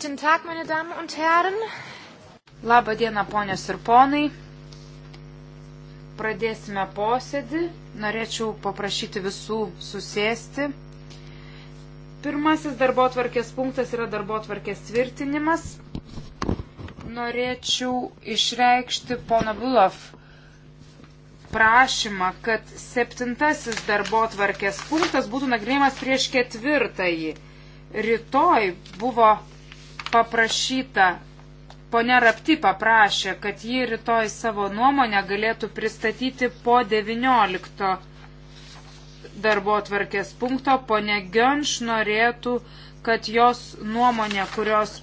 Guten Tag, meine Damen und Herren. Labą dieną, ponios ir ponai. Pradėsime posėdį. Norėčiau paprašyti visų susėsti. Pirmasis darbo tvarkės punktas yra darbo tvarkės tvirtinimas. Norėčiau išreikšti pono Bulov prašymą, kad septintasis darbo tvarkės punktas būtų nagrinėjimas prieš ketvirtąjį. Rytoj buvo paprašyta, ponia Rapti paprašė, kad ji rytoj savo nuomonę galėtų pristatyti po 19 darbo tvarkės punkto. Pone Gönš norėtų, kad jos nuomonė, kurios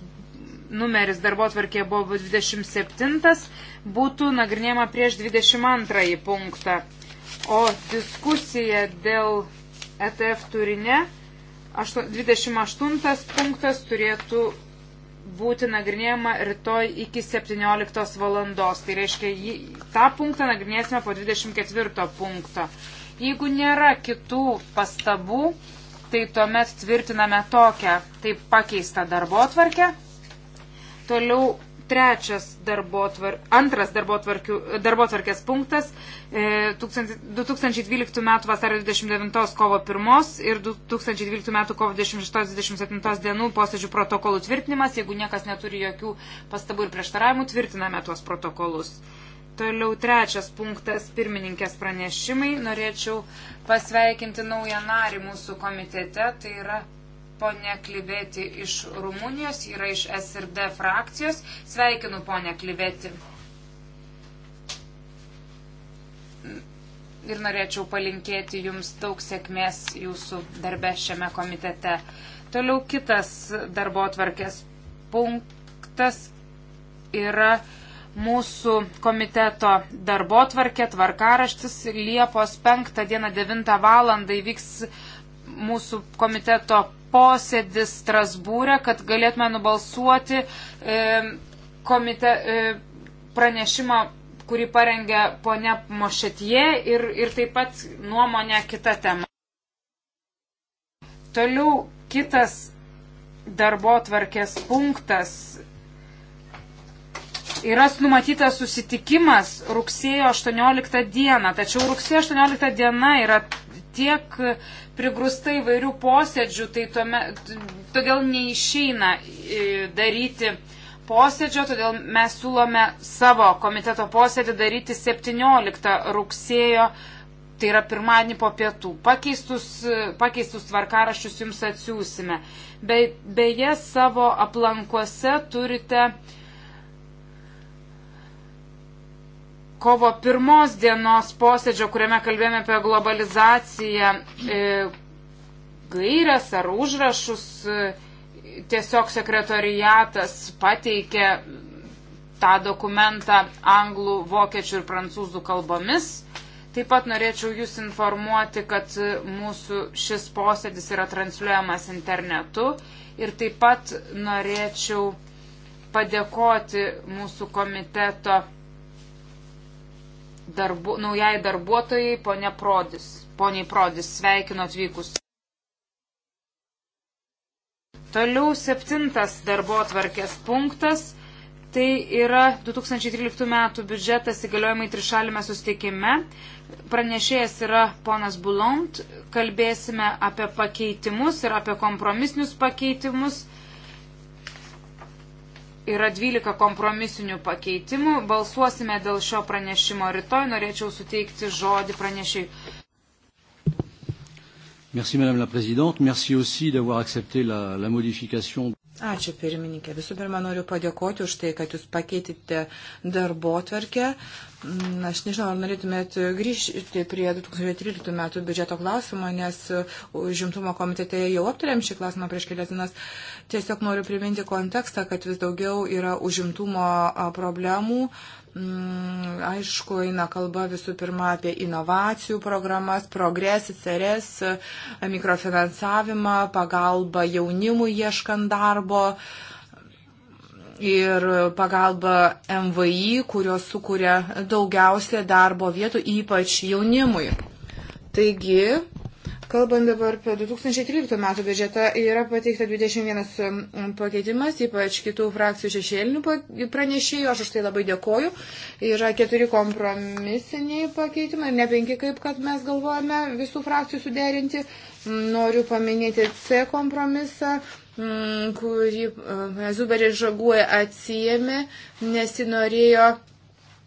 numeris darbo tvarkė buvo 27, būtų nagrinėjama prieš 22 punktą. O diskusija dėl ETF turinė 28 punktas turėtų būti nagrinėjama rytoj iki 17 valandos. Tai reiškia, jį, tą punktą nagrinėsime po 24 punkto. Jeigu nėra kitų pastabų, tai tuomet tvirtiname tokią, taip pakeistą darbo atvarkę. Toliau trečias darbo tvar, antras darbo, tvarkių, darbo tvarkės punktas e, 2012 m. vasario 29 kovo 1 ir 2012 m. kovo 26-27 dienų posėdžių protokolų tvirtinimas. Jeigu niekas neturi jokių pastabų ir prieštaravimų, tvirtiname tuos protokolus. Toliau trečias punktas - pirmininkės pranešimai. Norėčiau pasveikinti naują narį mūsų komitete, tai yra ponė Klyvėti iš Rumunijos, yra iš SRD frakcijos. Sveikinu, ponė Klyvėti. Ir norėčiau palinkėti Jums daug sėkmės Jūsų darbe šiame komitete. Toliau kitas darbo atvarkės punktas yra mūsų komiteto darbo tvarkė, tvarkaraštis Liepos 5 dieną 9 val. įvyks mūsų komiteto posėdis Strasbūrė, kad galėtume nubalsuoti e, komite, e, pranešimą, kurį parengė ponia Mošetie ir, ir taip pat nuomonę kitą temą. Toliau kitas darbo tvarkės punktas yra numatytas susitikimas rugsėjo 18 dieną, tačiau rugsėjo 18 diena yra tiek prigrūsta įvairių posėdžių, tai tuomet, todėl neišeina e, daryti posėdžio, todėl mes siūlome savo komiteto posėdį daryti 17 rugsėjo, tai yra pirmadienį po pietų. Pakeistus, e, pakeistus tvarkaraščius jums atsiūsime. Be, beje, savo aplankuose turite uh, kovo pirmos dienos posėdžio, kuriame kalbėjome apie globalizaciją, e, gairias ar užrašus, e, tiesiog sekretariatas pateikė tą dokumentą anglų, vokiečių ir prancūzų kalbomis. Taip pat norėčiau Jūs informuoti, kad mūsų šis posėdis yra transliuojamas internetu ir taip pat norėčiau padėkoti mūsų komiteto darbu, naujai darbuotojai, ponė Prodis. Poniai Prodis, sveikinu atvykus. Toliau septintas darbo atvarkės punktas. Tai yra 2013 metų biudžetas įgaliojimai trišalime susitikime. Pranešėjas yra ponas Bulont. Kalbėsime apie pakeitimus ir apie kompromisinius pakeitimus. Yra 12 kompromisinių pakeitimų. Balsuosime dėl šio pranešimo rytoj. Norėčiau suteikti žodį pranešiai. Merci Madame la Présidente. Merci aussi d'avoir accepté la, la modification. Ačiū pirmininkė. Visų pirma, noriu padėkoti už tai, kad jūs pakeitėte darbo tvarkę. Mm, aš nežinau, ar norėtumėt grįžti prie 2013 metų biudžeto klausimo, nes žimtumo komitete jau aptarėm šį klausimą prieš kelias dienas. Tiesiog noriu priminti kontekstą, kad vis daugiau yra užimtumo problemų Mm, aišku, eina kalba visų pirma apie inovacijų programas, progres, CRS, mikrofinansavimą, pagalbą jaunimui ieškant darbo ir pagalba MVI, kurios sukuria daugiausia darbo vietų, ypač jaunimui. Taigi, Kalbant dabar apie 2013 metų biudžetą, yra pateikta 21 pakeitimas, ypač kitų frakcijų šešėlinių pranešėjų, aš už tai labai dėkoju. Yra keturi kompromisiniai pakeitimai, ne penki, kaip kad mes galvojame visų frakcijų suderinti. Noriu paminėti C kompromisą, kurį e, Zuberė žaguoja atsijėmė, nesinorėjo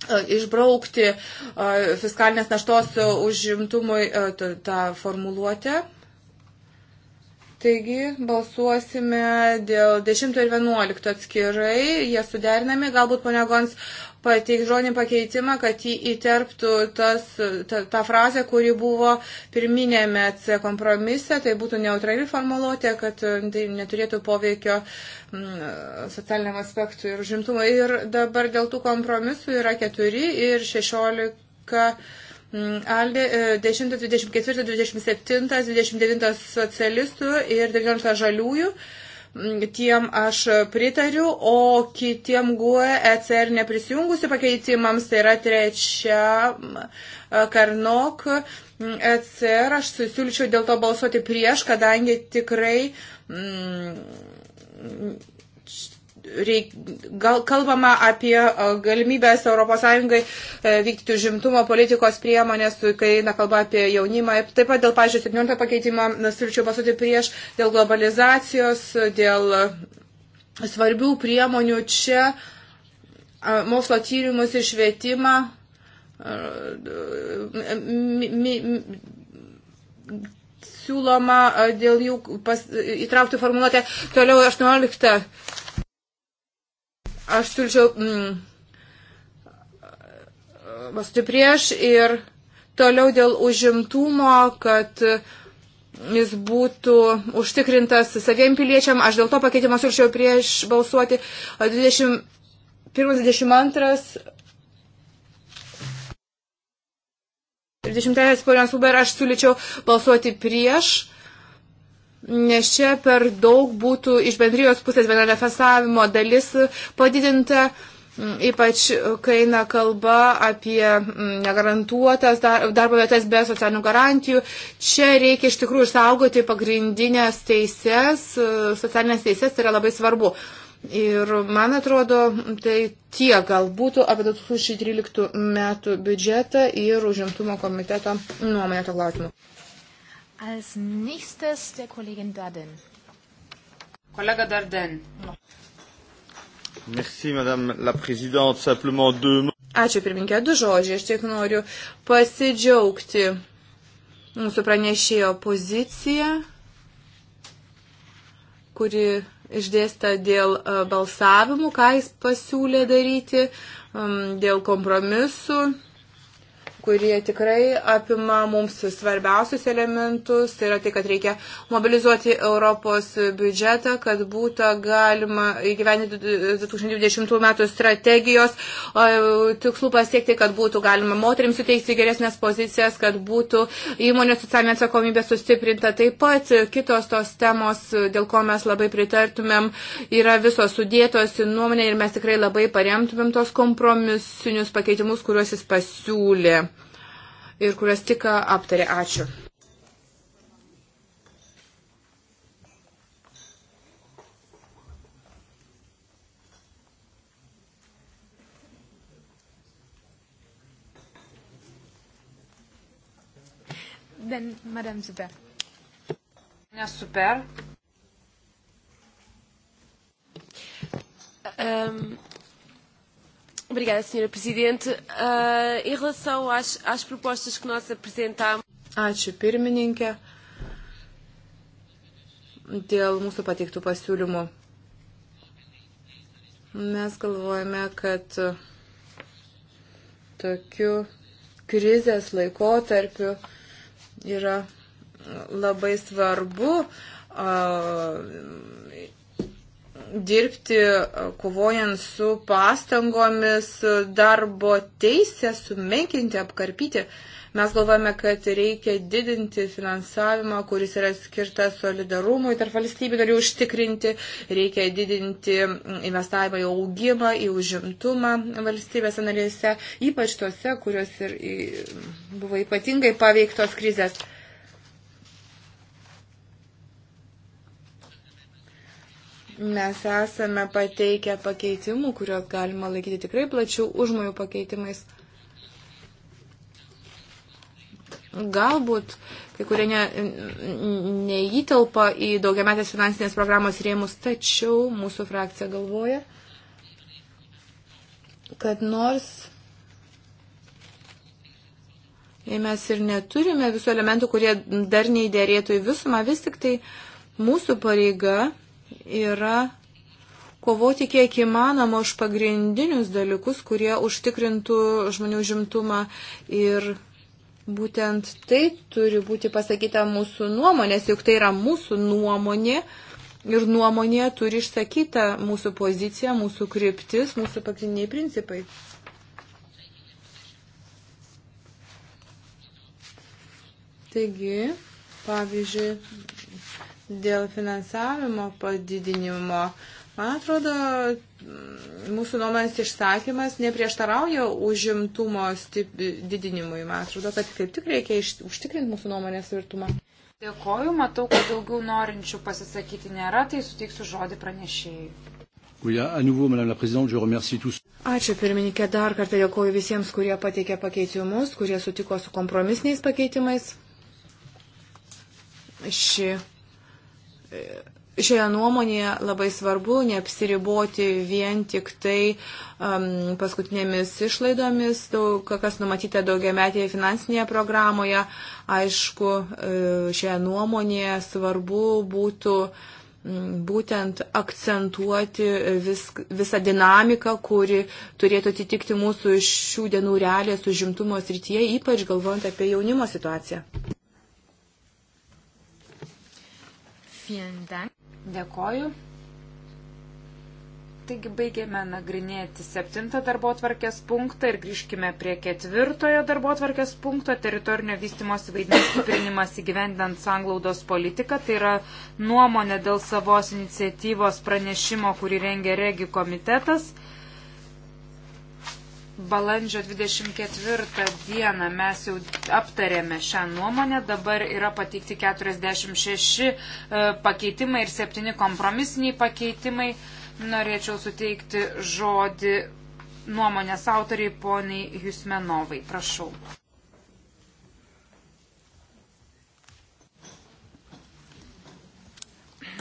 išbraukti fiskalinės naštos užimtumui tą formuluotę. Taigi balsuosime dėl 10 ir 11 atskirai, jie suderinami, galbūt ponegons pateiks žodinį pakeitimą, kad jį įterptų tas, ta, tą frazę, kuri buvo pirminėme C kompromise, tai būtų neutrali formuluotė, kad e, tai neturėtų poveikio socialiniam aspektui ir žimtumui. Ir dabar dėl tų kompromisų yra 4 ir 16. Aldė 10, 24, 27, 29 socialistų ir 19 žaliųjų tiem aš pritariu, o kitiem GUE ECR neprisijungusių pakeitimams, tai yra trečia Karnok ECR, aš susiūlyčiau dėl to balsuoti prieš, kadangi tikrai. Mm, reik, gal, kalbama apie e, galimybės ES e, vykti užimtumo politikos priemonės, kai eina kalba apie jaunimą. Taip pat dėl, pažiūrėjau, 17 pakeitimo, siūlyčiau pasakyti prieš, dėl globalizacijos, dėl e, svarbių priemonių čia, mokslo tyrimus ir švietimą. Mi, mi, mi, siūloma dėl jų pas, įtraukti formuluotę toliau 18 Aš siūlyčiau mm, vastui prieš ir toliau dėl užimtumo, kad jis būtų užtikrintas saviem piliečiam. Aš dėl to pakeitimo siūlyčiau prieš balsuoti. 21-22. 20 kurios Uber aš siūlyčiau balsuoti prieš nes čia per daug būtų iš bendrijos pusės bendrafasavimo dalis padidinta, ypač kai eina kalba apie negarantuotas darbo vietas be socialinių garantijų. Čia reikia iš tikrųjų išsaugoti pagrindinės teises, e, socialinės teises, tai yra labai svarbu. Ir man atrodo, tai tie galbūt apie 2013 metų biudžetą ir užimtumo komiteto nuomonę to klausimu. Als nächstes der Kollegin Darden. Kollege Darden. Merci, Madame la Présidente. Simplement deux mots. Ačiū pirminkė, du žodžiai. Aš tiek noriu pasidžiaugti mūsų pranešėjo poziciją, kuri išdėsta dėl e, balsavimų, ką jis pasiūlė daryti, dėl kompromisų kurie tikrai apima mums svarbiausius elementus. Tai yra tai, kad reikia mobilizuoti Europos biudžetą, kad būtų galima įgyveninti 2020 metų strategijos tikslų pasiekti, kad būtų galima moteriams suteikti geresnės pozicijas, kad būtų įmonė socialinė atsakomybė sustiprinta. Taip pat kitos tos temos, dėl ko mes labai pritartumėm, yra visos sudėtos į nuomonę ir mes tikrai labai paremtumėm tos kompromisinius pakeitimus, kuriuos jis pasiūlė ir kurias tik aptarė. Ačiū. Then, Madame Zuber. Super. Um, Obrigada, Sra. Presidente. Uh, em relação às, às propostas que nós apresentámos. Ačiū pirmininkė dėl mūsų pateiktų pasiūlymų. Mes galvojame, kad tokiu krizės laikotarpiu yra labai svarbu uh, dirbti, kovojant su pastangomis darbo teisę sumenkinti, apkarpyti. Mes galvojame, kad reikia didinti finansavimą, kuris yra skirtas solidarumui tarp valstybių dalių užtikrinti, reikia didinti investavimą į augimą, į užimtumą valstybės narėse, ypač tose, kurios ir buvo ypatingai paveiktos krizės. Mes esame pateikę pakeitimų, kuriuos galima laikyti tikrai plačių užmojų pakeitimais. Galbūt kai kurie ne, neįtelpa į daugiametės finansinės programos rėmus, tačiau mūsų frakcija galvoja, kad nors mes ir neturime visų elementų, kurie dar neįdėrėtų į visumą, vis tik tai mūsų pareiga yra kovoti kiek įmanoma už pagrindinius dalykus, kurie užtikrintų žmonių žimtumą ir būtent tai turi būti pasakyta mūsų nuomonės, juk tai yra mūsų nuomonė ir nuomonė turi išsakyta mūsų pozicija, mūsų kryptis, mūsų pagrindiniai principai. Taigi, pavyzdžiui, dėl finansavimo padidinimo. Man atrodo, mūsų nuomonės išsakymas neprieštarauja užimtumo didinimui. Man atrodo, kad kaip tik reikia iš, užtikrinti mūsų nuomonės tvirtumą. Dėkoju, matau, kad daugiau norinčių pasisakyti nėra, tai suteiksiu žodį pranešėjai. Ačiū pirmininkė, dar kartą dėkoju visiems, kurie pateikė pakeitimus, kurie sutiko su kompromisiniais pakeitimais. Ši šioje nuomonėje labai svarbu neapsiriboti vien tik tai um, paskutinėmis išlaidomis, daug, kas numatyta daugiametėje finansinėje programoje. Aišku, e, šioje nuomonėje svarbu būtų būtent akcentuoti vis, visą dinamiką, kuri turėtų atitikti mūsų šių dienų realės užimtumo srityje, ypač galvojant apie jaunimo situaciją. Dėkoju. Taigi baigėme nagrinėti septintą darbo tvarkės punktą ir grįžkime prie ketvirtojo darbo tvarkės punkto - teritorinio vystimosi vaidmens stiprinimas įgyvendant sanglaudos politiką. Tai yra nuomonė dėl savos iniciatyvos pranešimo, kurį rengia Regi komitetas balandžio 24 dieną mes jau aptarėme šią nuomonę, dabar yra pateikti 46 e, pakeitimai ir 7 kompromisiniai pakeitimai. Norėčiau suteikti žodį nuomonės autoriai poniai Jusmenovai. Prašau.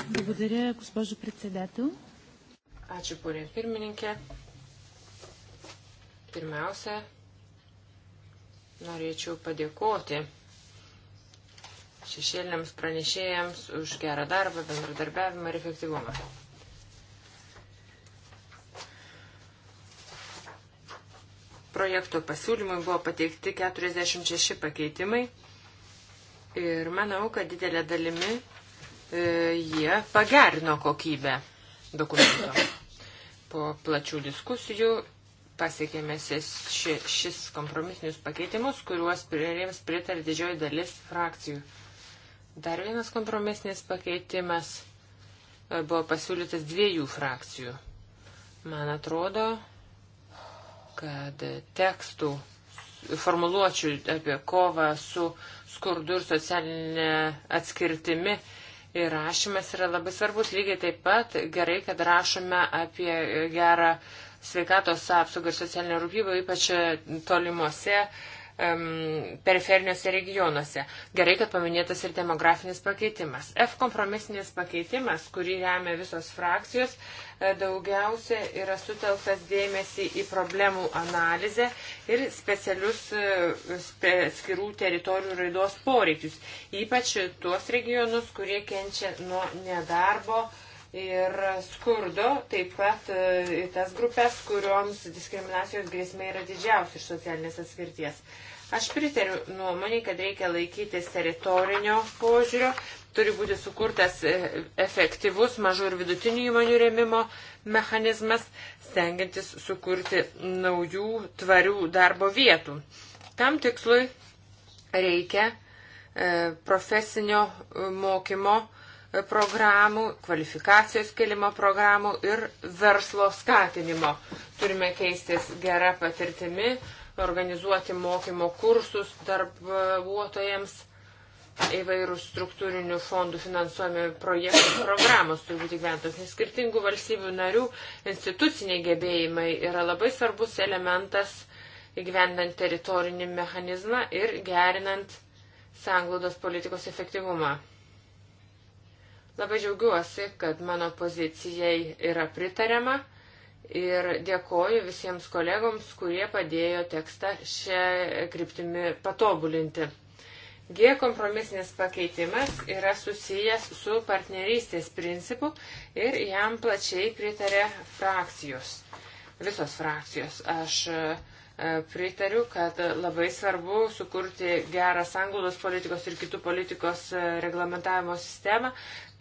Благодаря, госпожо председател. Ačiū, ponė pirmininkė. Pirmiausia, norėčiau padėkoti šešėliniams pranešėjams už gerą darbą, bendradarbiavimą ir efektyvumą. Projekto pasiūlymui buvo pateikti 46 pakeitimai ir manau, kad didelė dalimi e, jie pagerino kokybę dokumento. Po plačių diskusijų pasiekėme ši, šis kompromisinius pakeitimus, kuriuos prireims pritarė didžioji dalis frakcijų. Dar vienas kompromisinis pakeitimas e, buvo pasiūlytas dviejų frakcijų. Man atrodo, kad tekstų formuluočių apie kovą su skurdu ir socialinė atskirtimi įrašymas yra labai svarbus. Lygiai taip pat gerai, kad rašome apie gerą sveikatos apsaugą ir socialinę rūpybą, ypač e, tolimuose periferiniuose regionuose. Gerai, kad paminėtas ir demografinis pakeitimas. F kompromisinis pakeitimas, kurį remia visos frakcijos, e, daugiausia yra sutelktas dėmesį į problemų analizę ir specialius e, skirų teritorijų raidos poreikius, ypač tuos regionus, kurie kenčia nuo nedarbo ir skurdo, taip pat e, į tas grupės, kurioms diskriminacijos grėsmė yra didžiausia iš socialinės atskirties. Aš pritariu nuomonį, kad reikia laikytis teritorinio požiūrio, turi būti sukurtas e, efektyvus mažų ir vidutinių įmonių rėmimo mechanizmas, stengiantis sukurti naujų tvarių darbo vietų. Tam tikslui reikia e, profesinio mokymo programų, kvalifikacijos kelimo programų ir verslo skatinimo. Turime keistis gerą patirtimi, organizuoti mokymo kursus darbuotojams, įvairūs struktūrinių fondų finansuojami projektų programos turi būti gyventos, nes skirtingų valstybių narių instituciniai gebėjimai yra labai svarbus elementas įgyvendant teritorinį mechanizmą ir gerinant sanglaudos politikos efektyvumą. Labai džiaugiuosi, kad mano pozicijai yra pritariama ir dėkoju visiems kolegoms, kurie padėjo tekstą šią kryptimį patobulinti. G kompromisinis pakeitimas yra susijęs su partnerystės principu ir jam plačiai pritarė frakcijos. Visos frakcijos. Aš uh, Pritariu, kad labai svarbu sukurti gerą sanglaudos politikos ir kitų politikos e, reglamentavimo sistemą,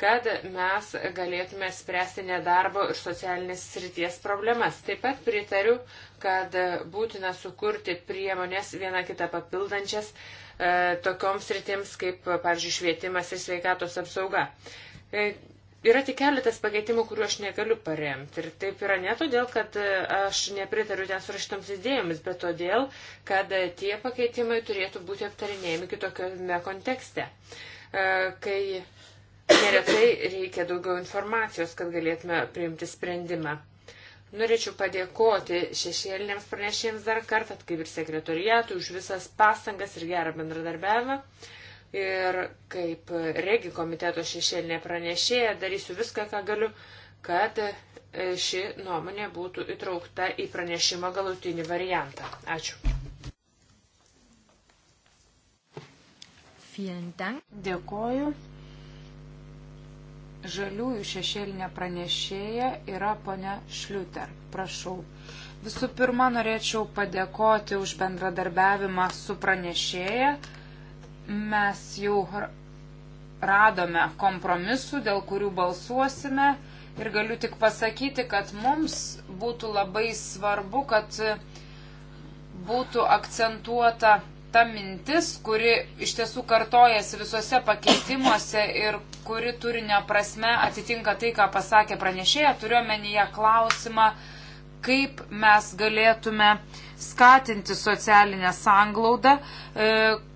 kad mes galėtume spręsti nedarbo ir socialinės srities problemas. Taip pat pritariu, kad būtina sukurti priemonės vieną kitą papildančias e, tokioms sritims kaip, pavyzdžiui, švietimas ir sveikatos apsauga. E, Yra tik keletas pakeitimų, kuriuo aš negaliu paremti. Ir taip yra ne todėl, kad e, aš nepritariu ten surašytoms idėjomis, bet todėl, kad e, tie pakeitimai turėtų būti aptarinėjami kitokiame kontekste. E, kai neretai reikia daugiau informacijos, kad galėtume priimti sprendimą. Norėčiau padėkoti šešėliniams pranešėjams dar kartą, kaip ir sekretoriatui, už visas pastangas ir gerą bendradarbiavimą ir kaip regi komiteto šešėlinė pranešėja darysiu viską, ką galiu, kad e, ši nuomonė būtų įtraukta į pranešimo galutinį variantą. Ačiū. Dėkoju. Žaliųjų šešėlinė pranešėja yra ponia Šliuter. Prašau. Visų pirma, norėčiau padėkoti už bendradarbiavimą su pranešėja Mes jau radome kompromisų, dėl kurių balsuosime ir galiu tik pasakyti, kad mums būtų labai svarbu, kad būtų akcentuota ta mintis, kuri iš tiesų kartojasi visose pakeitimuose ir kuri turinio prasme atitinka tai, ką pasakė pranešėja, turiuomenyje klausimą, kaip mes galėtume skatinti socialinę sanglaudą. E,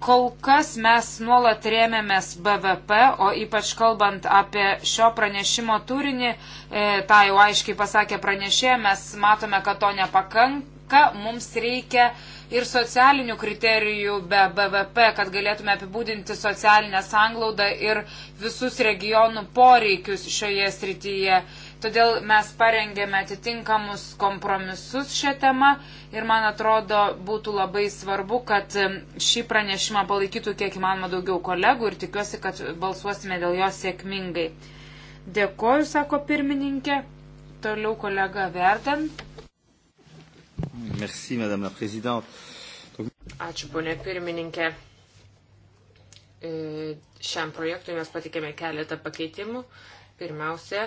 kol kas mes nuolat rėmėmės BVP, o ypač kalbant apie šio pranešimo turinį, e, tą jau aiškiai pasakė pranešė, mes matome, kad to nepakanka, mums reikia ir socialinių kriterijų be BVP, kad galėtume apibūdinti socialinę sanglaudą ir visus regionų poreikius šioje srityje Todėl mes parengėme atitinkamus kompromisus šią temą ir man atrodo būtų labai svarbu, kad šį pranešimą palaikytų kiek įmanoma daugiau kolegų ir tikiuosi, kad balsuosime dėl jo sėkmingai. Dėkoju, sako pirmininkė. Toliau kolega Verden. Merci, madame la présidente. Ačiū, ponė pirmininkė. E, šiam projektui mes patikėme keletą pakeitimų. Pirmiausia,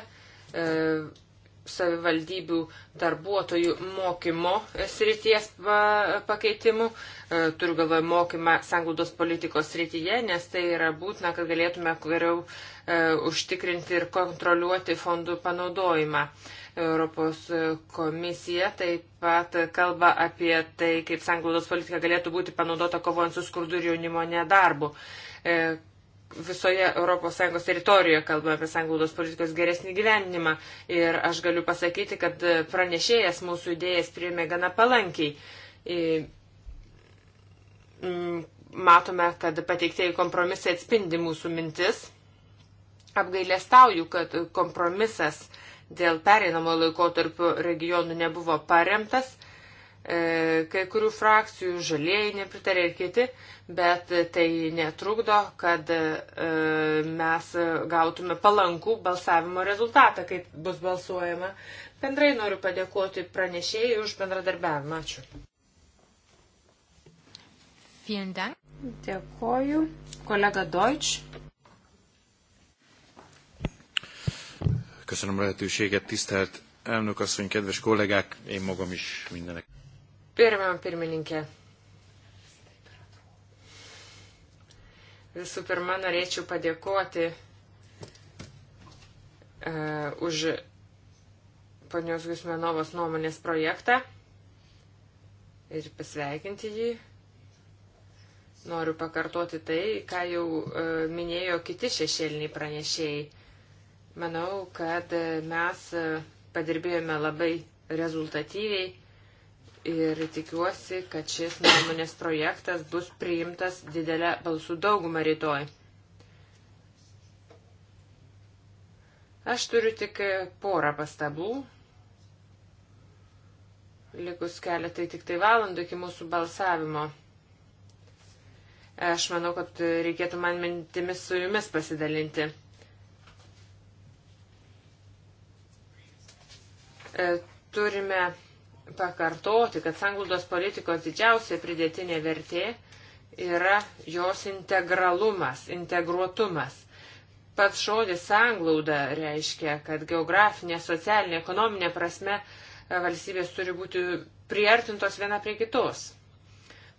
E, savivaldybių darbuotojų mokymo srities pakeitimų. E, turiu galvoje mokymą sanglaudos politikos srityje, nes tai yra būtina, kad galėtume geriau e, užtikrinti ir kontroliuoti fondų panaudojimą. Europos komisija taip pat kalba apie tai, kaip sanglaudos politika galėtų būti panaudota kovojant su skurdu ir jaunimo nedarbu visoje ES teritorijoje kalba apie sanglaudos politikos geresnį gyvenimą. Ir aš galiu pasakyti, kad pranešėjas mūsų idėjas priėmė gana palankiai. Matome, kad pateiktieji kompromisai atspindi mūsų mintis. Apgailėstauju, kad kompromisas dėl pereinamo laikotarpio regionų nebuvo paremtas E, kai kurių frakcijų, žalieji nepritarė ir kiti, bet tai netrukdo, kad e, mes gautume palankų balsavimo rezultatą, kaip bus balsuojama. Bendrai noriu padėkoti pranešėjai už bendradarbiavimą. Ačiū. Dėkoju. Kolega Deutsch. Köszönöm a lehetőséget, tisztelt elnök asszony, kedves kollégák, én magam is mindenek. Pirmiam pirmininkė. Visų pirma, norėčiau padėkoti uh, už ponios Gusmenovos nuomonės projektą ir pasveikinti jį. Noriu pakartoti tai, ką jau uh, minėjo kiti šešėliniai pranešėjai. Manau, kad e, mes padirbėjome labai rezultatyviai ir tikiuosi, kad šis nuomonės projektas bus priimtas didelę balsų daugumą rytoj. Aš turiu tik porą pastabų. Likus keletai tik tai valandų iki mūsų balsavimo. Aš manau, kad reikėtų man mintimis su jumis pasidalinti. E, turime pakartoti, kad sanglaudos politikos didžiausia pridėtinė vertė yra jos integralumas, integruotumas. Pats žodis sanglauda reiškia, kad geografinė, socialinė, ekonominė prasme e, valstybės turi būti priartintos viena prie kitos.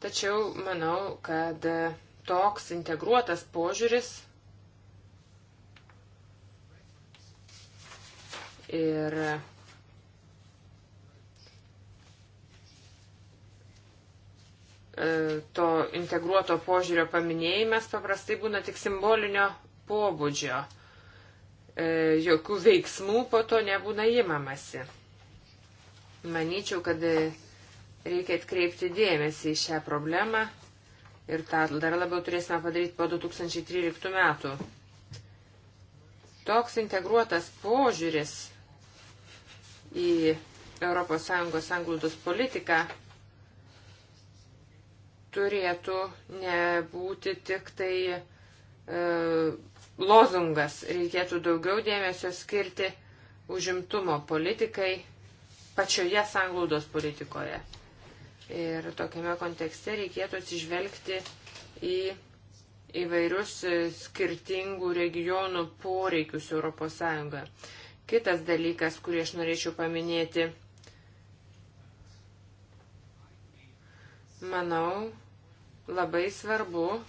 Tačiau manau, kad e, toks integruotas požiūris ir E, to integruoto požiūrio paminėjimas paprastai būna tik simbolinio pobūdžio. E, jokių veiksmų po to nebūna įmamasi. Manyčiau, kad e, reikia atkreipti dėmesį į šią problemą ir tą dar labiau turėsime padaryti po 2013 metų. Toks integruotas požiūris į ES anglūdos politiką turėtų nebūti tik tai e, lozungas, reikėtų daugiau dėmesio skirti užimtumo politikai pačioje sanglaudos politikoje. Ir tokiame kontekste reikėtų atsižvelgti į įvairius skirtingų regionų poreikius ES. Kitas dalykas, kurį aš norėčiau paminėti, manau, labai svarbu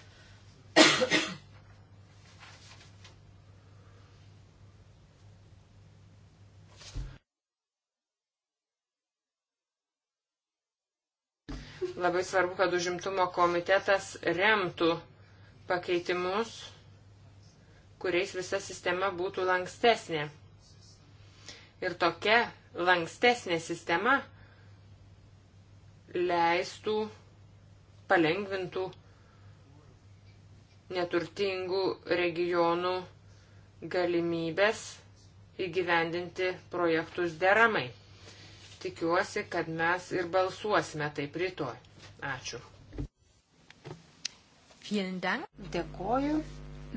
labai svarbu, kad užimtumo komitetas remtų pakeitimus, kuriais visa sistema būtų lankstesnė. Ir tokia lankstesnė sistema leistų palengvintų neturtingų regionų galimybės įgyvendinti projektus deramai. Tikiuosi, kad mes ir balsuosime taip rytoj. Ačiū. Dėkoju.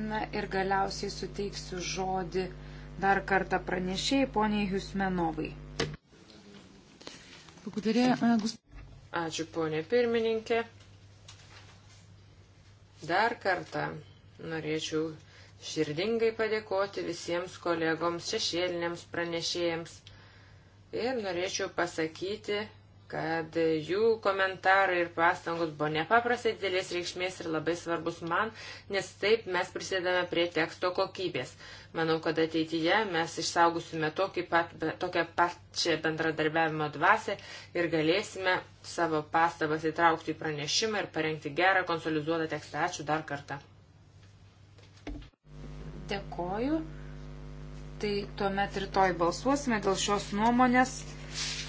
Na ir galiausiai suteiksiu žodį dar kartą pranešėjai poniai Jusmenovai. Ačiū ponė pirmininkė. Dar kartą norėčiau širdingai padėkoti visiems kolegoms, šešėliniams pranešėjams ir norėčiau pasakyti, kad jų komentarai ir pastangos buvo nepaprastai didelės reikšmės ir labai svarbus man, nes taip mes prisidedame prie teksto kokybės. Manau, kad ateityje mes išsaugusime pat, tokią pačią bendradarbiavimo dvasę ir galėsime savo pastabas įtraukti į pranešimą ir parengti gerą konsoliduotą tekstą. Ačiū dar kartą. Dėkoju. Tai tuomet rytoj balsuosime dėl šios nuomonės.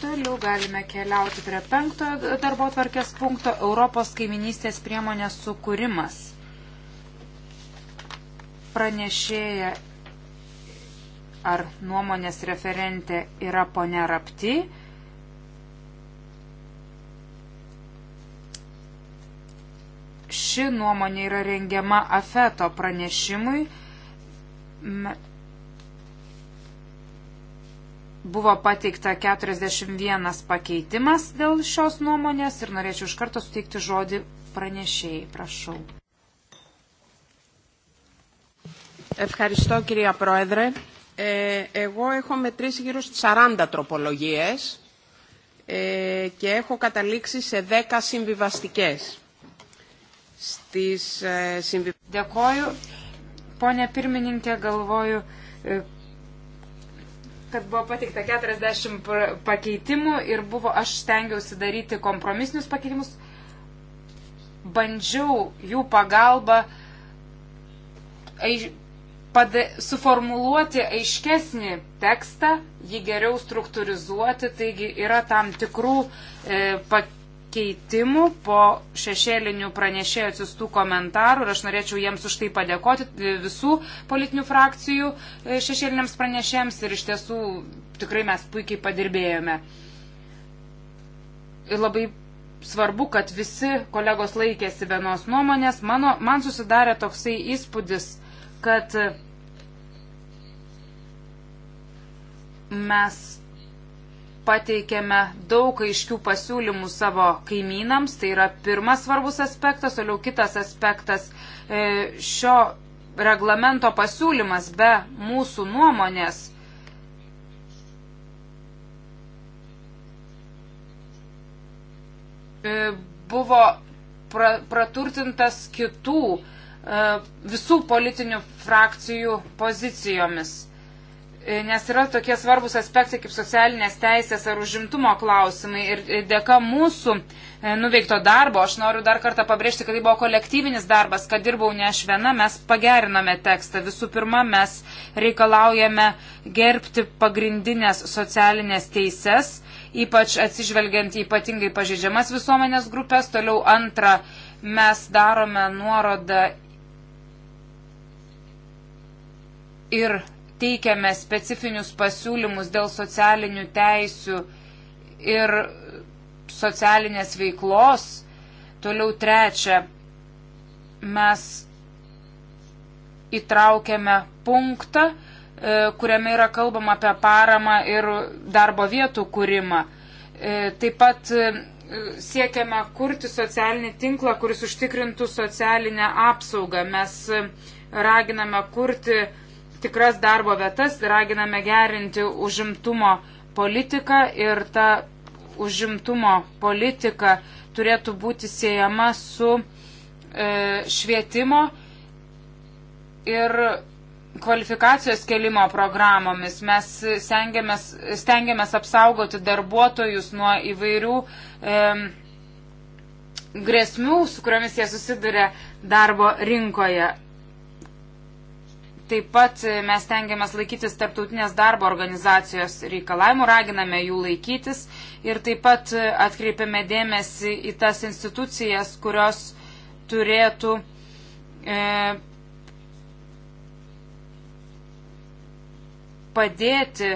Toliau galime keliauti prie penktojo darbo tvarkės punkto Europos kaiminystės priemonės sukūrimas. Pranešėja ar nuomonės referentė yra ponia Rapti. Ši nuomonė yra rengiama afeto pranešimui. Buvo pateikta 41 pakeitimas dėl šios nuomonės ir norėčiau iš karto suteikti žodį pranešėjai. Prašau. Ευχαριστώ κυρία Πρόεδρε. Ε, εγώ έχω μετρήσει γύρω στις 40 τροπολογίες ε, και έχω καταλήξει σε 10 συμβιβαστικές. Στις, ε, συμβι... Dėkoju, ponė pirmininkė, galvoju, kad buvo pateikta 40 pakeitimų ir buvo, aš stengiausi daryti kompromisinius pakeitimus, bandžiau jų pagalba aiž, pada, suformuluoti aiškesnį tekstą, jį geriau struktūrizuoti, taigi yra tam tikrų e, pakeitimų pakeitimų po šešėlinių pranešėjų atsistų komentarų ir aš norėčiau jiems už tai padėkoti visų politinių frakcijų e, šešėliniams pranešėjams ir iš tiesų tikrai mes puikiai padirbėjome. Ir labai svarbu, kad visi kolegos laikėsi vienos nuomonės. Mano, man susidarė toksai įspūdis, kad mes pateikėme daug aiškių pasiūlymų savo kaimynams, tai yra pirmas svarbus aspektas, toliau kitas aspektas e, šio reglamento pasiūlymas be mūsų nuomonės. E, buvo pra, praturtintas kitų e, visų politinių frakcijų pozicijomis. E, nes yra tokie svarbus aspektai kaip socialinės teisės ar užimtumo klausimai. Ir dėka mūsų e, nuveikto darbo, aš noriu dar kartą pabrėžti, kad tai buvo kolektyvinis darbas, kad dirbau ne aš viena, mes pagerinome tekstą. Visų pirma, mes reikalaujame gerbti pagrindinės socialinės teises, ypač atsižvelgiant į ypatingai pažeidžiamas visuomenės grupės. Toliau antra, mes darome nuorodą ir teikiame specifinius pasiūlymus dėl socialinių teisių ir socialinės veiklos. Toliau trečia, mes įtraukėme punktą, e, kuriame yra kalbama apie paramą ir darbo vietų kūrimą. E, taip pat e, siekiame kurti socialinį tinklą, kuris užtikrintų socialinę apsaugą. Mes raginame kurti tikras darbo vietas, raginame gerinti užimtumo politiką ir ta užimtumo politika turėtų būti siejama su e, švietimo ir kvalifikacijos kelimo programomis. Mes stengiamės, stengiamės apsaugoti darbuotojus nuo įvairių e, grėsmių, su kuriomis jie susiduria darbo rinkoje. Taip pat e, mes tengiamės laikytis tarptautinės darbo organizacijos reikalavimų, raginame jų laikytis ir taip pat e, atkreipiame dėmesį į tas institucijas, kurios turėtų e, padėti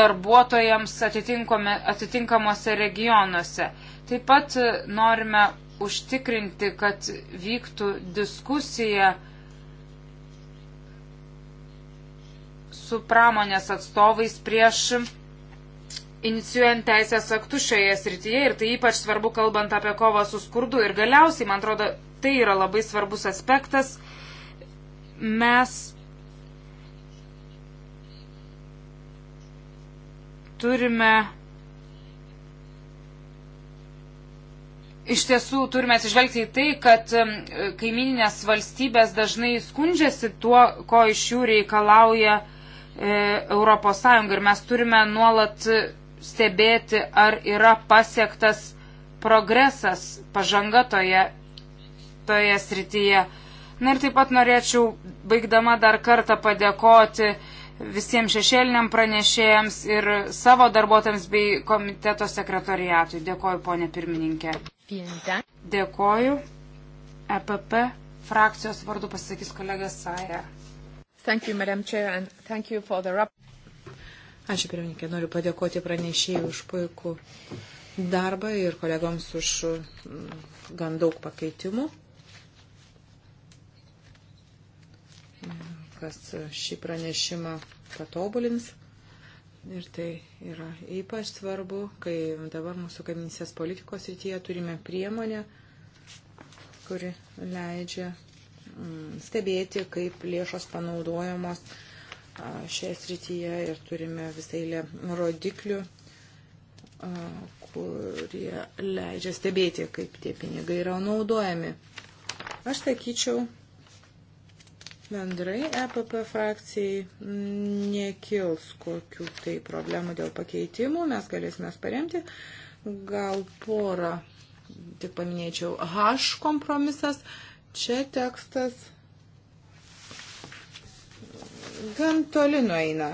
darbuotojams atitinkamuose regionuose. Taip pat e, norime užtikrinti, kad vyktų diskusija su pramonės atstovais prieš inicijuojant teisės aktus šioje srityje ir tai ypač svarbu kalbant apie kovą su skurdu ir galiausiai, man atrodo, tai yra labai svarbus aspektas. Mes turime Iš tiesų turime atsižvelgti į tai, kad kaimininės valstybės dažnai skundžiasi tuo, ko iš jų reikalauja ES ir mes turime nuolat stebėti, ar yra pasiektas progresas, pažanga toje, toje srityje. Na ir taip pat norėčiau, baigdama dar kartą padėkoti visiems šešėliniam pranešėjams ir savo darbuotams bei komiteto sekretoriatui. Dėkoju, ponė pirmininkė. Dėkoju. EPP frakcijos vardu pasisakys kolega Saja. Thank you, Madam Chair, and thank you for the Ačiū, pirmininkė. Noriu padėkoti pranešėjai už puikų darbą ir kolegoms už mm, gan daug pakeitimų, kas šį pranešimą patobulins. Ir tai yra ypač svarbu, kai dabar mūsų kaiminysės politikos rytyje turime priemonę, kuri leidžia mm, stebėti, kaip lėšos panaudojamos šioje srityje ir turime visą eilę rodiklių, kurie leidžia stebėti, kaip tie pinigai yra naudojami. Aš sakyčiau, bendrai EPP frakcijai nekils kokių tai problemų dėl pakeitimų, mes galėsime paremti. Gal porą, tik paminėčiau, H kompromisas, čia tekstas gan toli nueina.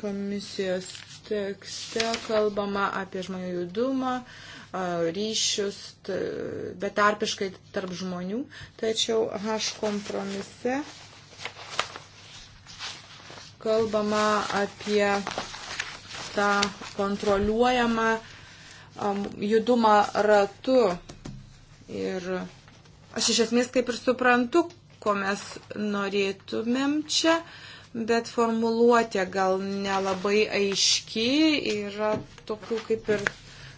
Komisijos tekste kalbama apie žmonių judumą, uh, ryšius betarpiškai tarp žmonių, tačiau H kompromise kalbama apie tą kontroliuojamą judumą ratu. Ir aš iš esmės kaip ir suprantu, ko mes norėtumėm čia, bet formuluotė gal nelabai aiški, yra tokių kaip ir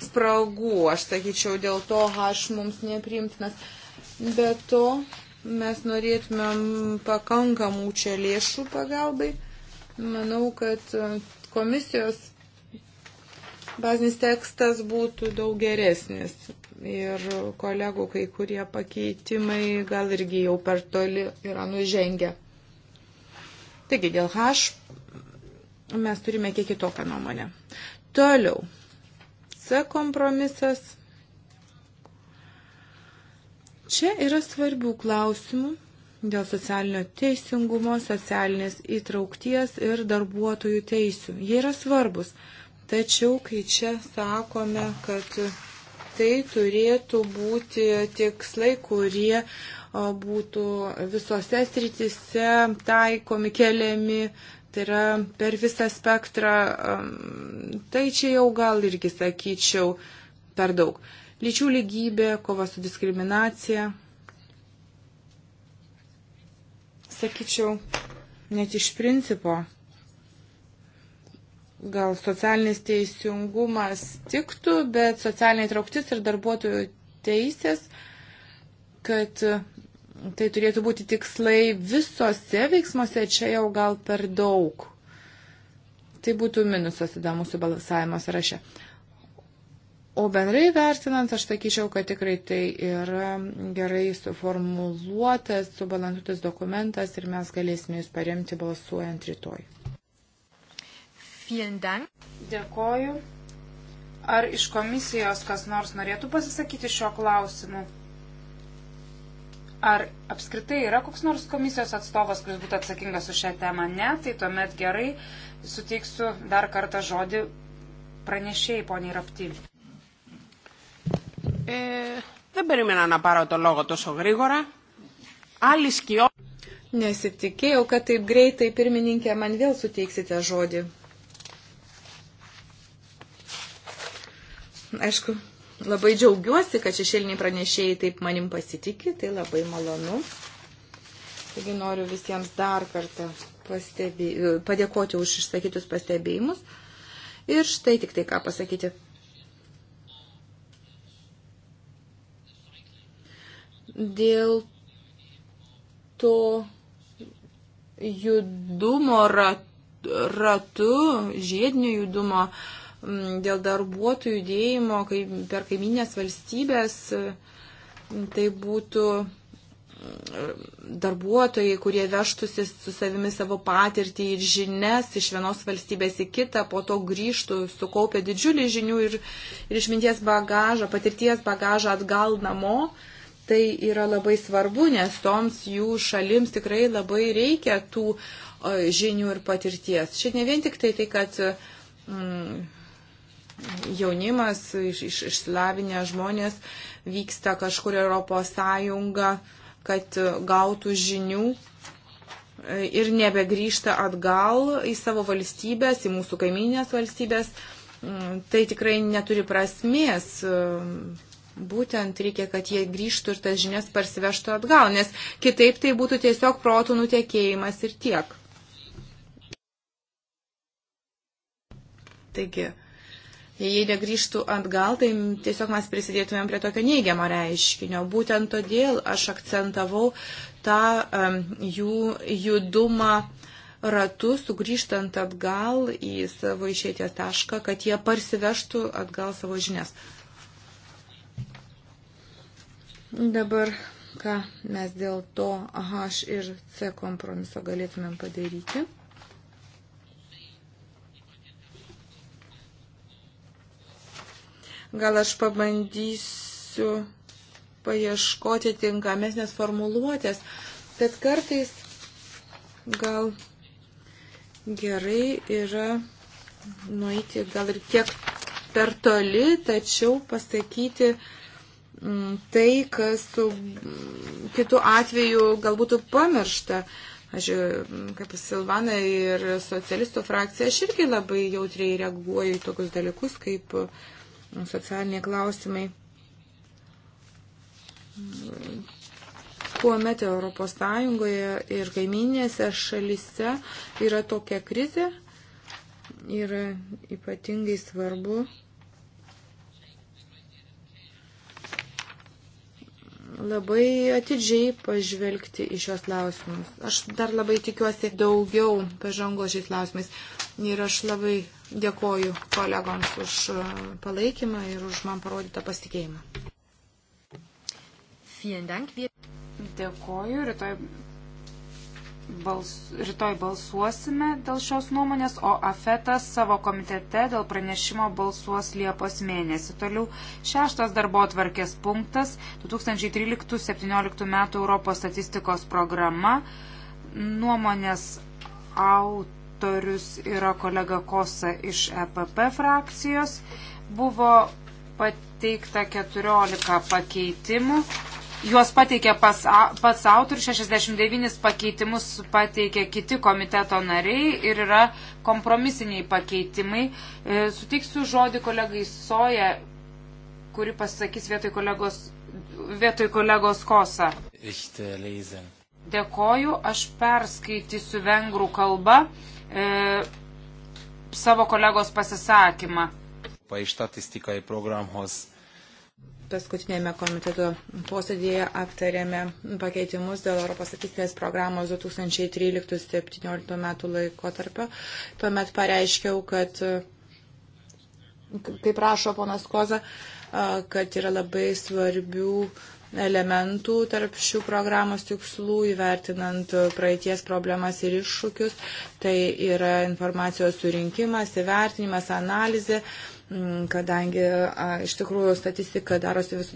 spragų, aš sakyčiau, dėl to H mums nepriimtinas. Be to, mes norėtumėm pakankamų čia lėšų pagalbai. Manau, kad e, komisijos bazinis tekstas būtų daug geresnis. Ir kolegų kai kurie pakeitimai gal irgi jau per toli yra nužengę. Taigi dėl H mes turime kiek kitokią nuomonę. Toliau C kompromisas. Čia yra svarbių klausimų dėl socialinio teisingumo, socialinės įtraukties ir darbuotojų teisių. Jie yra svarbus. Tačiau, kai čia sakome, kad tai turėtų būti tikslai, kurie būtų visose sritise taikomi, keliami, Tai yra per visą spektrą, tai čia jau gal irgi sakyčiau per daug. Lyčių lygybė, kova su diskriminacija. Sakyčiau, net iš principo gal socialinis teisingumas tiktų, bet socialinė trauktis ir darbuotojų teisės, kad tai turėtų būti tikslai visose veiksmuose, čia jau gal per daug. Tai būtų minusas tada mūsų balsavimo sąraše. O bendrai vertinant, aš sakyčiau, kad tikrai tai yra gerai suformuluotas, subalansuotas dokumentas ir mes galėsime jūs paremti balsuojant rytoj. Dėkoju. Ar iš komisijos kas nors norėtų pasisakyti šio klausimu? Ar apskritai yra koks nors komisijos atstovas, kuris būtų atsakingas už šią temą? Ne, tai tuomet gerai suteiksiu dar kartą žodį pranešėjai, poniai Rapti. E, δεν περίμενα να πάρω το λόγο τόσο γρήγορα. Άλλη σκιό. Nesitikėjau, kad taip greitai pirmininkė man vėl suteiksite žodį. Aišku, Labai džiaugiuosi, kad šešėliniai pranešėjai taip manim pasitikė, tai labai malonu. Taigi noriu visiems dar kartą pastebė, padėkoti už išsakytus pastebėjimus. Ir štai tik tai ką pasakyti. Dėl to judumo rat, ratu, žiedinio judumo uh, dėl darbuotojų judėjimo per kaiminės valstybės, tai būtų darbuotojai, kurie veštųsi su savimi savo patirtį ir žinias iš vienos valstybės į kitą, po to grįžtų, sukaupę didžiulį žinių ir, ir išminties bagažą, patirties bagažą atgal namo. Tai yra labai svarbu, nes toms jų šalims tikrai labai reikia tų žinių ir patirties. Šiaip ne vien tik tai tai, kad mm, jaunimas, iš, iš, išsilavinę žmonės vyksta kažkur Europos Sąjunga, kad gautų žinių e, ir nebegrįžta atgal į savo valstybės, į mūsų kaiminės valstybės. Mm, tai tikrai neturi prasmės e, būtent reikia, kad jie grįžtų ir tas žinias parsivežtų atgal, nes kitaip tai būtų tiesiog protų nutekėjimas ir tiek. Taigi, Jei jie negrįžtų atgal, tai tiesiog mes prisidėtumėm prie tokio neigiamo reiškinio. Būtent todėl aš akcentavau tą um, jų judumą ratu, sugrįžtant atgal į savo išėties tašką, kad jie parsivežtų atgal savo žinias. Dabar, ką mes dėl to H ir C kompromiso galėtumėm padaryti. Gal aš pabandysiu paieškoti tinkamesnės formuluotės, bet kartais gal gerai yra nueiti gal ir kiek per toli, tačiau pasakyti mm, tai, kas su mm, kitu atveju galbūt pamiršta. Aš, mm, kaip Silvana ir socialistų frakcija, aš irgi labai jautriai reaguoju į tokius dalykus, kaip uh, socialiniai klausimai. Kuomet Europos Sąjungoje ir kaiminėse šalise yra tokia krizė, yra ypatingai svarbu labai atidžiai pažvelgti į šios klausimus. Aš dar labai tikiuosi daugiau pažangos šiais klausimais ir aš labai Dėkoju kolegoms už e, palaikymą ir už man parodytą pasitikėjimą. Dėkoju. Rytoj, bals, rytoj balsuosime dėl šios nuomonės, o AFETAS savo komitete dėl pranešimo balsuos Liepos mėnesį. Toliau šeštas darbo atvarkės punktas 2013-2017 metų Europos statistikos programa nuomonės autorius autorius yra kolega Kosa iš EPP frakcijos. Buvo pateikta 14 pakeitimų. Juos pateikė pas, pats autorius, 69 pakeitimus pateikė kiti komiteto nariai ir yra kompromisiniai pakeitimai. E, sutiksiu žodį kolegai Soja, kuri pasisakys vietoj kolegos, vietoj kolegos Kosa. Äh, Dėkoju, aš perskaitysiu vengrų kalbą e, savo kolegos pasisakymą. Paaištatistika į programhos paskutinėme komiteto posėdėje aptarėme pakeitimus dėl Europos statistinės programos 2013-2017 metų laikotarpio. Tuomet pareiškiau, kad, kaip rašo ponas Koza, kad yra labai svarbių elementų tarp šių programos tikslų, įvertinant praeities problemas ir iššūkius. Tai yra informacijos surinkimas, įvertinimas, analizė mm, kadangi a, iš tikrųjų statistika darosi vis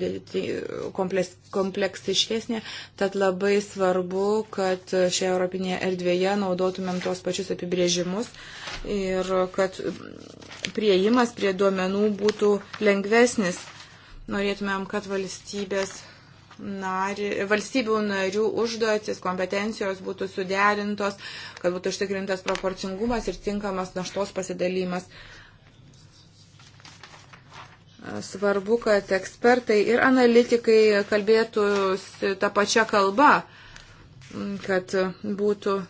kompleks, kompleksiškesnė, tad labai svarbu, kad šioje Europinėje erdvėje naudotumėm tos pačius apibrėžimus ir kad prieimas prie duomenų būtų lengvesnis. Norėtumėm, kad valstybės nari, valstybių narių užduotis, kompetencijos būtų suderintos, kad būtų užtikrintas proporcingumas ir tinkamas naštos pasidalymas. Svarbu, kad ekspertai ir analitikai kalbėtų tą pačią kalbą, kad būtų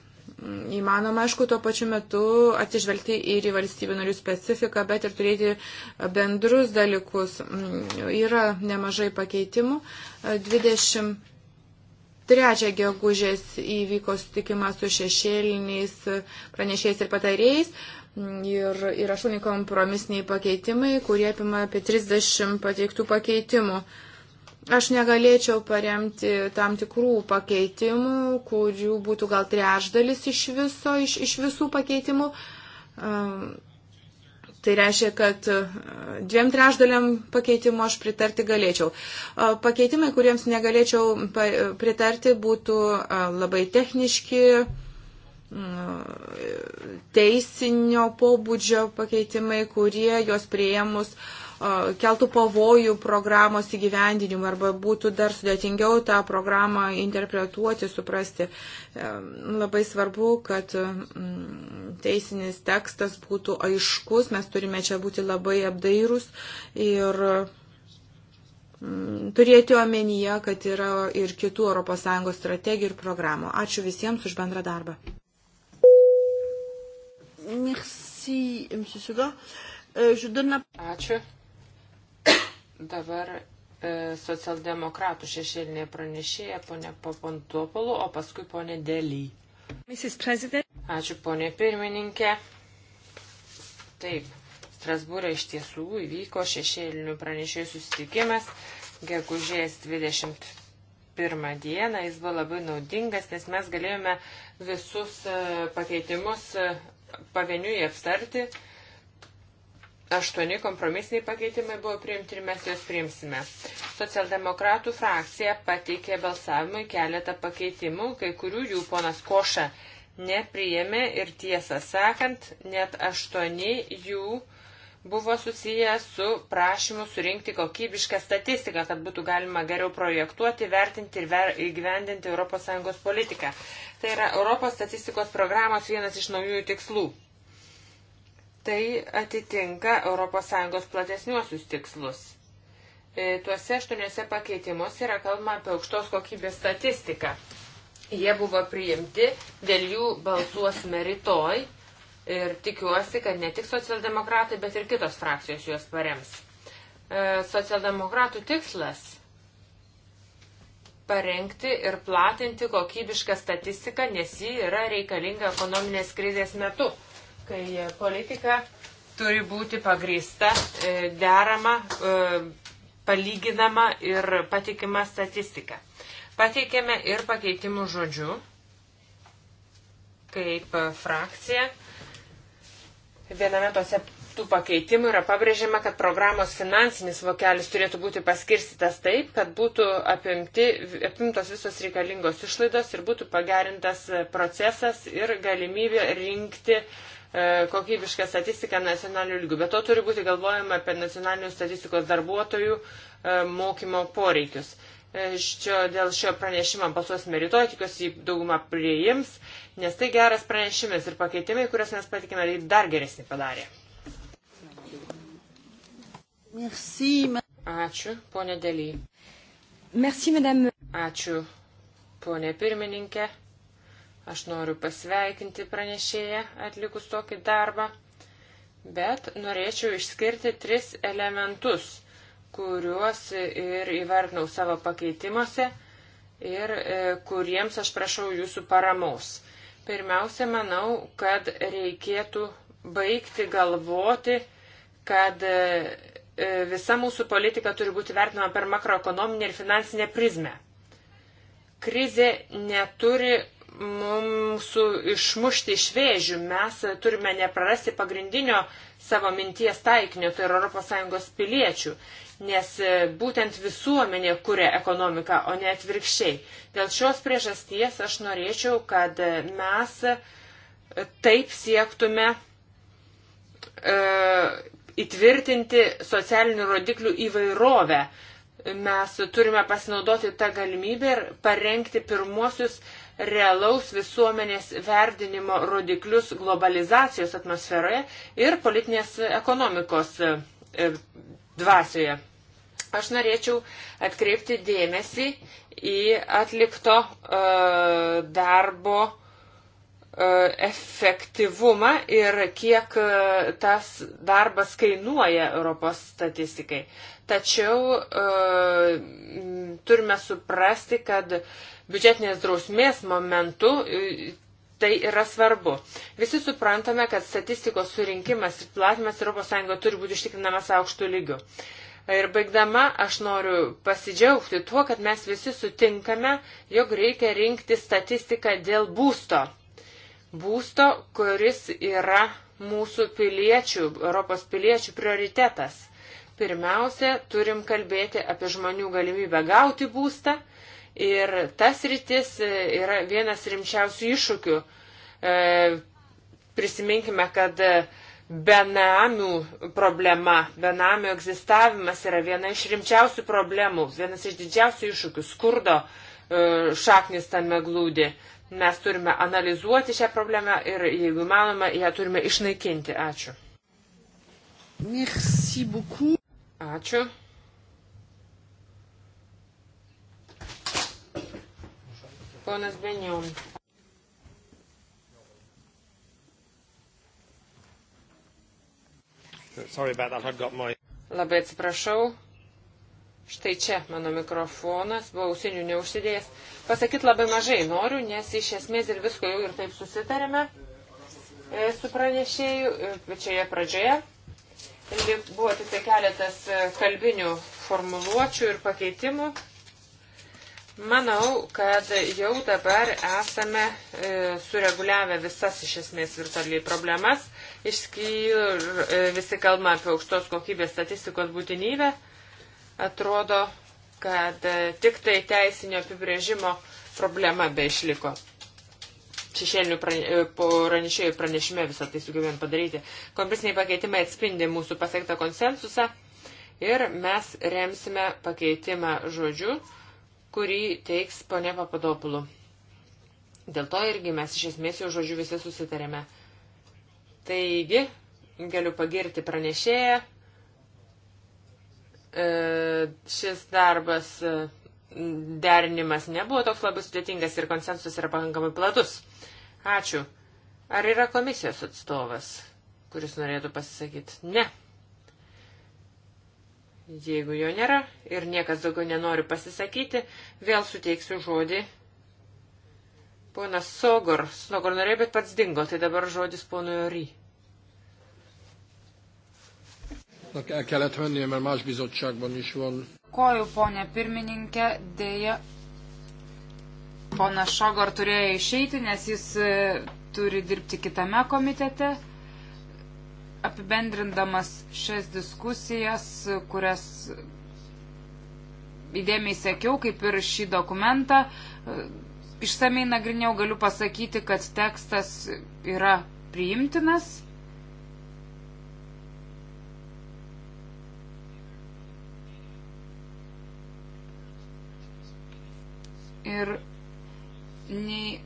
Įmanoma, aišku, tuo pačiu metu atsižvelgti ir į valstybių narių specifiką, bet ir turėti bendrus dalykus. Mm, yra nemažai pakeitimų. 23 gegužės įvyko sutikimas su šešėliniais pranešėjais ir patarėjais. Mm, ir yra aštuoni kompromisiniai pakeitimai, kurie apima apie 30 pateiktų pakeitimų. Uh, Aš negalėčiau paremti tam tikrų pakeitimų, kurių būtų gal trešdalis iš, viso, iš, iš visų pakeitimų. Um, tai reiškia, kad uh, dviem trešdaliam pakeitimu aš pritarti galėčiau. Uh, pakeitimai, kuriems negalėčiau uh, pritarti, būtų labai techniški, teisinio pobūdžio pakeitimai, kurie jos prieimus uh, keltų pavojų programos įgyvendinimą arba būtų dar sudėtingiau tą programą interpretuoti, suprasti. E, labai svarbu, kad mm, teisinis tekstas būtų aiškus, mes turime čia būti labai apdairūs ir mm, turėti omenyje, kad yra ir kitų ES strategijų ir programų. Ačiū visiems už bendrą darbą. Merci, M. Suga. Euh, je donne la... Ačiū dabar e, socialdemokratų šešėlinė pranešėja ponė Papantopolų, o paskui ponė Dely. Ačiū ponė pirmininkė. Taip, Strasbūrė iš tiesų įvyko šešėlinių pranešėjų susitikimas gegužės 25 pirmą dieną. Jis buvo labai naudingas, nes mes galėjome visus e, pakeitimus e, pavieniui aptarti Aštuoni kompromisiniai pakeitimai buvo priimti ir mes juos priimsime. Socialdemokratų frakcija pateikė balsavimui keletą pakeitimų, kai kurių jų ponas Koša nepriėmė ir tiesą sakant, net aštuoni jų buvo susiję su prašymu surinkti kokybišką statistiką, kad būtų galima geriau projektuoti, vertinti ir ver, įgyvendinti ES politiką. Tai yra Europos statistikos programos vienas iš naujųjų tikslų tai atitinka ES platesniuosius tikslus. E, tuose aštuoniuose pakeitimuose yra kalbama apie aukštos kokybės statistiką. Jie buvo priimti, dėl jų balsuosime rytoj ir tikiuosi, kad ne tik socialdemokratai, bet ir kitos frakcijos juos parems. E, socialdemokratų tikslas parengti ir platinti kokybišką statistiką, nes ji yra reikalinga ekonominės krizės metu kai politika turi būti pagrįsta, e, derama, e, palyginama ir patikima statistika. Pateikėme ir pakeitimų žodžių kaip frakcija. Viename tose tų pakeitimų yra pabrėžiama, kad programos finansinis vokelis turėtų būti paskirstytas taip, kad būtų apimti, apimtos visos reikalingos išlaidos ir būtų pagerintas procesas ir galimybė rinkti uh, E, kokybišką statistiką nacionaliniu lygiu. Bet to turi būti galvojama apie nacionalinių statistikos darbuotojų e, mokymo poreikius. E, šio, dėl šio pranešimo balsuosime rytoj, tikiuosi jį dauguma priims, nes tai geras pranešimas ir pakeitimai, kuriuos mes patikime, tai dar geresnį padarė. Merci, ma... Ačiū, ponė Dely. Merci, madame. Ačiū, ponė pirmininkė. Aš noriu pasveikinti pranešėją atlikus tokį darbą, bet norėčiau išskirti tris elementus, kuriuos ir įvardinau savo pakeitimuose ir e, kuriems aš prašau jūsų paramos. Pirmiausia, manau, kad reikėtų baigti galvoti, kad e, e, visa mūsų politika turi būti vertinama per makroekonominę ir finansinę prizmę. Krizė neturi mūsų išmušti iš vėžių. Mes turime neprarasti pagrindinio savo minties taikinio, tai yra ES piliečių, nes būtent visuomenė kuria ekonomiką, o ne atvirkščiai. Dėl šios priežasties aš norėčiau, kad mes taip siektume e, įtvirtinti socialinių rodiklių įvairovę. Mes turime pasinaudoti tą galimybę ir parengti pirmuosius uh, realaus visuomenės verdinimo rodiklius globalizacijos atmosferoje ir politinės ekonomikos e, dvasioje. Aš norėčiau atkreipti dėmesį į atlikto e, darbo e, efektyvumą ir kiek tas darbas kainuoja Europos statistikai. Tačiau turime suprasti, kad biudžetinės drausmės momentu tai yra svarbu. Visi suprantame, kad statistikos surinkimas ir platimas ES turi būti užtikrinamas aukštų lygių. Ir baigdama, aš noriu pasidžiaugti tuo, kad mes visi sutinkame, jog reikia rinkti statistiką dėl būsto. Būsto, kuris yra mūsų piliečių, Europos piliečių prioritetas. Pirmiausia, turim kalbėti apie žmonių galimybę gauti būstą Ir tas rytis e, yra vienas rimčiausių iššūkių. E, prisiminkime, kad e, benamių problema, benamių egzistavimas yra viena iš rimčiausių problemų, vienas iš didžiausių iššūkių, skurdo šaknis tame glūdi. Mes turime analizuoti šią problemą ir, jeigu manoma, ją turime išnaikinti. Ačiū. Ačiū. Ponas Benjon. My... Labai atsiprašau. Štai čia mano mikrofonas, buvau ausinių neužsidėjęs. Pasakyt labai mažai noriu, nes iš esmės ir visko jau ir taip susitarėme e, su pranešėju e, pačioje pradžioje. Buvo tik tai keletas e, kalbinių formuluočių ir pakeitimų. Manau, kad jau dabar esame e, sureguliavę visas iš esmės virtualiai problemas, išskyr e, visi kalba apie aukštos kokybės statistikos būtinybę. Atrodo, kad e, tik tai teisinio apibrėžimo problema be išliko. Šešėlinių e, pranešėjų pranešime visą tai sugebėjom padaryti. Kompresiniai pakeitimai atspindi mūsų pasiektą konsensusą ir mes remsime pakeitimą žodžiu kurį teiks ponė Papadopulų. Dėl to irgi mes iš esmės jau žodžiu visi susitarėme. Taigi, galiu pagirti pranešėją. E, šis darbas e, derinimas nebuvo toks labai sudėtingas ir konsensus yra pakankamai platus. Ačiū. Ar yra komisijos atstovas, kuris norėtų pasisakyti? Ne. Jeigu jo nėra ir niekas daugiau nenori pasisakyti, vėl suteiksiu žodį. Ponas Sogor, Sogor norėjo, bet pats dingo, tai dabar žodis ponui Ori. Koju, ponė pirmininkė, dėja. Ponas Šogor turėjo išeiti, nes jis e, turi dirbti kitame komitete apibendrindamas šias diskusijas, kurias įdėmiai sekiau, kaip ir šį dokumentą, išsamei nagrinėjau, galiu pasakyti, kad tekstas yra priimtinas. Ir nei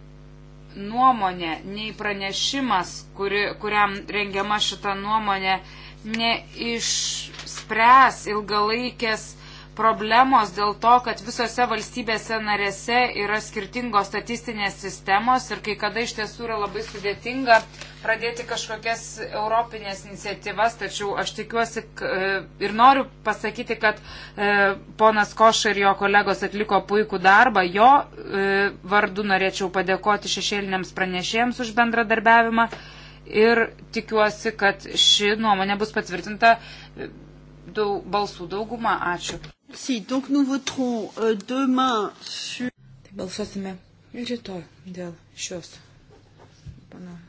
nuomonė, nei pranešimas, kuri, kuriam rengiama šita nuomonė, neišspręs ilgalaikės problemos dėl to, kad visose valstybėse narėse yra skirtingos statistinės sistemos ir kai kada iš tiesų yra labai sudėtinga uh, pradėti kažkokias europinės iniciatyvas, tačiau aš tikiuosi e, ir noriu pasakyti, kad e, ponas Koša ir jo kolegos atliko puikų darbą. Jo e, vardu norėčiau padėkoti šešėliniams pranešėjams už bendradarbiavimą ir tikiuosi, kad ši nuomonė bus patvirtinta daug, balsų dauguma. Ačiū. Si, donc nous voterons euh, demain sur. Tai balsuosime rytoj dėl šios. Pana.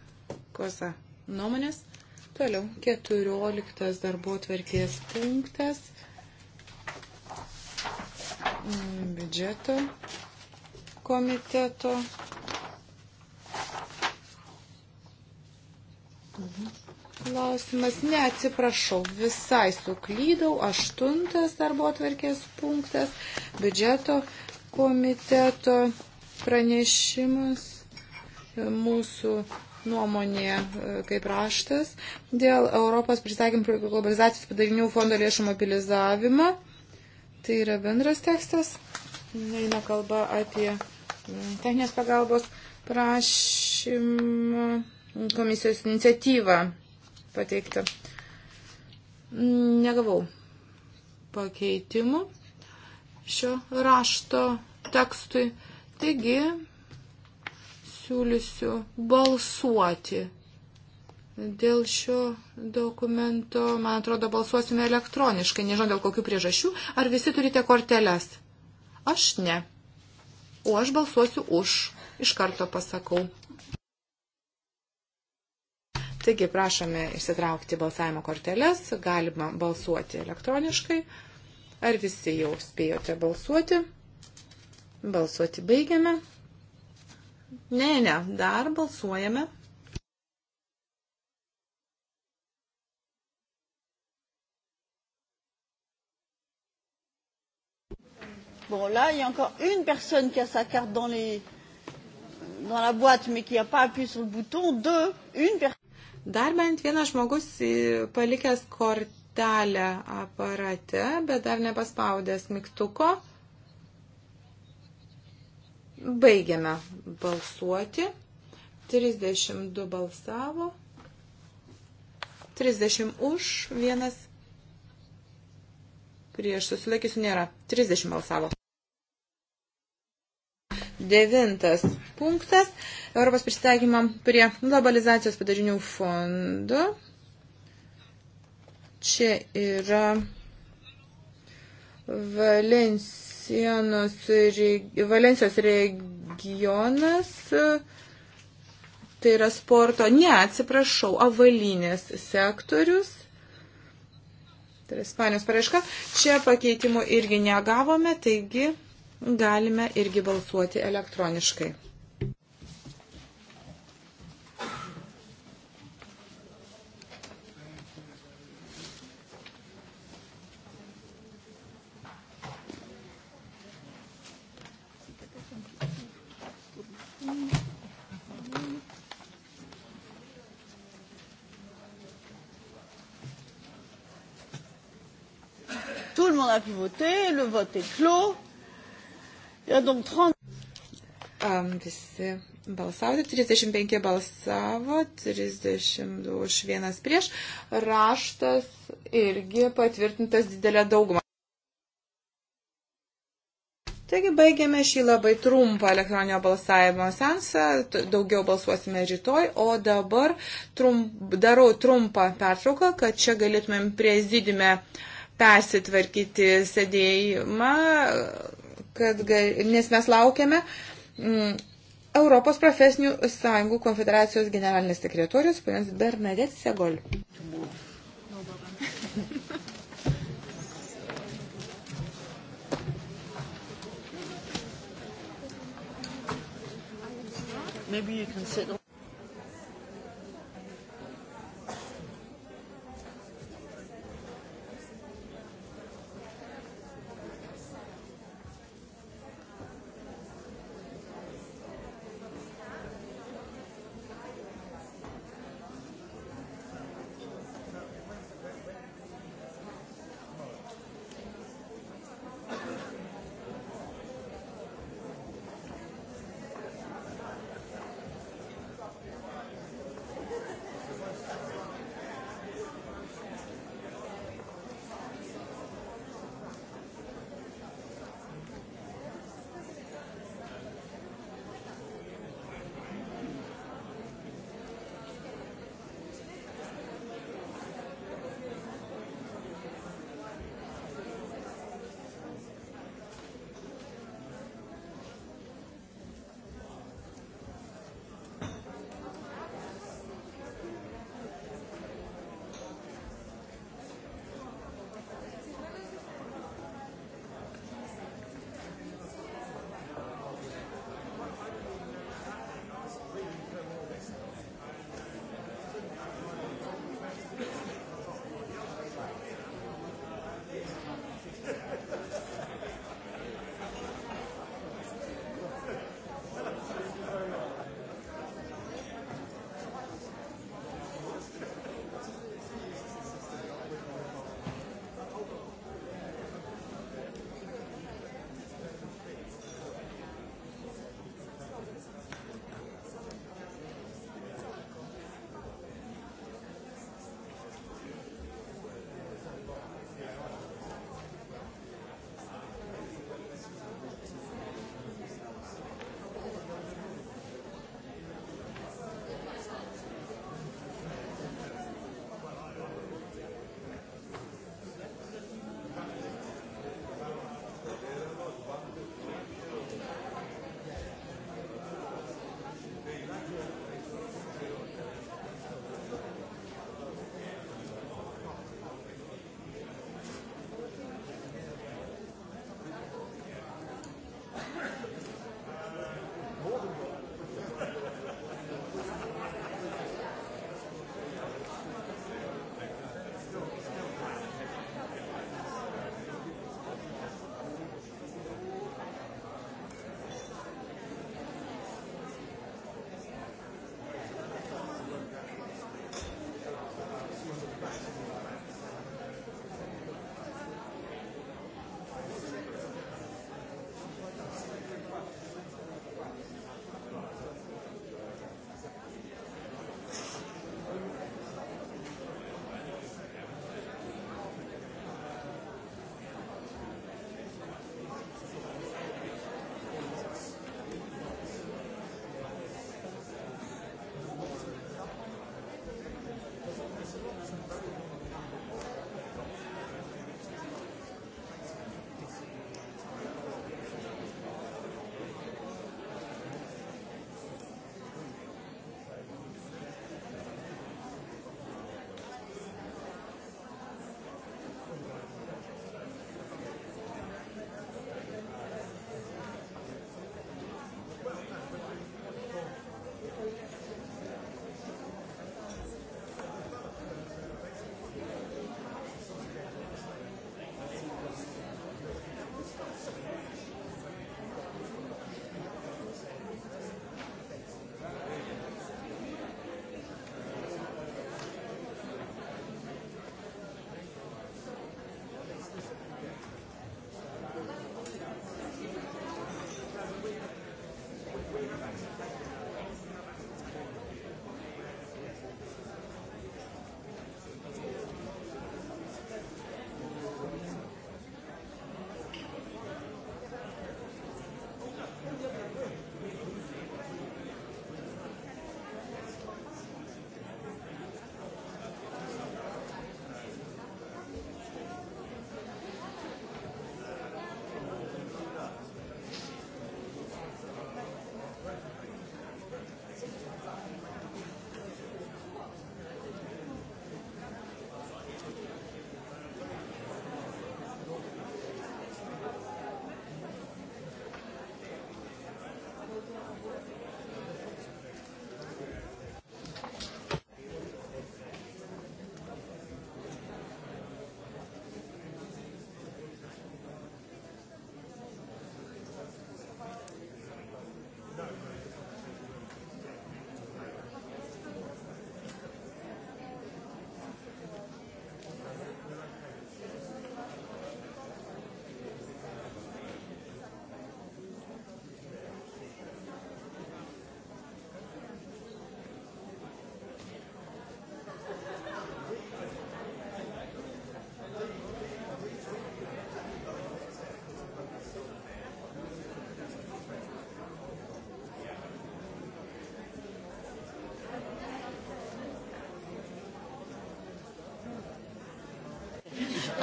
Kosa nuomonės. Toliau, keturioliktas darbo tvarkės punktas mm, biudžeto komiteto. Klausimas, neatsiprašau, visai suklydau. Aštuntas darbo atverkės punktas, biudžeto komiteto pranešimas e, mūsų nuomonė e, kaip raštas dėl Europos pristaikymų prie globalizacijos padarinių fondo lėšų mobilizavimą. Tai yra bendras tekstas. Eina kalba apie techninės pagalbos prašymą komisijos iniciatyvą pateikti. Negavau pakeitimų šio rašto tekstui. Taigi, siūlysiu balsuoti dėl šio dokumento. Man atrodo, balsuosime elektroniškai, nežinau dėl kokių priežasčių. Ar visi turite korteles? Aš ne. O aš balsuosiu už. Iš karto pasakau. Taigi prašome išsitraukti balsavimo korteles, galima balsuoti elektroniškai. Ar visi jau spėjote balsuoti? Balsuoti baigiame. Ne, ne, dar balsuojame. Bon, là, il y a encore une personne qui a sa carte dans, les... dans la boîte, mais qui n'a pas appuyé sur le bouton. Deux, une personne. Dar bent vienas žmogus palikęs kortelę aparate, bet dar nepaspaudęs mygtuko. Baigiame balsuoti. 32 balsavo. 30 už, vienas prieš susilaikysiu nėra. 30 balsavo. Devintas punktas. Europos pristaikymą prie globalizacijos padarinių fondų. Čia yra Valensija. Valencianos, Valencijos regionas, tai yra sporto, ne, atsiprašau, avalinės sektorius. Tai yra Ispanijos paraiška. Čia pakeitimų irgi negavome, taigi galime irgi balsuoti elektroniškai. le monde a pu voter, le vote est clos. Il y a donc 30. Um, visi balsavote, 35 balsavo, 32 už vienas prieš. Raštas irgi patvirtintas didelę daugumą. Taigi baigėme šį labai trumpą elektroninio balsavimo sensą, daugiau balsuosime rytoj, o dabar trump, darau trumpą pertrauką, kad čia galėtumėm prezidime uh, persitvarkyti sėdėjimą, kad, nes mes laukiame mm, Europos profesinių sąjungų konfederacijos generalinis sekretorius, ponas Bernadette Segol. Maybe you can sit on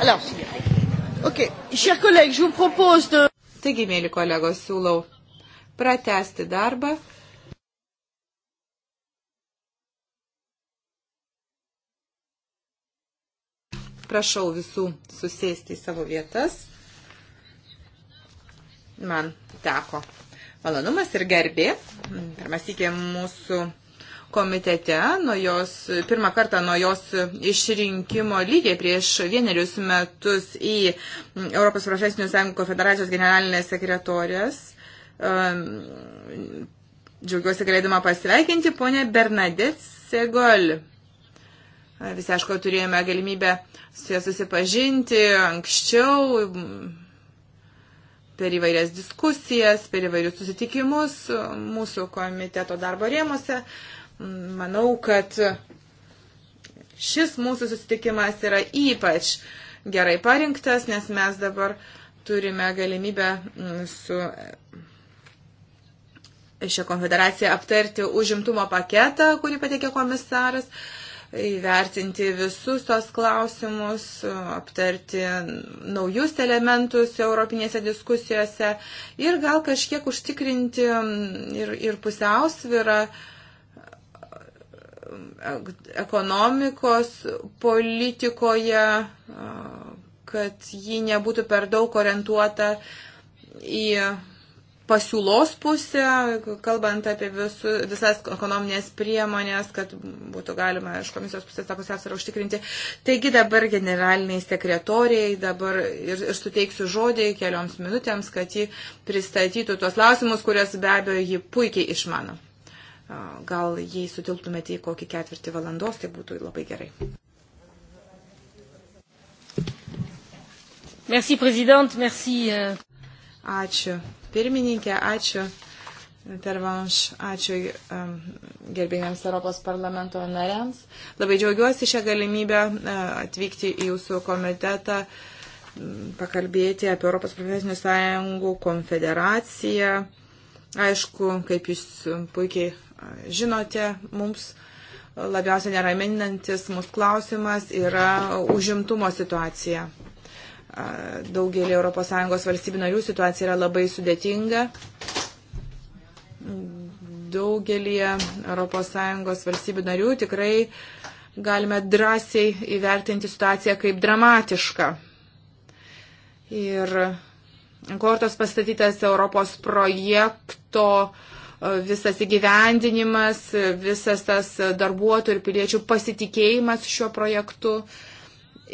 Alors, okay. collègue, je vous propose de... Taigi, mėly kolegos, siūlau pratesti darbą. Prašau visų susėsti į savo vietas. Man teko malonumas ir garbė. Pirmas iki mūsų komitete, nuo jos, pirmą kartą nuo jos išrinkimo lygiai prieš vienerius metus į Europos profesinių sąjungų konfederacijos generalinės sekretorės. Džiaugiuosi galėdama pasveikinti ponę Bernadette Segol. Visi, aišku, turėjome galimybę su ja susipažinti anksčiau per įvairias diskusijas, per įvairius susitikimus mūsų komiteto darbo rėmose. Manau, kad šis mūsų susitikimas yra ypač gerai parinktas, nes mes dabar turime galimybę mm, su šią konfederaciją aptarti užimtumo paketą, kurį pateikė komisaras, įvertinti visus tos klausimus, aptarti naujus elementus europinėse diskusijose ir gal kažkiek užtikrinti mm, ir, ir pusiausvyrą uh, ekonomikos politikoje, kad ji nebūtų per daug orientuota į pasiūlos pusę, kalbant apie visu, visas ekonominės priemonės, kad būtų galima iš komisijos pusės tą pusiausvyrą užtikrinti. Taigi dabar generaliniai sekretoriai dabar ir, ir suteiksiu žodį kelioms minutėms, kad ji pristatytų tuos klausimus, kurias be abejo ji puikiai išmano. Gal jei sutilptumėte į kokį ketvirtį valandos, tai būtų labai gerai. Merci, prezident, merci. Euh. Ačiū. Pirmininkė, ačiū. Pervanš, ačiū um, gerbėjams Europos parlamento nariams. Labai džiaugiuosi šią galimybę uh, atvykti į jūsų komitetą, um, pakalbėti apie Europos profesinių sąjungų konfederaciją. Aišku, kaip jūs puikiai žinote, mums labiausiai neraminantis mūsų klausimas yra užimtumo situacija. Daugelį ES valstybių narių situacija yra labai sudėtinga. Daugelį ES valstybių narių tikrai galime drąsiai įvertinti situaciją kaip dramatišką. Ir kortos pastatytas Europos projekto uh, E, visas įgyvendinimas, e, visas tas darbuotojų ir piliečių pasitikėjimas šiuo projektu.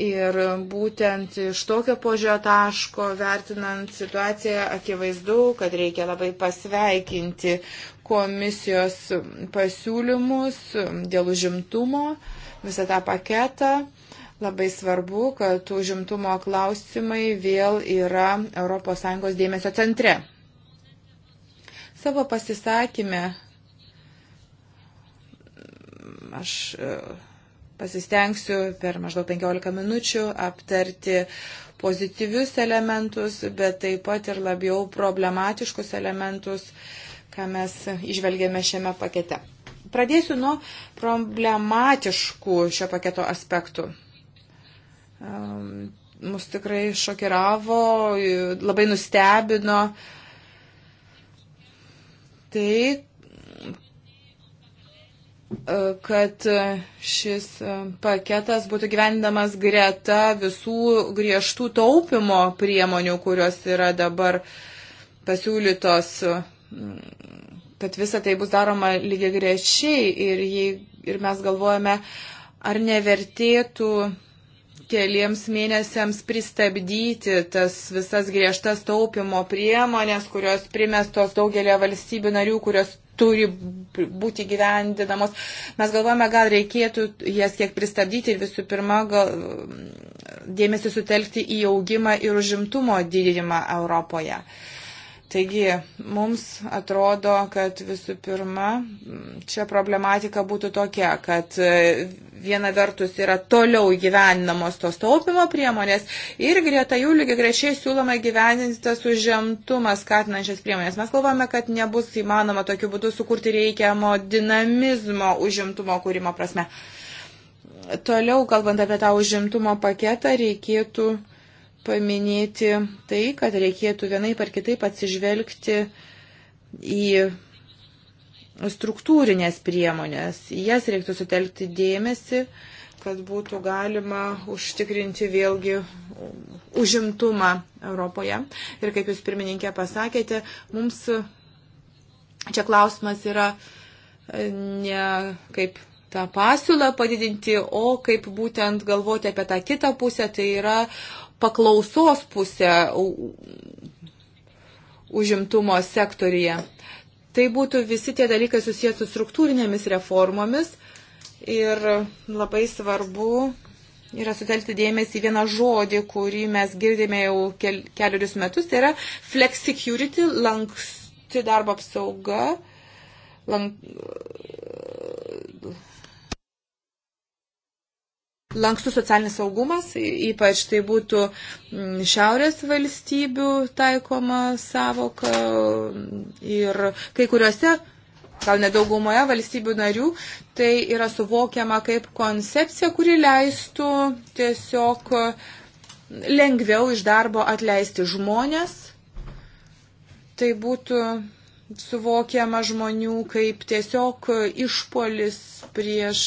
Ir būtent iš tokio požiūrio taško vertinant situaciją, akivaizdu, kad reikia labai pasveikinti komisijos pasiūlymus dėl užimtumo, visą tą paketą. Labai svarbu, kad užimtumo klausimai vėl yra ES dėmesio centre. Savo pasisakymę aš e, pasistengsiu per maždaug 15 minučių aptarti pozityvius elementus, bet taip pat ir labiau problematiškus elementus, ką mes išvelgėme šiame pakete. Pradėsiu nuo problematiškų šio paketo aspektų. Ehm, mus tikrai šokiravo, labai nustebino uh, tai, e, kad šis paketas būtų gyvendamas greta visų griežtų taupimo priemonių, kurios yra dabar pasiūlytos, kad visa tai bus daroma lygiai grečiai ir, jei, ir mes galvojame, ar nevertėtų keliems mėnesiams pristabdyti tas visas griežtas taupimo priemonės, kurios primestos daugelio valstybių narių, kurios turi būti gyvendinamos. Mes galvojame, gal reikėtų jas kiek pristabdyti ir visų pirma gal, dėmesį sutelkti į augimą ir užimtumo didinimą Europoje. Uh, Taigi, mums atrodo, kad visų pirma, čia problematika būtų tokia, kad e, viena vertus yra toliau gyveninamos tos taupimo priemonės ir greta jų lygiai grešiai siūloma gyveninti tas užimtumą skatinančias priemonės. Mes galvojame, kad nebus įmanoma tokiu būdu sukurti reikiamo dinamizmo užimtumo kūrimo prasme. Toliau, kalbant apie tą užimtumo paketą, reikėtų paminėti tai, kad reikėtų vienaip ar kitaip atsižvelgti į struktūrinės priemonės. Į jas reiktų sutelkti dėmesį, kad būtų galima užtikrinti vėlgi užimtumą Europoje. Ir kaip jūs pirmininkė pasakėte, mums čia klausimas yra ne kaip tą pasiūlą padidinti, o kaip būtent galvoti apie tą kitą pusę, tai yra paklausos pusę užimtumo sektorija. Tai būtų visi tie dalykai susijęs su struktūrinėmis reformomis ir labai svarbu yra sutelkti dėmesį į vieną žodį, kurį mes girdime jau kel, keliarius metus, tai yra flexicurity, lanksti darbo apsauga, lank, lankstus socialinis saugumas, ypač tai būtų mm, šiaurės valstybių taikoma savoka mm, ir kai kuriuose, gal nedaugumoje valstybių narių, tai yra suvokiama kaip koncepcija, kuri leistų tiesiog mm, lengviau iš darbo atleisti žmonės. Tai būtų suvokiama žmonių kaip tiesiog išpolis prieš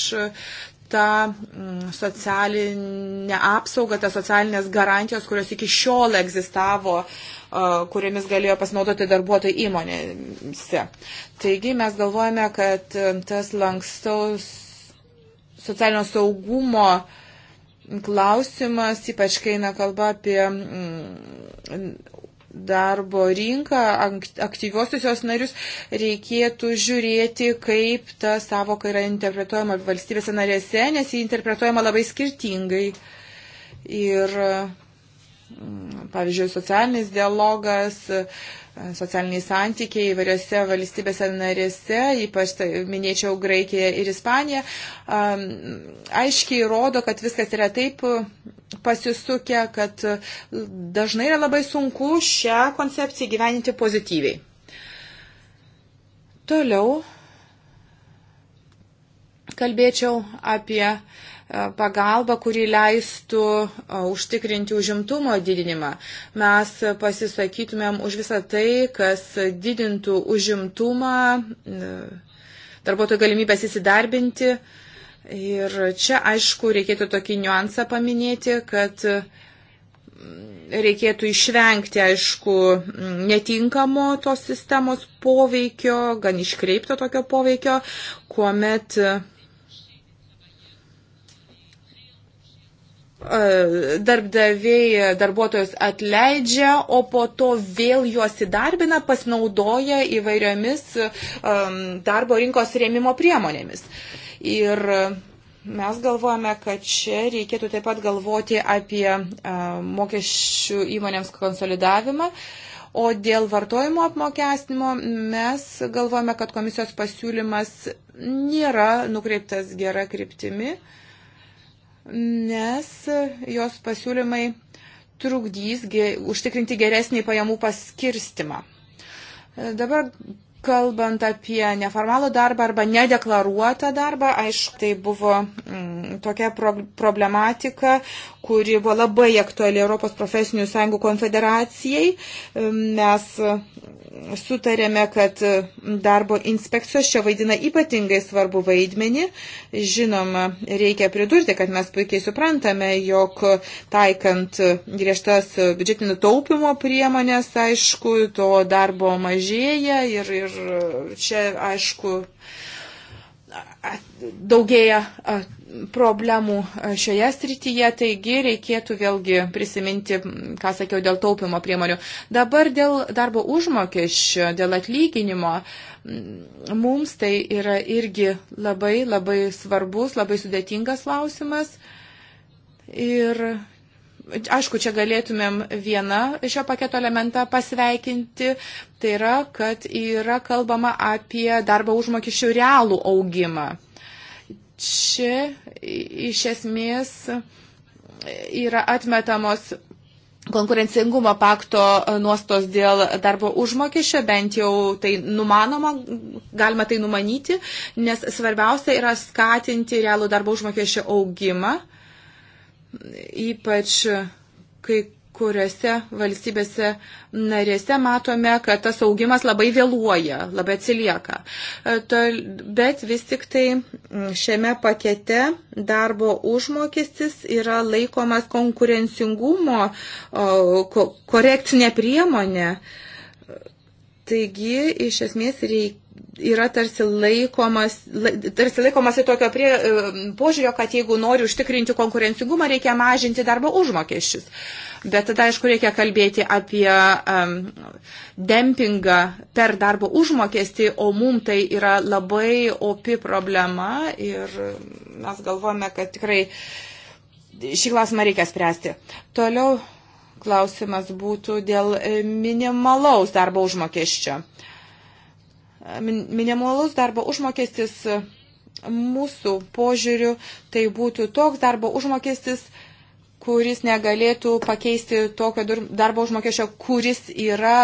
tą mm, socialinę apsaugą, tas socialinės garantijos, kurios iki šiol egzistavo, kuriamis galėjo pasinaudoti darbuotojai įmonėse. Taigi mes galvojame, kad e, tas lankstaus socialinio saugumo klausimas, ypač kai eina kalba apie mm, darbo rinką, aktyviosius jos narius, reikėtų žiūrėti, kaip ta savoka yra interpretuojama valstybėse narėse, nes ji interpretuojama labai skirtingai. Ir, mm, pavyzdžiui, socialinis dialogas, socialiniai santykiai įvairiose valstybėse narėse, ypač tai, minėčiau Graikiją ir Ispaniją, aiškiai rodo, kad viskas yra taip pasisukę, kad dažnai yra labai sunku šią koncepciją gyveninti pozityviai. Toliau kalbėčiau apie uh, E, pagalbą, kuri leistų e, užtikrinti užimtumo didinimą. Mes pasisakytumėm už visą tai, kas didintų užimtumą, e, darbuotojų galimybės įsidarbinti. Ir čia, aišku, reikėtų tokį niuansą paminėti, kad mm, reikėtų išvengti, aišku, mm, netinkamo tos sistemos poveikio, gan iškreipto tokio poveikio, kuomet E, darbdaviai darbuotojus atleidžia, o po to vėl juos įdarbina, pasinaudoja įvairiomis e, darbo rinkos rėmimo priemonėmis. Ir mes galvojame, kad čia reikėtų taip pat galvoti apie e, mokesčių įmonėms konsolidavimą. O dėl vartojimo apmokestinimo mes galvojame, kad komisijos pasiūlymas nėra nukreiptas gera kryptimi. Uh, nes jos pasiūlymai trukdys ge, užtikrinti geresnį pajamų paskirstimą. Dabar kalbant apie neformalų darbą arba nedeklaruotą darbą, aišku, tai buvo mm, tokia pro, problematika, kuri buvo labai aktuali Europos profesinių sąjungų konfederacijai. Mes sutarėme, kad darbo inspekcijos čia vaidina ypatingai svarbu vaidmenį. Žinoma, reikia pridurti, kad mes puikiai suprantame, jog taikant griežtas biudžetinio taupimo priemonės, aišku, to darbo mažėja ir, ir čia, aišku, daugėja problemų e, šioje srityje, taigi reikėtų vėlgi prisiminti, ką sakiau, dėl taupimo priemonių. Dabar dėl darbo užmokesčio, dėl atlyginimo, mums tai yra irgi labai labai svarbus, labai sudėtingas klausimas. Ir aišku, čia galėtumėm vieną šio paketo elementą pasveikinti, tai yra, kad yra kalbama apie darbo užmokesčių realų augimą čia iš esmės yra atmetamos konkurencingumo pakto nuostos dėl darbo užmokesčio, bent jau tai numanoma, galima tai numanyti, nes svarbiausia yra skatinti realų darbo užmokesčio augimą, ypač kai kuriuose valstybėse narėse matome, kad tas augimas labai vėluoja, labai atsilieka. E, bet vis tik tai šiame pakete darbo užmokestis yra laikomas konkurencingumo korekcinė priemonė. Taigi, iš esmės, reikia yra tarsi, laikomas, tarsi laikomasi tokio prie, e, požiūrio, kad jeigu nori užtikrinti konkurencingumą, reikia mažinti darbo užmokesčius. Bet tada, aišku, reikia kalbėti apie um, dempingą per darbo užmokestį, o mum tai yra labai opi problema ir mes galvojame, kad tikrai šį klausimą reikia spręsti. Toliau klausimas būtų dėl minimalaus darbo užmokesčio. Minimalus darbo užmokestis mūsų požiūriu tai būtų toks darbo užmokestis, kuris negalėtų pakeisti tokio darbo užmokesčio, kuris yra,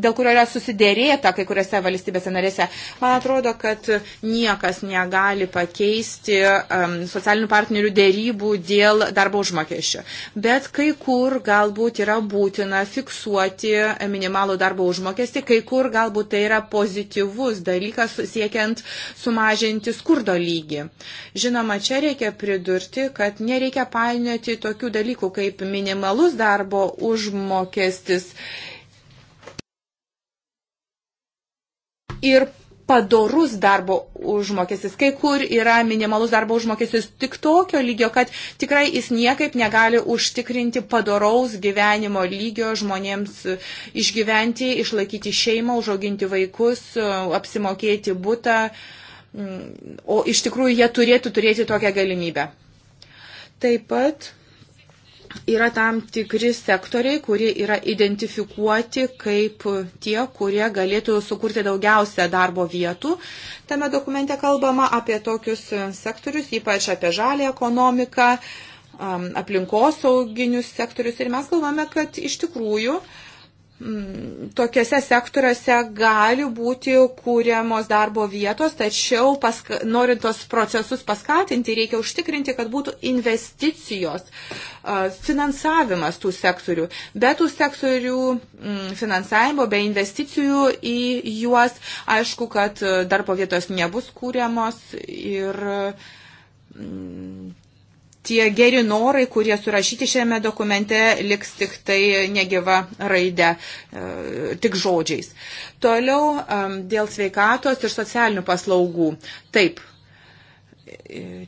dėl kurio yra susidėrėta kai kuriuose valstybėse narėse. Man atrodo, kad niekas negali pakeisti um, socialinių partnerių dėrybų dėl darbo užmokesčio. Bet kai kur galbūt yra būtina fiksuoti minimalų darbo užmokestį, kai kur galbūt tai yra pozityvus dalykas siekiant sumažinti skurdo lygį. Žinoma, čia reikia pridurti, kad nereikia painioti tokių dalykų, dalykų, kaip minimalus darbo užmokestis ir padorus darbo užmokestis. Kai kur yra minimalus darbo užmokestis tik tokio lygio, kad tikrai jis niekaip negali užtikrinti padoraus gyvenimo lygio žmonėms išgyventi, išlaikyti šeimą, užauginti vaikus, apsimokėti būtą. Mm, o iš tikrųjų jie turėtų turėti tokią galimybę. Taip pat yra tam tikri sektoriai, kurie yra identifikuoti kaip tie, kurie galėtų sukurti daugiausia darbo vietų. Tame dokumente kalbama apie tokius sektorius, ypač apie žalį ekonomiką, aplinkosauginius sektorius. Ir mes galvame, kad iš tikrųjų uh, Mm, tokiuose sektoriuose gali būti kūriamos darbo vietos, tačiau paska, norint tos procesus paskatinti, reikia užtikrinti, kad būtų investicijos, finansavimas tų sektorių. Be tų sektorių mm, finansavimo, be investicijų į juos, aišku, kad darbo vietos nebus kūriamos ir mm, tie geri norai, kurie surašyti šiame dokumente, liks tik tai negyva raidė, e, tik žodžiais. Toliau e, dėl sveikatos ir socialinių paslaugų. Taip, e,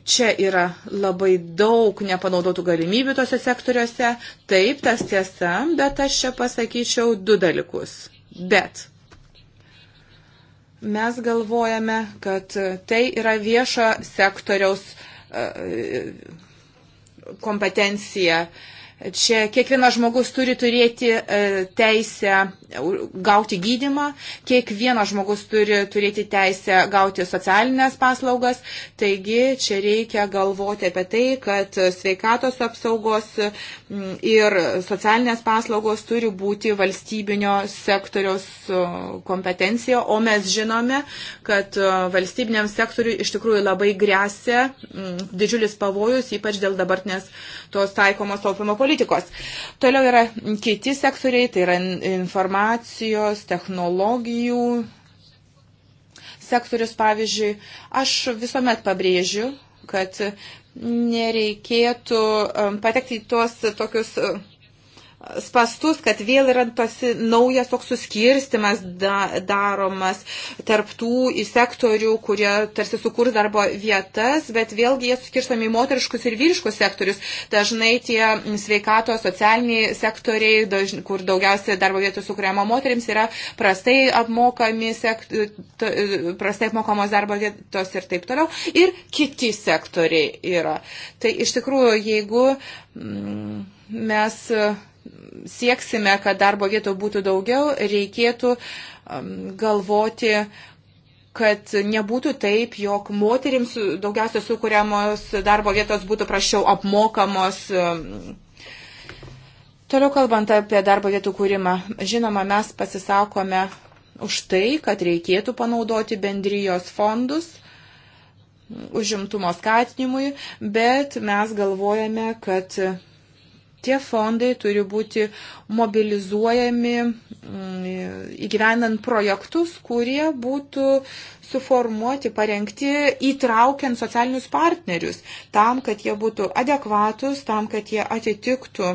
čia yra labai daug nepanaudotų galimybių tose sektoriuose. Taip, tas tiesa, bet aš čia pasakyčiau du dalykus. Bet mes galvojame, kad tai yra viešo sektoriaus kompetencija Čia kiekvienas žmogus turi turėti e, teisę gauti gydimą, kiekvienas žmogus turi turėti teisę gauti socialinės paslaugas, taigi čia reikia galvoti apie tai, kad sveikatos apsaugos ir socialinės paslaugos turi būti valstybinio sektoriaus kompetencija, o mes žinome, kad valstybiniam sektoriui iš tikrųjų labai grėsia didžiulis pavojus, ypač dėl dabartinės tos taikomos taupimo politikos politikos. Toliau yra kiti sektoriai, tai yra informacijos, technologijų sektorius, pavyzdžiui. Aš visuomet pabrėžiu, kad nereikėtų um, patekti į tuos tokius um, spastus, kad vėl yra tas naujas toks suskirstimas da, daromas tarptų į sektorių, kurie tarsi sukurs darbo vietas, bet vėlgi jie suskirstami į moteriškus ir vyriškus sektorius. Dažnai tie sveikato, socialiniai sektoriai, daž, kur daugiausia darbo vietų sukuriama moteriams, yra prastai, apmokami sekt, to, prastai apmokamos darbo vietos ir taip toliau. Ir kiti sektoriai yra. Tai iš tikrųjų, jeigu mm, mes sieksime, kad darbo vietų būtų daugiau, reikėtų um, galvoti, kad nebūtų taip, jog moterims daugiausia sukūriamos darbo vietos būtų prašiau apmokamos. Um, Toliau kalbant apie darbo vietų kūrimą, žinoma, mes pasisakome už tai, kad reikėtų panaudoti bendrijos fondus užimtumo skatinimui, bet mes galvojame, kad tie fondai turi būti mobilizuojami mm, įgyvenant projektus, kurie būtų suformuoti, parengti, įtraukiant socialinius partnerius, tam, kad jie būtų adekvatus, tam, kad jie atitiktų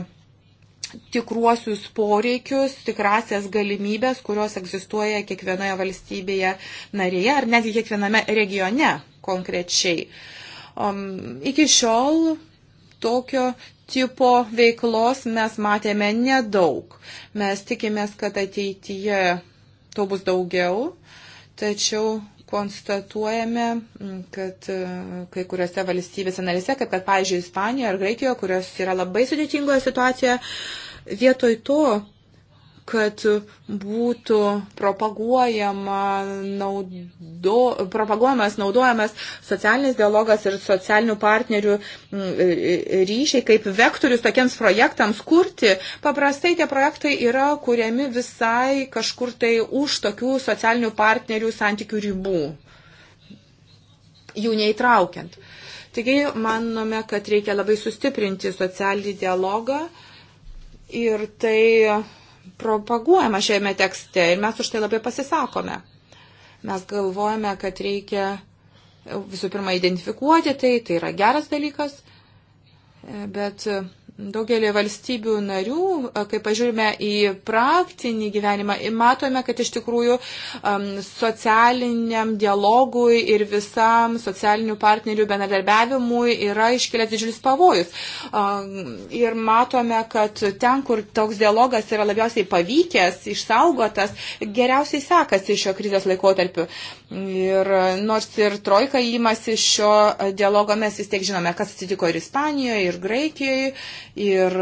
tikruosius poreikius, tikrasias galimybės, kurios egzistuoja kiekvienoje valstybėje narėje ar netgi kiekviename regione konkrečiai. Um, iki šiol tokio tipo veiklos mes matėme nedaug. Mes tikimės, kad ateityje to bus daugiau, tačiau konstatuojame, kad e, kai kuriuose valstybėse narise, kaip kad, pavyzdžiui, Ispanijoje ar Graikijoje, kurios yra labai sudėtingoje situacijoje, vietoj to kad būtų propaguojama naudo, propaguojamas, naudojamas socialinis dialogas ir socialinių partnerių mm, e, e, ryšiai kaip vektorius tokiems projektams kurti. Paprastai tie projektai yra kuriami visai kažkur tai už tokių socialinių partnerių santykių ribų, jų neįtraukiant. Taigi, manome, kad reikia labai sustiprinti socialinį dialogą ir tai propaguojama šiame tekste ir mes už tai labai pasisakome. Mes galvojame, kad reikia visų pirma identifikuoti tai, tai yra geras dalykas, e, bet daugelį valstybių narių, kai pažiūrime į praktinį gyvenimą, matome, kad iš tikrųjų um, socialiniam dialogui ir visam socialinių partnerių bendradarbiavimui yra iškilęs didžiulis pavojus. Um, ir matome, kad ten, kur toks dialogas yra labiausiai pavykęs, išsaugotas, geriausiai sekasi šio krizės laikotarpiu. Ir nors ir trojka įmasi šio dialogo, mes vis tiek žinome, kas atsitiko ir Ispanijoje, ir Graikijoje ir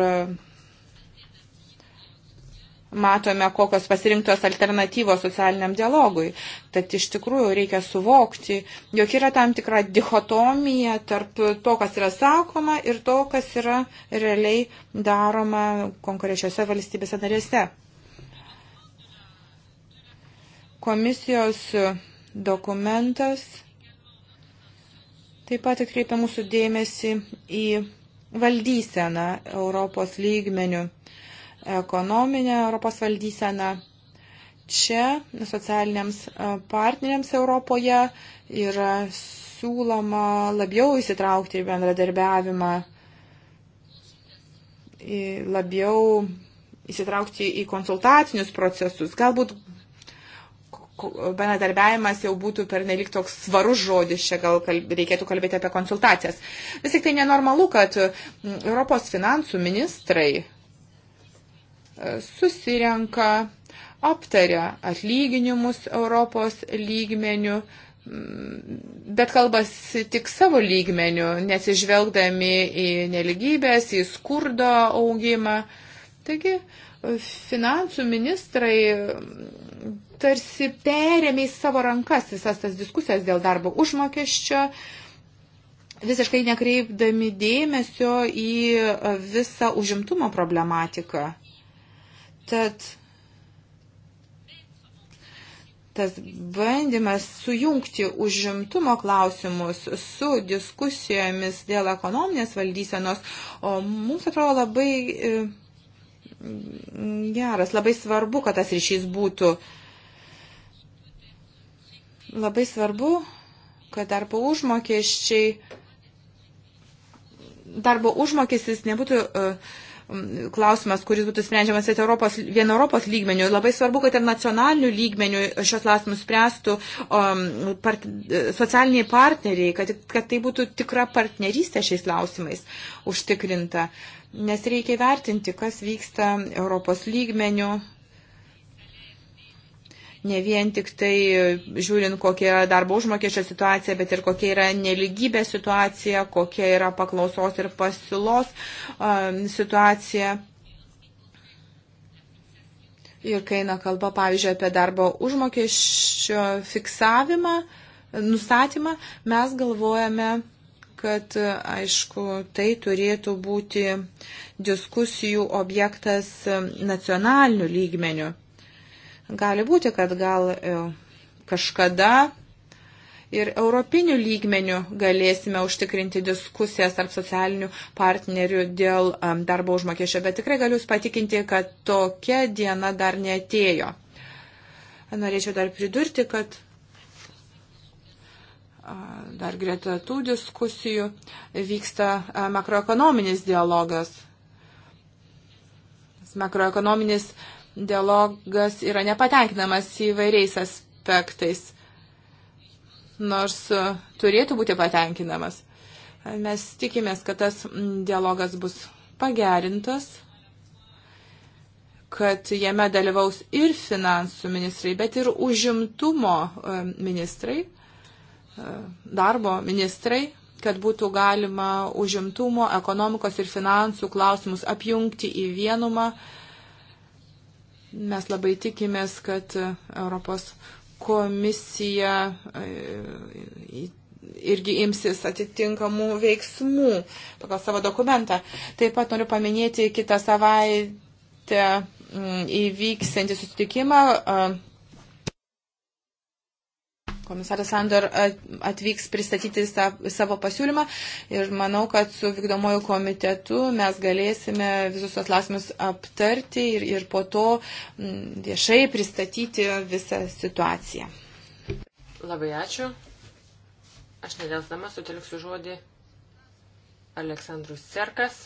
matome, kokios pasirinktos alternatyvos socialiniam dialogui. Tad iš tikrųjų reikia suvokti, jog yra tam tikra dichotomija tarp to, kas yra sakoma ir to, kas yra realiai daroma konkrečiose valstybėse narėse. Komisijos dokumentas taip pat atkreipia mūsų dėmesį į valdyseną Europos lygmenių, ekonominę Europos valdyseną. Čia socialiniams e, partneriams Europoje yra siūloma labiau įsitraukti į bendradarbiavimą, labiau įsitraukti į konsultacinius procesus. Galbūt bendradarbiavimas jau būtų pernelik toks svarus žodis, čia gal kalb, reikėtų kalbėti apie konsultacijas. Vis tik tai nenormalu, kad mm, Europos finansų ministrai e, susirenka, aptaria atlyginimus Europos lygmenių, mm, bet kalbasi tik savo lygmenių, nesižvelgdami į neligybės, į skurdo augimą. Taigi, finansų ministrai tarsi perėmė į savo rankas visas tas diskusijas dėl darbo užmokesčio, visiškai nekreipdami dėmesio į e, visą užimtumo problematiką. Tad tas bandymas sujungti užimtumo klausimus su diskusijomis dėl ekonominės valdysenos, o mums atrodo labai e, geras, labai svarbu, kad tas ryšys būtų uh, Labai svarbu, kad darbo užmokesčiai, darbo užmokestis nebūtų uh, klausimas, kuris būtų sprendžiamas Europos, vien Europos lygmenių. Labai svarbu, kad ir nacionalinių lygmenių šios klausimus spręstų um, part, e, socialiniai partneriai, kad, kad tai būtų tikra partnerystė šiais klausimais užtikrinta. Nes reikia vertinti, kas vyksta Europos lygmenių, ne vien tik tai e, žiūrint, kokia yra darbo užmokesčio situacija, bet ir kokia yra neligybė situacija, kokia yra paklausos ir pasiūlos um, situacija. Ir kai eina kalba, pavyzdžiui, apie darbo užmokesčio fiksavimą, nustatymą, mes galvojame, kad, aišku, tai turėtų būti diskusijų objektas e, nacionaliniu lygmeniu. Gali būti, kad gal e, kažkada ir europinių lygmenių galėsime užtikrinti diskusijas tarp socialinių partnerių dėl darbo užmokesčio, bet tikrai galiu Jūs patikinti, kad tokia diena dar netėjo. Norėčiau dar pridurti, kad dar greta tų diskusijų vyksta makroekonominis dialogas. Makroekonominis dialogas dialogas yra nepatenkinamas įvairiais aspektais, nors e, turėtų būti patenkinamas. Mes tikimės, kad tas dialogas bus pagerintas, kad jame dalyvaus ir finansų ministrai, bet ir užimtumo e, ministrai, e, darbo ministrai, kad būtų galima užimtumo, ekonomikos ir finansų klausimus apjungti į vienumą Mes labai tikimės, kad Europos komisija e, irgi imsis atitinkamų veiksmų pagal savo dokumentą. Taip pat noriu paminėti kitą savaitę mm, įvyksantį susitikimą komisaras Sandor atvyks pristatyti savo pasiūlymą ir manau, kad su vykdomojo komitetu mes galėsime visus tos klausimus aptarti ir, ir po to viešai pristatyti visą situaciją. Labai ačiū. Aš nedelsdama sutelksiu žodį Aleksandrus Serkas.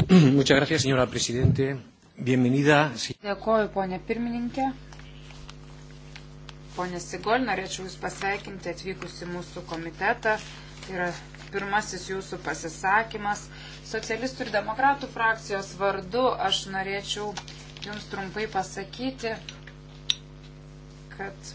Muchas gracias, señora presidente. Bienvenida. Dėkoju, ponė pirmininkė. Pone Sigol, norėčiau Jūs pasveikinti atvykus į mūsų komitetą. Yra pirmasis Jūsų pasisakymas. Socialistų ir demokratų frakcijos vardu aš norėčiau Jums trumpai pasakyti, kad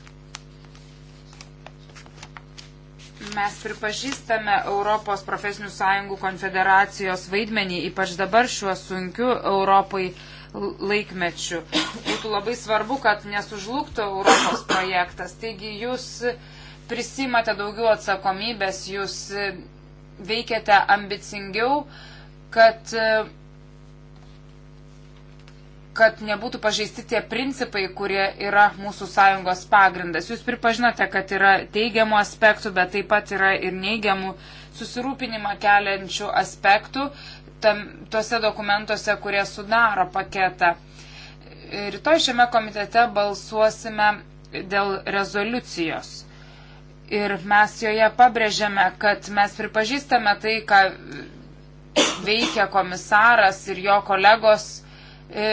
mes pripažįstame Europos profesinių sąjungų konfederacijos vaidmenį, ypač dabar šiuo sunkiu Europai laikmečių. Būtų labai svarbu, kad nesužlugtų Europos projektas. Taigi jūs prisimate daugiau atsakomybės, jūs veikiate ambicingiau, kad, kad nebūtų pažeisti tie principai, kurie yra mūsų sąjungos pagrindas. Jūs pripažinote, kad yra teigiamų aspektų, bet taip pat yra ir neigiamų susirūpinimą keliančių aspektų tam, tuose dokumentuose, kurie sudaro paketą. Rytoj šiame komitete balsuosime dėl rezoliucijos. Ir mes joje pabrėžiame, kad mes pripažįstame tai, ką veikia komisaras ir jo kolegos, e,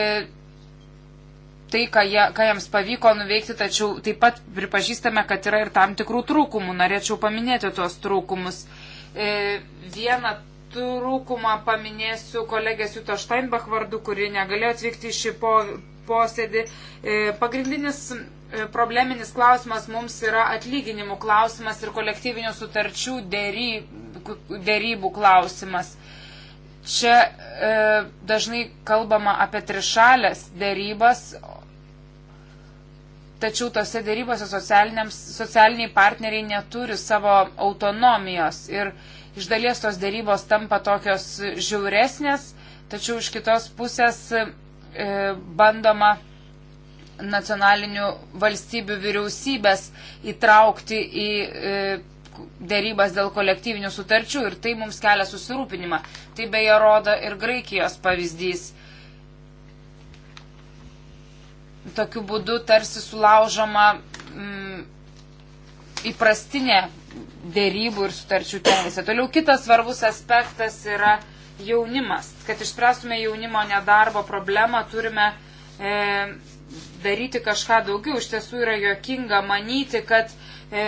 tai, ką, jie, ką jiems pavyko nuveikti, tačiau taip pat pripažįstame, kad yra ir tam tikrų trūkumų. Norėčiau paminėti tuos trūkumus. E, viena trūkumą paminėsiu kolegės Juto Steinbach vardu, kuri negalėjo atvykti šį po, posėdį. E, pagrindinis e, probleminis klausimas mums yra atlyginimų klausimas ir kolektyvinių sutarčių dėry, dėrybų klausimas. Čia e, dažnai kalbama apie trišalės dėrybas, tačiau tose dėrybose socialiniai partneriai neturi savo autonomijos. Ir, e, Iš dalies tos dėrybos tampa tokios žiauresnės, tačiau iš kitos pusės e, bandoma nacionalinių valstybių vyriausybės įtraukti į e, dėrybas dėl kolektyvinių sutarčių ir tai mums kelia susirūpinimą. Tai beje rodo ir Graikijos pavyzdys. Tokiu būdu tarsi sulaužoma mm, įprastinė dėrybų ir sutarčių teisė. Toliau kitas svarbus aspektas yra jaunimas. Kad išspręstume jaunimo nedarbo problemą, turime e, daryti kažką daugiau. Iš tiesų yra jokinga manyti, kad e,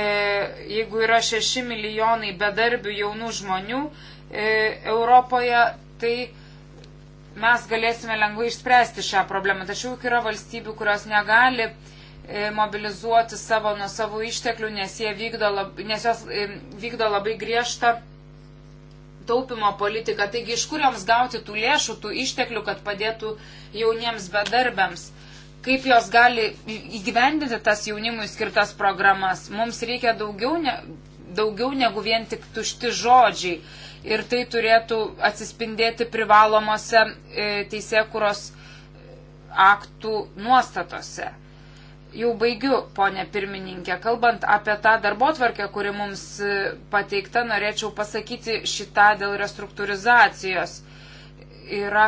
jeigu yra 6 milijonai bedarbių jaunų žmonių e, Europoje, tai mes galėsime lengvai išspręsti šią problemą. Tačiau yra valstybių, kurios negali E, mobilizuoti savo nuo savo išteklių, nes, vykdo lab, nes jos e, vykdo labai griežtą taupimo politiką. Taigi iš kur joms gauti tų lėšų, tų išteklių, kad padėtų jauniems bedarbiams? Kaip jos gali įgyvendinti tas jaunimui skirtas programas? Mums reikia daugiau, ne, daugiau negu vien tik tušti žodžiai. Ir tai turėtų atsispindėti privalomose e, teisėkuros e, aktų nuostatose jau baigiu, ponė pirmininkė. Kalbant apie tą darbo tvarkę, kuri mums e, pateikta, norėčiau pasakyti šitą dėl restruktūrizacijos. Yra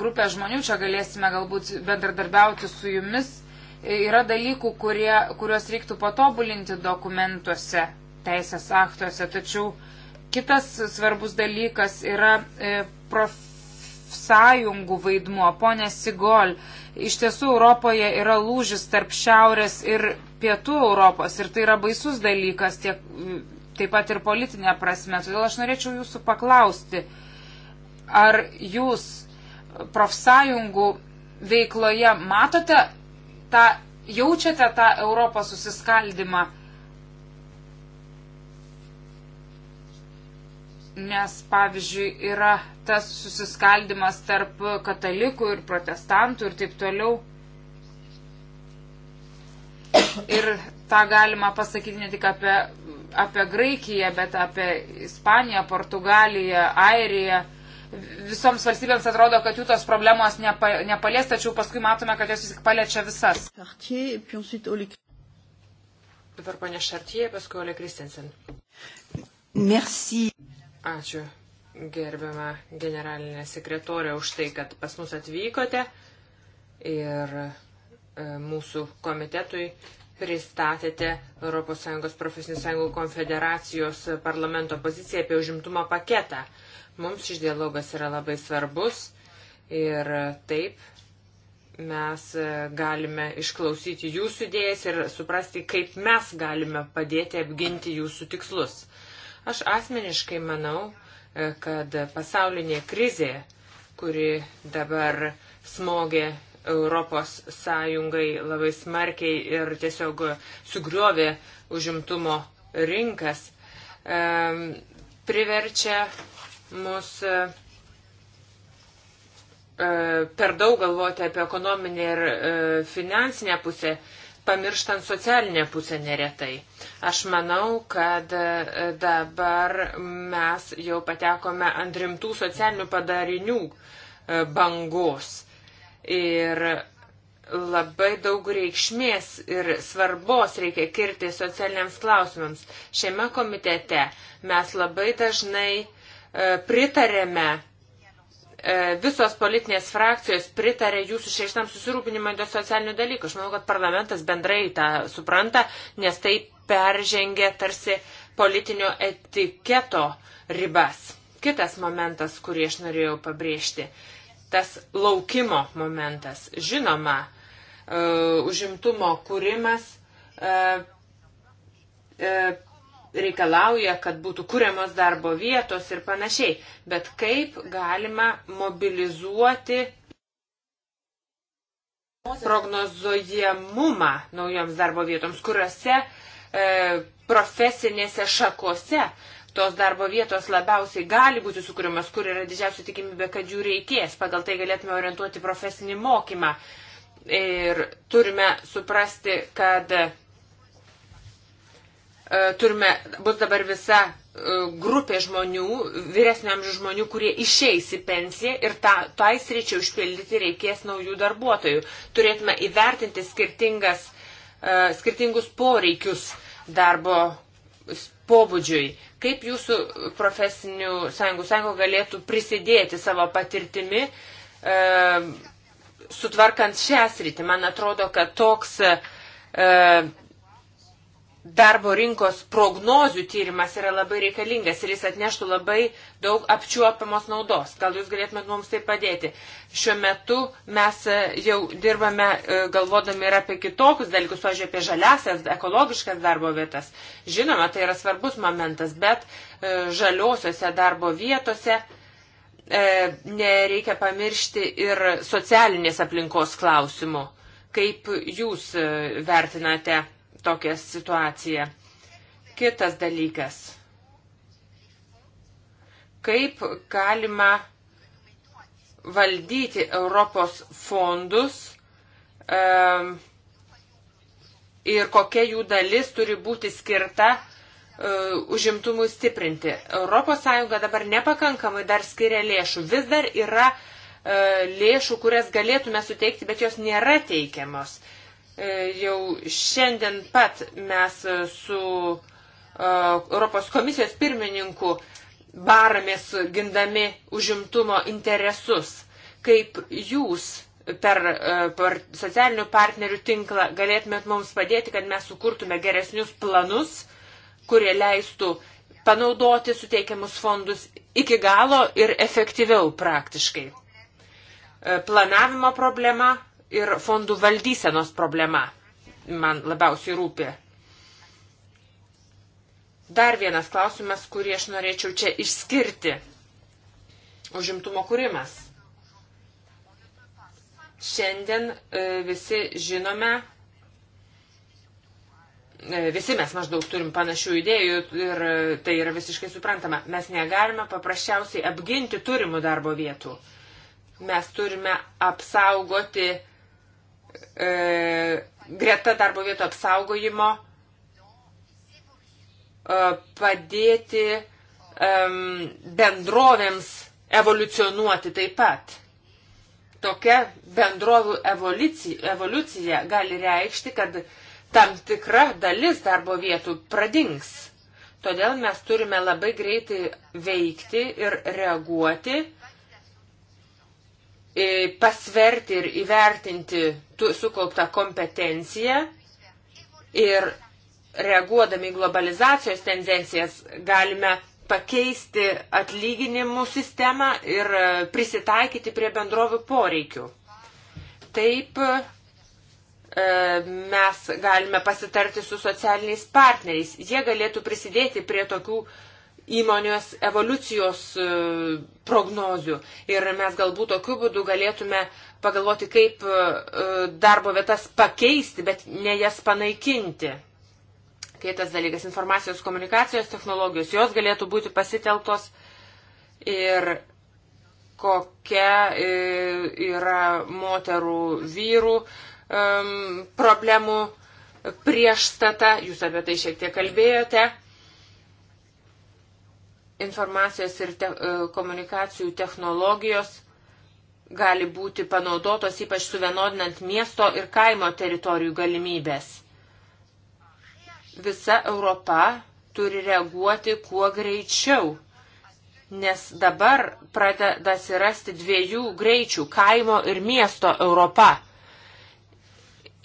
grupė žmonių, čia galėsime galbūt bendradarbiauti su jumis. E, yra dalykų, kurie, kuriuos reiktų patobulinti dokumentuose, teisės aktuose, tačiau kitas svarbus dalykas yra e, profesionalizavimas sąjungų vaidmuo. Pone Sigol, iš tiesų Europoje yra lūžis tarp šiaurės ir pietų Europos ir tai yra baisus dalykas tiek, taip pat ir politinė prasme. Todėl aš norėčiau jūsų paklausti, ar jūs profsąjungų veikloje matote tą, jaučiate tą Europos susiskaldimą? nes, pavyzdžiui, yra tas susiskaldimas tarp katalikų ir protestantų ir taip toliau. Ir tą galima pasakyti ne tik apie, apie Graikiją, bet apie Ispaniją, Portugaliją, Airiją. Visoms valstybėms atrodo, kad jų tos problemos nepa, nepalies, tačiau paskui matome, kad jos vis tik paliečia visas. Dabar ponė Šartie, paskui Ole Kristensen. Merci. Ačiū gerbiamą generalinę sekretorę už tai, kad pas mus atvykote ir e, mūsų komitetui pristatėte ES profesinių sąjungų konfederacijos parlamento poziciją apie užimtumo paketą. Mums šis dialogas yra labai svarbus ir taip mes e, galime išklausyti jūsų idėjas ir suprasti, kaip mes galime padėti apginti jūsų tikslus. Aš asmeniškai manau, e, kad pasaulinė krizė, kuri dabar smogė Europos Sąjungai labai smarkiai ir tiesiog sugriovė užimtumo rinkas, priverčia mus e, per daug galvoti apie ekonominę ir e, finansinę pusę pamirštant socialinę pusę neretai. Aš manau, kad e, dabar mes jau patekome ant rimtų socialinių padarinių e, bangos. Ir labai daug reikšmės ir svarbos reikia kirti socialiniams klausimams. Šiame komitete mes labai dažnai e, pritarėme E, visos politinės frakcijos pritarė jūsų šeštam susirūpinimui dėl socialinių dalykų. Aš manau, kad parlamentas bendrai tą supranta, nes tai peržengia tarsi politinio etiketo ribas. Kitas momentas, kurį aš norėjau pabrėžti, tas laukimo momentas. Žinoma, e, užimtumo kūrimas e, reikalauja, kad būtų kuriamos darbo vietos ir panašiai, bet kaip galima mobilizuoti prognozojamumą naujoms darbo vietoms, kuriuose e, profesinėse šakose tos darbo vietos labiausiai gali būti sukūrimas, kur yra didžiausia tikimybė, kad jų reikės. Pagal tai galėtume orientuoti profesinį mokymą. Ir turime suprasti, kad E, turime, bus dabar visa e, grupė žmonių, vyresnio amžiaus žmonių, kurie išeis į pensiją ir tą, tai sričiai užpildyti reikės naujų darbuotojų. Turėtume įvertinti skirtingas, e, skirtingus poreikius darbo pobūdžiui. Kaip jūsų profesinių sąjungų sąjungo galėtų prisidėti savo patirtimi, sutvarkant šią sritį? Man atrodo, kad toks darbo rinkos prognozių tyrimas yra labai reikalingas ir jis atneštų labai daug apčiuopiamos naudos. Gal jūs galėtumėt mums tai padėti? Šiuo metu mes e, jau dirbame e, galvodami ir apie kitokius dalykus, pažiūrėjau, apie žaliasias, ekologiškas darbo vietas. Žinoma, tai yra svarbus momentas, bet e, žaliosiose darbo vietose nereikia pamiršti ir socialinės aplinkos klausimų. Kaip jūs vertinate tokią situaciją. Kitas dalykas. Kaip galima valdyti Europos fondus um, ir kokia jų dalis turi būti skirta e, užimtumui stiprinti. ES dabar nepakankamai dar skiria lėšų. Vis dar yra e, lėšų, kurias galėtume suteikti, bet jos nėra teikiamos. E, jau šiandien pat mes su e, Europos komisijos pirmininku baramės gindami užimtumo interesus. Kaip jūs per, e, per socialinių partnerių tinklą galėtumėt mums padėti, kad mes sukurtume geresnius planus, kurie leistų panaudoti suteikiamus fondus iki galo ir efektyviau praktiškai. Planavimo problema ir fondų valdysenos problema man labiausiai rūpi. Dar vienas klausimas, kurį aš norėčiau čia išskirti. Užimtumo kūrimas. Šiandien e, visi žinome, e, visi mes maždaug turim panašių idėjų ir e, tai yra visiškai suprantama. Mes negalime paprasčiausiai apginti turimų darbo vietų. Mes turime apsaugoti uh, e, greta darbo vietų apsaugojimo e, padėti e, bendrovėms evoliucionuoti taip pat. Tokia bendrovų evoliucija, evoliucija gali reikšti, kad tam tikra dalis darbo vietų pradings. Todėl mes turime labai greitai veikti ir reaguoti, E, pasverti ir įvertinti sukauptą kompetenciją ir reaguodami į globalizacijos tendencijas galime pakeisti atlyginimų sistemą ir e, prisitaikyti prie bendrovių poreikių. Taip e, mes galime pasitarti su socialiniais partneriais. Jie galėtų prisidėti prie tokių uh, įmonės evoliucijos e, prognozių. Ir mes galbūt tokiu būdu galėtume pagalvoti, kaip e, e, darbo vietas pakeisti, bet ne jas panaikinti. Kitas dalykas - informacijos komunikacijos technologijos. Jos galėtų būti pasiteltos ir kokia yra moterų vyrų problemų priešstata. Jūs apie tai šiek tiek kalbėjote informacijos ir te, e, komunikacijų technologijos gali būti panaudotos ypač suvienodinant miesto ir kaimo teritorijų galimybės. Visa Europa turi reaguoti kuo greičiau, nes dabar pradeda atsirasti dviejų greičių - kaimo ir miesto Europa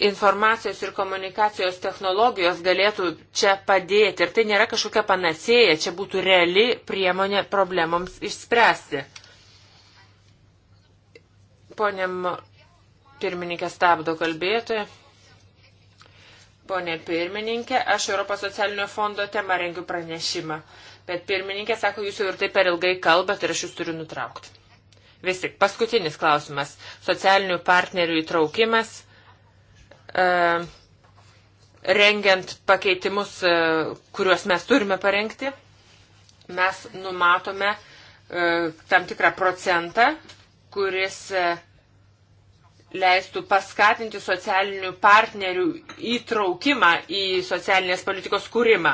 informacijos ir komunikacijos technologijos galėtų čia padėti. Ir tai nėra kažkokia panacėja, čia būtų reali priemonė problemoms išspręsti. Pone pirmininkė stabdo kalbėtoje. Pone pirmininkė, aš Europos socialinio fondo temą rengiu pranešimą. Bet pirmininkė sako, jūs jau ir taip per ilgai kalbat ir aš jūs turiu nutraukti. Vis tik, paskutinis klausimas. Socialinių partnerių įtraukimas E, rengiant pakeitimus, e, kuriuos mes turime parengti, mes numatome e, tam tikrą procentą, kuris leistų paskatinti socialinių partnerių įtraukimą į socialinės politikos kūrimą.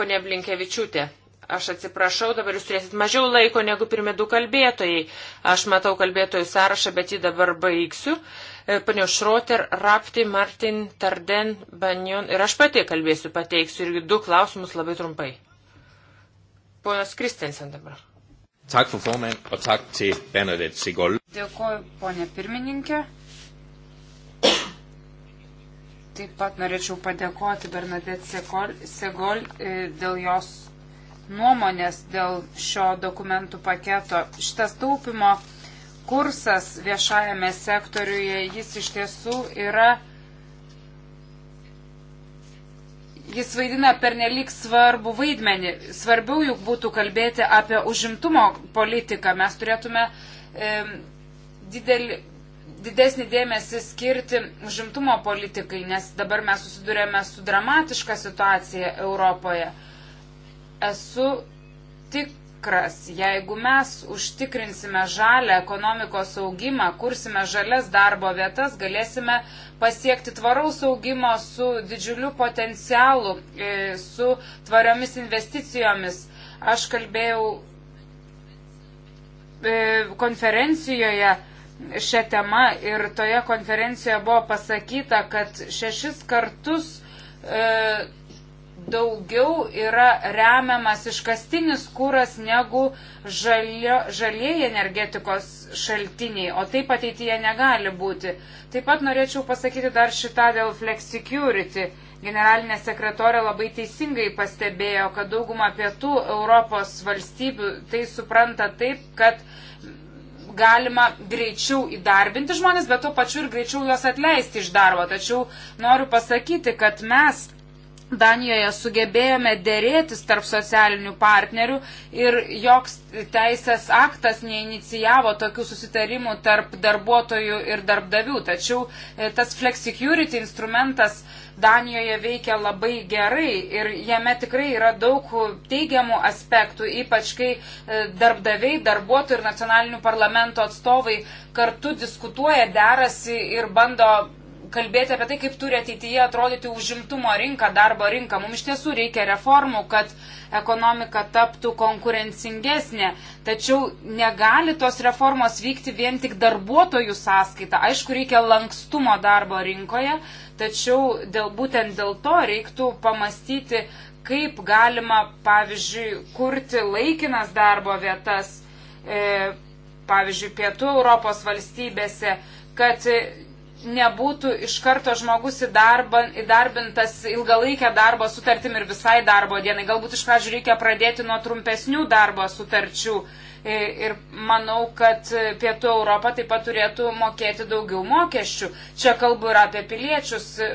Pone Blinkevičiūtė, aš atsiprašau, dabar jūs turėsit mažiau laiko negu pirmie du kalbėtojai. Aš matau kalbėtojų sąrašą, bet jį dabar baigsiu. Uh, E, panio Šroter, Rapti, Martin, Tarden, Banjon ir aš pati kalbėsiu, pateiksiu irgi du klausimus labai trumpai. Ponas Kristensen dabar. Tak for formand, og tak til Bernadette Sigol. Dėkoju, ponė pirmininkė. Taip pat norėčiau padėkoti Bernadette Segol e, dėl jos nuomonės dėl šio dokumentų paketo. Šitas taupimo kursas viešajame sektoriuje, jis iš tiesų yra, jis vaidina pernelik svarbu vaidmenį. Svarbiau juk būtų kalbėti apie užimtumo politiką. Mes turėtume e, didelį, didesnį dėmesį skirti užimtumo politikai, nes dabar mes susidurėme su dramatiška situacija Europoje. Esu tik tikras, jeigu mes užtikrinsime žalę ekonomikos augimą, kursime žalias darbo vietas, galėsime pasiekti tvaraus augimo su didžiuliu potencialu, e, su tvariomis investicijomis. Aš kalbėjau e, konferencijoje šią temą ir toje konferencijoje buvo pasakyta, kad šešis kartus e, daugiau yra remiamas iškastinis kūras negu žalio, žalieji energetikos šaltiniai, o taip ateityje negali būti. Taip pat norėčiau pasakyti dar šitą dėl flexicurity. Generalinė sekretorė labai teisingai pastebėjo, kad dauguma pietų Europos valstybių tai supranta taip, kad galima greičiau įdarbinti žmonės, bet tuo pačiu ir greičiau juos atleisti iš darbo. Tačiau noriu pasakyti, kad mes Danijoje sugebėjome dėrėtis tarp socialinių partnerių ir joks teisės aktas neinicijavo tokių susitarimų tarp darbuotojų ir darbdavių. Tačiau e, tas flexicurity instrumentas Danijoje veikia labai gerai ir jame tikrai yra daug teigiamų aspektų, ypač kai e, darbdaviai, darbuotojų ir nacionalinių parlamento atstovai kartu diskutuoja, derasi ir bando kalbėti apie tai, kaip turi ateityje atrodyti užimtumo rinka, darbo rinka. Mums iš tiesų reikia reformų, kad ekonomika taptų konkurencingesnė. Tačiau negali tos reformos vykti vien tik darbuotojų sąskaita. Aišku, reikia lankstumo darbo rinkoje, tačiau dėl, būtent dėl to reiktų pamastyti, kaip galima, pavyzdžiui, kurti laikinas darbo vietas, e, pavyzdžiui, pietų Europos valstybėse, kad nebūtų iš karto žmogus įdarba, įdarbintas ilgalaikę darbo sutartim ir visai darbo dienai. Galbūt iš pradžių reikia pradėti nuo trumpesnių darbo sutarčių. E, E, ir manau, kad Pietų Europa taip pat turėtų mokėti daugiau mokesčių. Čia kalbu ir apie piliečius e,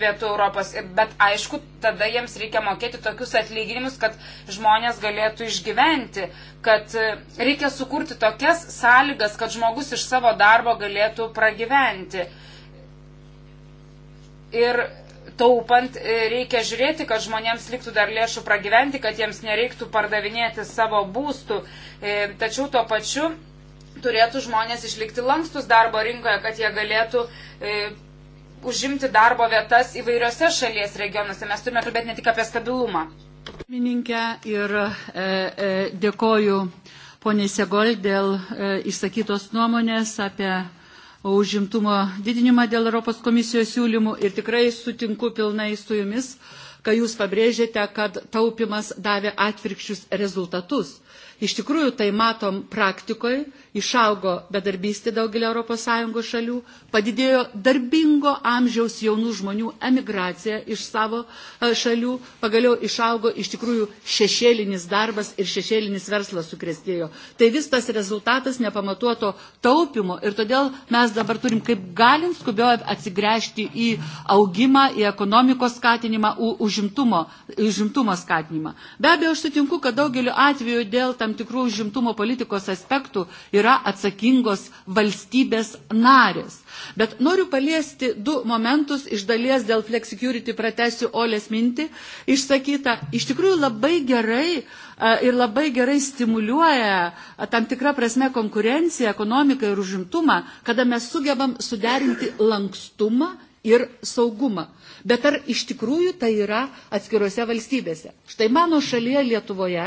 Pietų Europos, bet aišku, tada jiems reikia mokėti tokius atlyginimus, kad žmonės galėtų išgyventi, kad e, reikia sukurti tokias sąlygas, kad žmogus iš savo darbo galėtų pragyventi. Ir taupant, e, reikia žiūrėti, kad žmonėms liktų dar lėšų pragyventi, kad jiems nereiktų pardavinėti savo būstų. E, tačiau tuo pačiu turėtų žmonės išlikti lankstus darbo rinkoje, kad jie galėtų e, užimti darbo vietas įvairiose šalies regionuose. Mes turime kalbėti ne tik apie stabilumą. Mininkę ir e, e, dėkoju poniai Segol dėl e, išsakytos nuomonės apie užimtumo didinimą dėl Europos komisijos siūlymų ir tikrai sutinku pilnai su jumis, kai jūs pabrėžėte, kad taupimas davė atvirkščius rezultatus. Iš tikrųjų, tai matom praktikoje, išaugo bedarbystė daugelio ES šalių, padidėjo darbingo amžiaus jaunų žmonių emigracija iš savo e, šalių, pagaliau išaugo iš tikrųjų šešėlinis darbas ir šešėlinis verslas sukrestėjo. Tai vis tas rezultatas nepamatuoto taupimo ir todėl mes dabar turim kaip galim skubiau atsigręžti į augimą, į ekonomikos skatinimą, užimtumo, užimtumo skatinimą. Be abejo, aš sutinku, kad daugeliu atveju dėl tam tikrų užimtumo politikos aspektų ir yra atsakingos valstybės narės. Bet noriu paliesti du momentus iš dalies dėl flexicurity pratesiu Olės mintį išsakytą. Iš tikrųjų labai gerai e, ir labai gerai stimuliuoja e, tam tikrą prasme konkurenciją, ekonomiką ir užimtumą, kada mes sugebam suderinti lankstumą ir saugumą. Bet ar iš tikrųjų tai yra atskiruose valstybėse? Štai mano šalyje Lietuvoje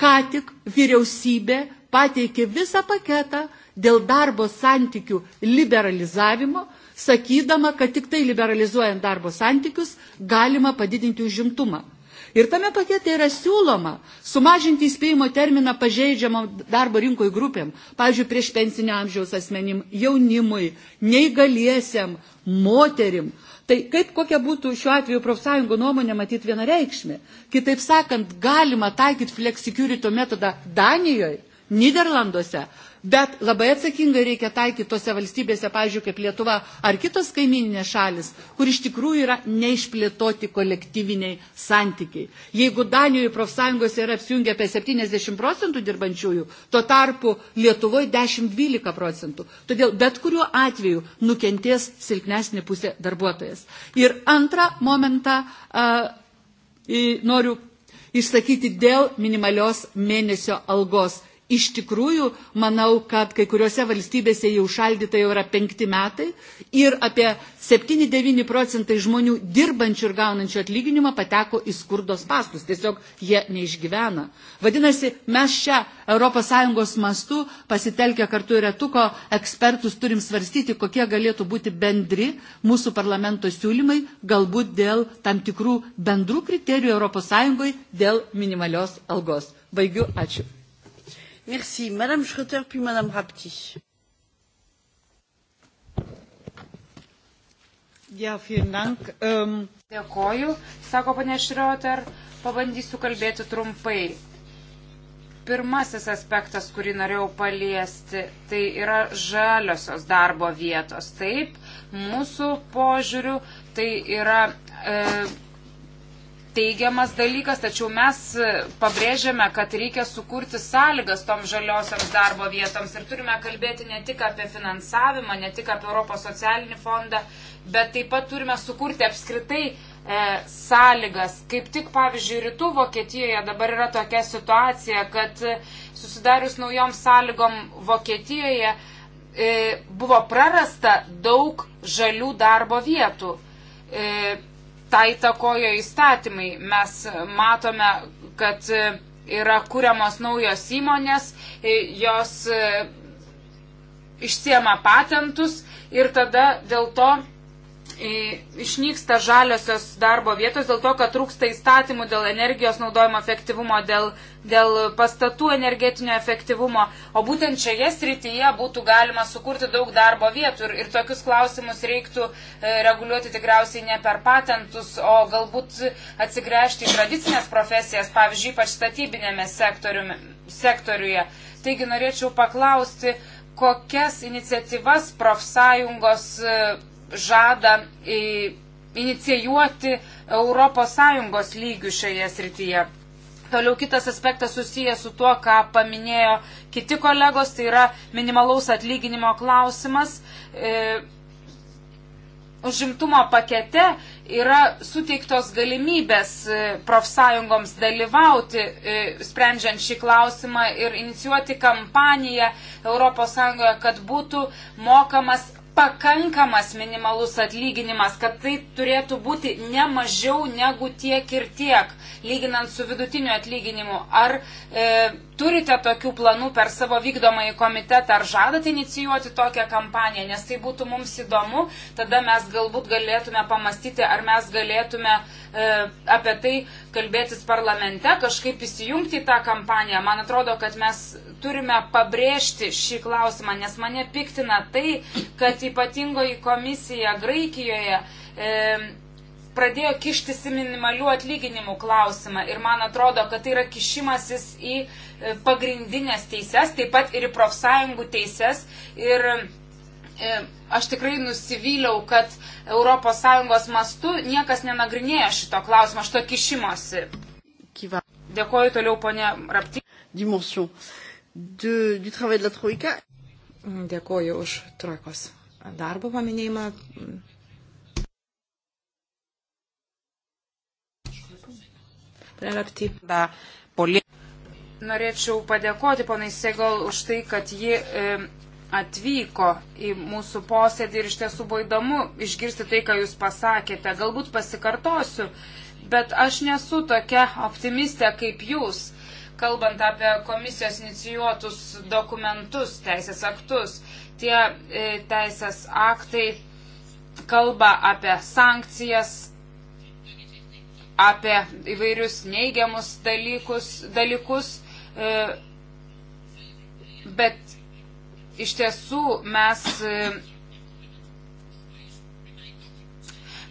ką tik vyriausybė pateikė visą paketą dėl darbo santykių liberalizavimo, sakydama, kad tik tai liberalizuojant darbo santykius galima padidinti užimtumą. Ir tame pakete yra siūloma sumažinti įspėjimo terminą pažeidžiamą darbo rinkoje grupėm, pavyzdžiui, prieš pensinio amžiaus asmenim, jaunimui, neįgaliesiam, moterim. Tai kaip kokia būtų šiuo atveju profsąjungų nuomonė matyti vienareikšmė? Kitaip sakant, galima taikyti flexicurity metodą Danijoje Niderlanduose, bet labai atsakingai reikia taikyti tose valstybėse, pavyzdžiui, kaip Lietuva ar kitos kaimininės šalis, kur iš tikrųjų yra neišplėtoti kolektyviniai santykiai. Jeigu Danijoje profsąjungos yra apsijungę apie 70 procentų dirbančiųjų, tuo tarpu Lietuvoje 10-12 procentų. Todėl bet kuriuo atveju nukentės silpnesnė pusė darbuotojas. Ir antrą momentą a, noriu išsakyti dėl minimalios mėnesio algos iš tikrųjų manau, kad kai kuriuose valstybėse jau šaldyta jau yra penkti metai ir apie 7-9 procentai žmonių dirbančių ir gaunančių atlyginimą pateko į skurdos pastus. Tiesiog jie neišgyvena. Vadinasi, mes čia ES mastu pasitelkę kartu ir etuko ekspertus turim svarstyti, kokie galėtų būti bendri mūsų parlamento siūlymai, galbūt dėl tam tikrų bendrų kriterijų ES dėl minimalios algos. Baigiu, ačiū. Merci. Madame Schroeter, puis Madame Rapti. Ja, vielen Dank. Ähm... Dėkoju, sako ponė Šrioter, pabandysiu kalbėti trumpai. Pirmasis aspektas, kurį norėjau paliesti, tai yra žaliosios darbo vietos. Taip, mūsų požiūrių tai yra. E, teigiamas dalykas, tačiau mes pabrėžiame, kad reikia sukurti sąlygas toms žaliosiams darbo vietoms ir turime kalbėti ne tik apie finansavimą, ne tik apie Europos socialinį fondą, bet taip pat turime sukurti apskritai e, sąlygas. Kaip tik, pavyzdžiui, rytų Vokietijoje dabar yra tokia situacija, kad e, susidarius naujom sąlygom Vokietijoje e, buvo prarasta daug žalių darbo vietų. E, tą įtakojo įstatymai. Mes matome, kad yra kuriamos naujos įmonės, jos e, išsiema patentus ir tada dėl to išnyksta žaliosios darbo vietos dėl to, kad trūksta įstatymų dėl energijos naudojimo efektyvumo, dėl, dėl pastatų energetinio efektyvumo. O būtent šioje srityje būtų galima sukurti daug darbo vietų ir, ir tokius klausimus reiktų e, reguliuoti tikriausiai ne per patentus, o galbūt atsigręžti į tradicinės profesijas, pavyzdžiui, ypač statybinėme sektoriuje. Taigi norėčiau paklausti, kokias iniciatyvas profsąjungos e, žada inicijuoti ES lygių šioje srityje. Toliau kitas aspektas susijęs su tuo, ką paminėjo kiti kolegos, tai yra minimalaus atlyginimo klausimas. E, užimtumo pakete yra suteiktos galimybės e, profsąjungoms dalyvauti, e, sprendžiant šį klausimą ir inicijuoti kampaniją ES, kad būtų mokamas pakankamas minimalus atlyginimas, kad tai turėtų būti ne mažiau negu tiek ir tiek, lyginant su vidutiniu atlyginimu. Ar e, turite tokių planų per savo vykdomąjį komitetą, ar žadat inicijuoti tokią kampaniją, nes tai būtų mums įdomu, tada mes galbūt galėtume pamastyti, ar mes galėtume e, apie tai kalbėtis parlamente, kažkaip įsijungti į tą kampaniją. Man atrodo, kad mes turime pabrėžti šį klausimą, nes mane piktina tai, kad ypatingoji komisija Graikijoje e, pradėjo kištis į minimalių atlyginimų klausimą ir man atrodo, kad tai yra kišimasis į e, pagrindinės teises, taip pat ir į profsąjungų teises. Ir e, aš tikrai nusivyliau, kad ES mastu niekas nenagrinėja šito klausimo, šito kišimosi. Dėkoju toliau, ponė Rapti. Dimension. De, du travail de la Troika. Dėkoju už Troikos darbo paminėjimą Rapti. Norėčiau padėkoti ponai Segal už tai, kad ji e, atvyko į mūsų posėdį ir iš tiesų buvo įdomu išgirsti tai, ką jūs pasakėte. Galbūt pasikartosiu, bet aš nesu tokia optimistė kaip jūs, kalbant apie komisijos inicijuotus dokumentus, teisės aktus. Tie e, teisės aktai kalba apie sankcijas, apie įvairius neigiamus dalykus, dalykus e, bet iš tiesų mes. E,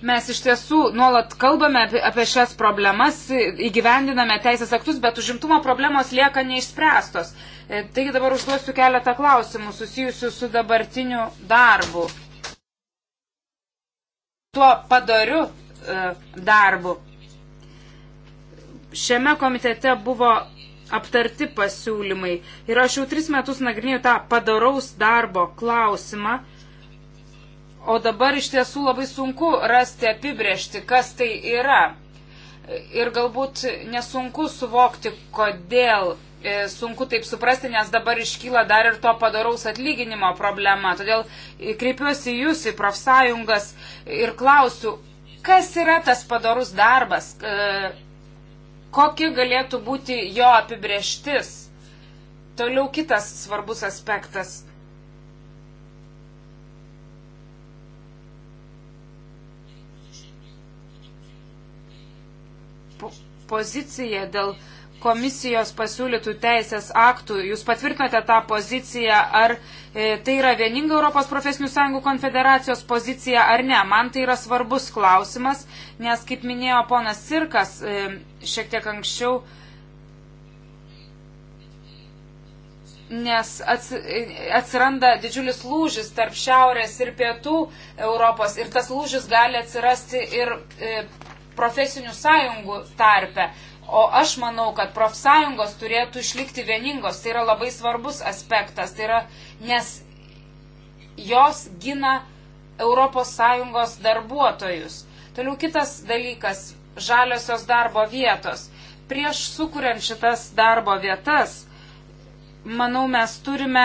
mes iš tiesų nuolat kalbame apie šias problemas, įgyvendiname teisės aktus, bet užimtumo problemos lieka neišspręstos. E, taigi dabar užduosiu keletą klausimų susijusių su dabartiniu darbu. Tuo padariu darbu šiame komitete buvo aptarti pasiūlymai ir aš jau tris metus nagrinėjau tą padaraus darbo klausimą. O dabar iš tiesų labai sunku rasti apibriežti, kas tai yra. Ir galbūt nesunku suvokti, kodėl e, sunku taip suprasti, nes dabar iškyla dar ir to padaraus atlyginimo problema. Todėl e, kreipiuosi jūs į profsąjungas ir klausiu, kas yra tas padarus darbas, e, kokia galėtų būti jo apibrieštis. Toliau kitas svarbus aspektas. Po, pozicija dėl komisijos pasiūlytų teisės aktų. Jūs patvirtinote tą poziciją, ar e, tai yra vieninga Europos profesinių sąjungų konfederacijos pozicija ar ne. Man tai yra svarbus klausimas, nes, kaip minėjo ponas Sirkas e, šiek tiek anksčiau, nes e, atsiranda didžiulis lūžis tarp šiaurės ir pietų Europos ir tas lūžis gali atsirasti ir e, profesinių sąjungų tarpe. O aš manau, kad profsąjungos turėtų išlikti vieningos. Tai yra labai svarbus aspektas. Tai yra, nes jos gina ES darbuotojus. Toliau kitas dalykas - žaliosios darbo vietos. Prieš sukuriant šitas darbo vietas, manau, mes turime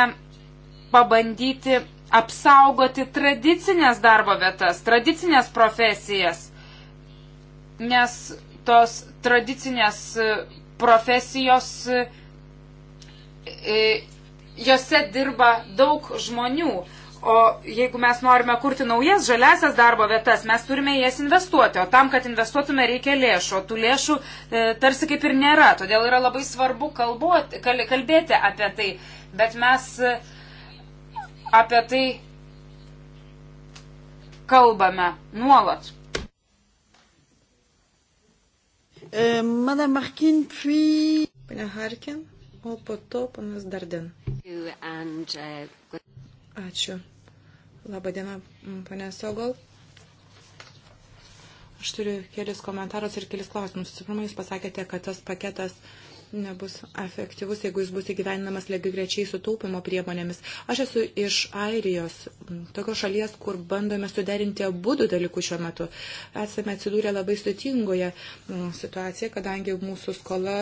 pabandyti apsaugoti tradicinės darbo vietas, tradicinės profesijas, nes tos tradicinės e, profesijos, e, e, jose dirba daug žmonių. O jeigu mes norime kurti naujas žaliasias darbo vietas, mes turime jas investuoti. O tam, kad investuotume, reikia lėšų. O tų lėšų e, tarsi kaip ir nėra. Todėl yra labai svarbu kalbuoti, kal, kalbėti apie tai. Bet mes apie tai kalbame nuolat. E, Madame Markin, puis... Pane Harkin, o po to panas Darden. Uh, Ačiū. Labadiena, pane Sogol. Aš turiu kelis komentarus ir kelis klausimus. Visų pirma, jūs pasakėte, kad tas paketas uh, nebus efektyvus, jeigu jis bus įgyveninamas lygiai grečiai su taupimo priemonėmis. Aš esu iš Airijos, tokios šalies, kur bandome suderinti abu du dalykus šiuo metu. Esame atsidūrę labai sudėtingoje situacijoje, kadangi mūsų skola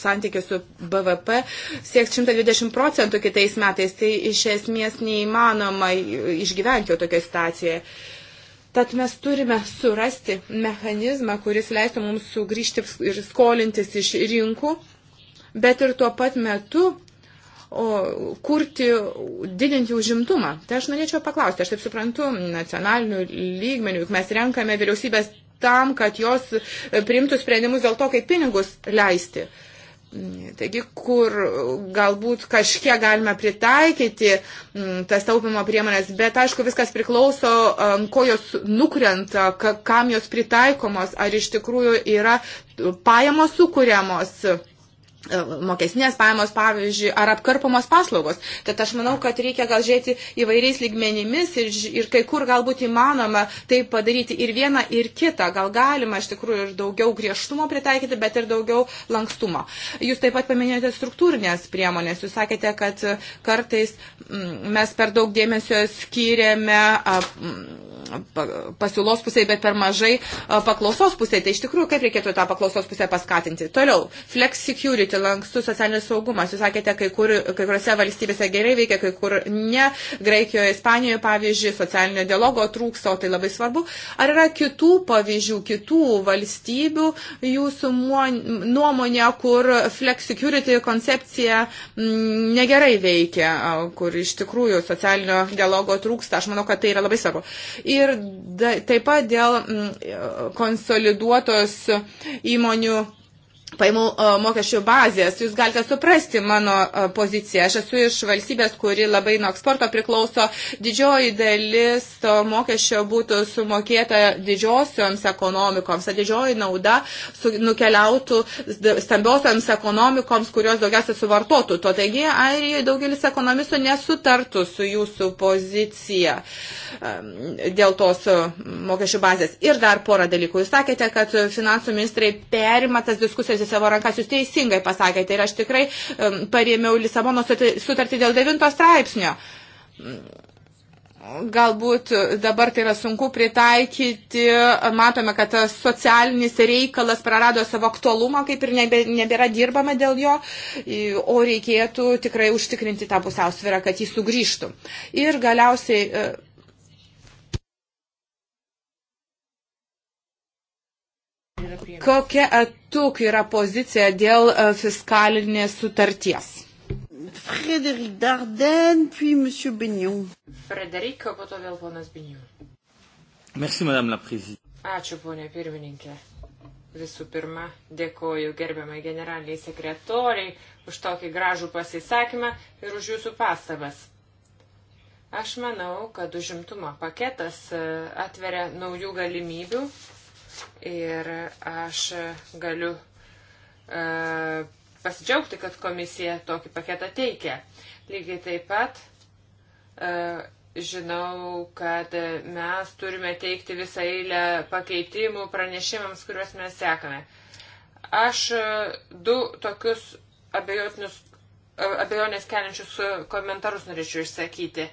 santykė su BVP sieks 120 procentų kitais metais. Tai iš esmės neįmanoma išgyventi jau tokioje situacijoje. Tad mes turime surasti mechanizmą, kuris leistų mums sugrįžti ir skolintis iš rinkų, bet ir tuo pat metu o, kurti, didinti užimtumą. Tai aš norėčiau paklausti, aš taip suprantu, nacionalinių lygmenių, juk mes renkame vyriausybės tam, kad jos priimtų sprendimus dėl to, kaip pinigus leisti. Uh, Taigi, kur galbūt kažkiek galime pritaikyti mm, tas taupimo priemonės, bet aišku, viskas priklauso, um, ko jos nukrenta, kam jos pritaikomos, ar iš tikrųjų yra uh, pajamos sukūriamos E, mokesnės pajamos, pavyzdžiui, ar apkarpomos paslaugos. Tad aš manau, kad reikia gal žiūrėti įvairiais lygmenimis ir, ir kai kur galbūt įmanoma tai padaryti ir vieną, ir kitą. Gal galima iš tikrųjų ir daugiau griežtumo pritaikyti, bet ir daugiau lankstumo. Jūs taip pat paminėjote struktūrinės priemonės. Jūs sakėte, kad kartais mes per daug dėmesio skiriame pasiūlos pusiai, bet per mažai paklausos pusiai. Tai iš tikrųjų, kaip reikėtų tą paklausos pusę paskatinti. Toliau, flex security užtikrinti lankstų socialinį saugumą. Jūs sakėte, kai, kur, kai kuriuose valstybėse gerai veikia, kai kur ne. Graikijoje, Ispanijoje, pavyzdžiui, socialinio dialogo trūksta, o tai labai svarbu. Ar yra kitų pavyzdžių, kitų valstybių jūsų nuomonė, kur flex security koncepcija mm, negerai veikia, kur iš tikrųjų socialinio dialogo trūksta. Aš manau, kad tai yra labai svarbu. Ir da, taip pat dėl mm, konsoliduotos įmonių paimų mokesčių bazės. Jūs galite suprasti mano poziciją. Aš esu iš valstybės, kuri labai nuo eksporto priklauso. Didžioji dalis to mokesčio būtų sumokėta didžiosioms ekonomikoms, o didžioji nauda nukeliautų stambiosioms ekonomikoms, kurios daugiausia suvartotų. To taigi, Airijoje daugelis ekonomistų nesutartų su jūsų pozicija dėl tos mokesčių bazės. Ir dar porą dalykų. Jūs sakėte, kad finansų ministrai perima tas diskusijas į savo rankas. Jūs teisingai pasakėte ir aš tikrai parėmiau Lisabono sutartį dėl devinto straipsnio galbūt dabar tai yra sunku pritaikyti, matome, kad socialinis reikalas prarado savo aktualumą, kaip ir nebe, nebėra dirbama dėl jo, o reikėtų tikrai užtikrinti tą pusiausvyrą, kad jis sugrįžtų. Ir galiausiai e, Kokia atuk yra pozicija dėl e, fiskalinės sutarties? Frederik Darden, puis Monsieur Bignon. Frederik, o po to vėl ponas Bignon. Merci, Madame la Présidente. Ačiū, ponė pirmininkė. Visų pirma, dėkoju gerbiamai generaliniai sekretoriai už tokį gražų pasisakymą ir už jūsų pastabas. Aš manau, kad užimtumo paketas e, atveria naujų galimybių Ir aš galiu e, pasidžiaugti, kad komisija tokį paketą teikia. Lygiai taip pat e, žinau, kad mes turime teikti visą eilę pakeitimų pranešimams, kuriuos mes sekame. Aš e, du tokius abejotinius, e, abejonės keliančius komentarus norėčiau išsakyti.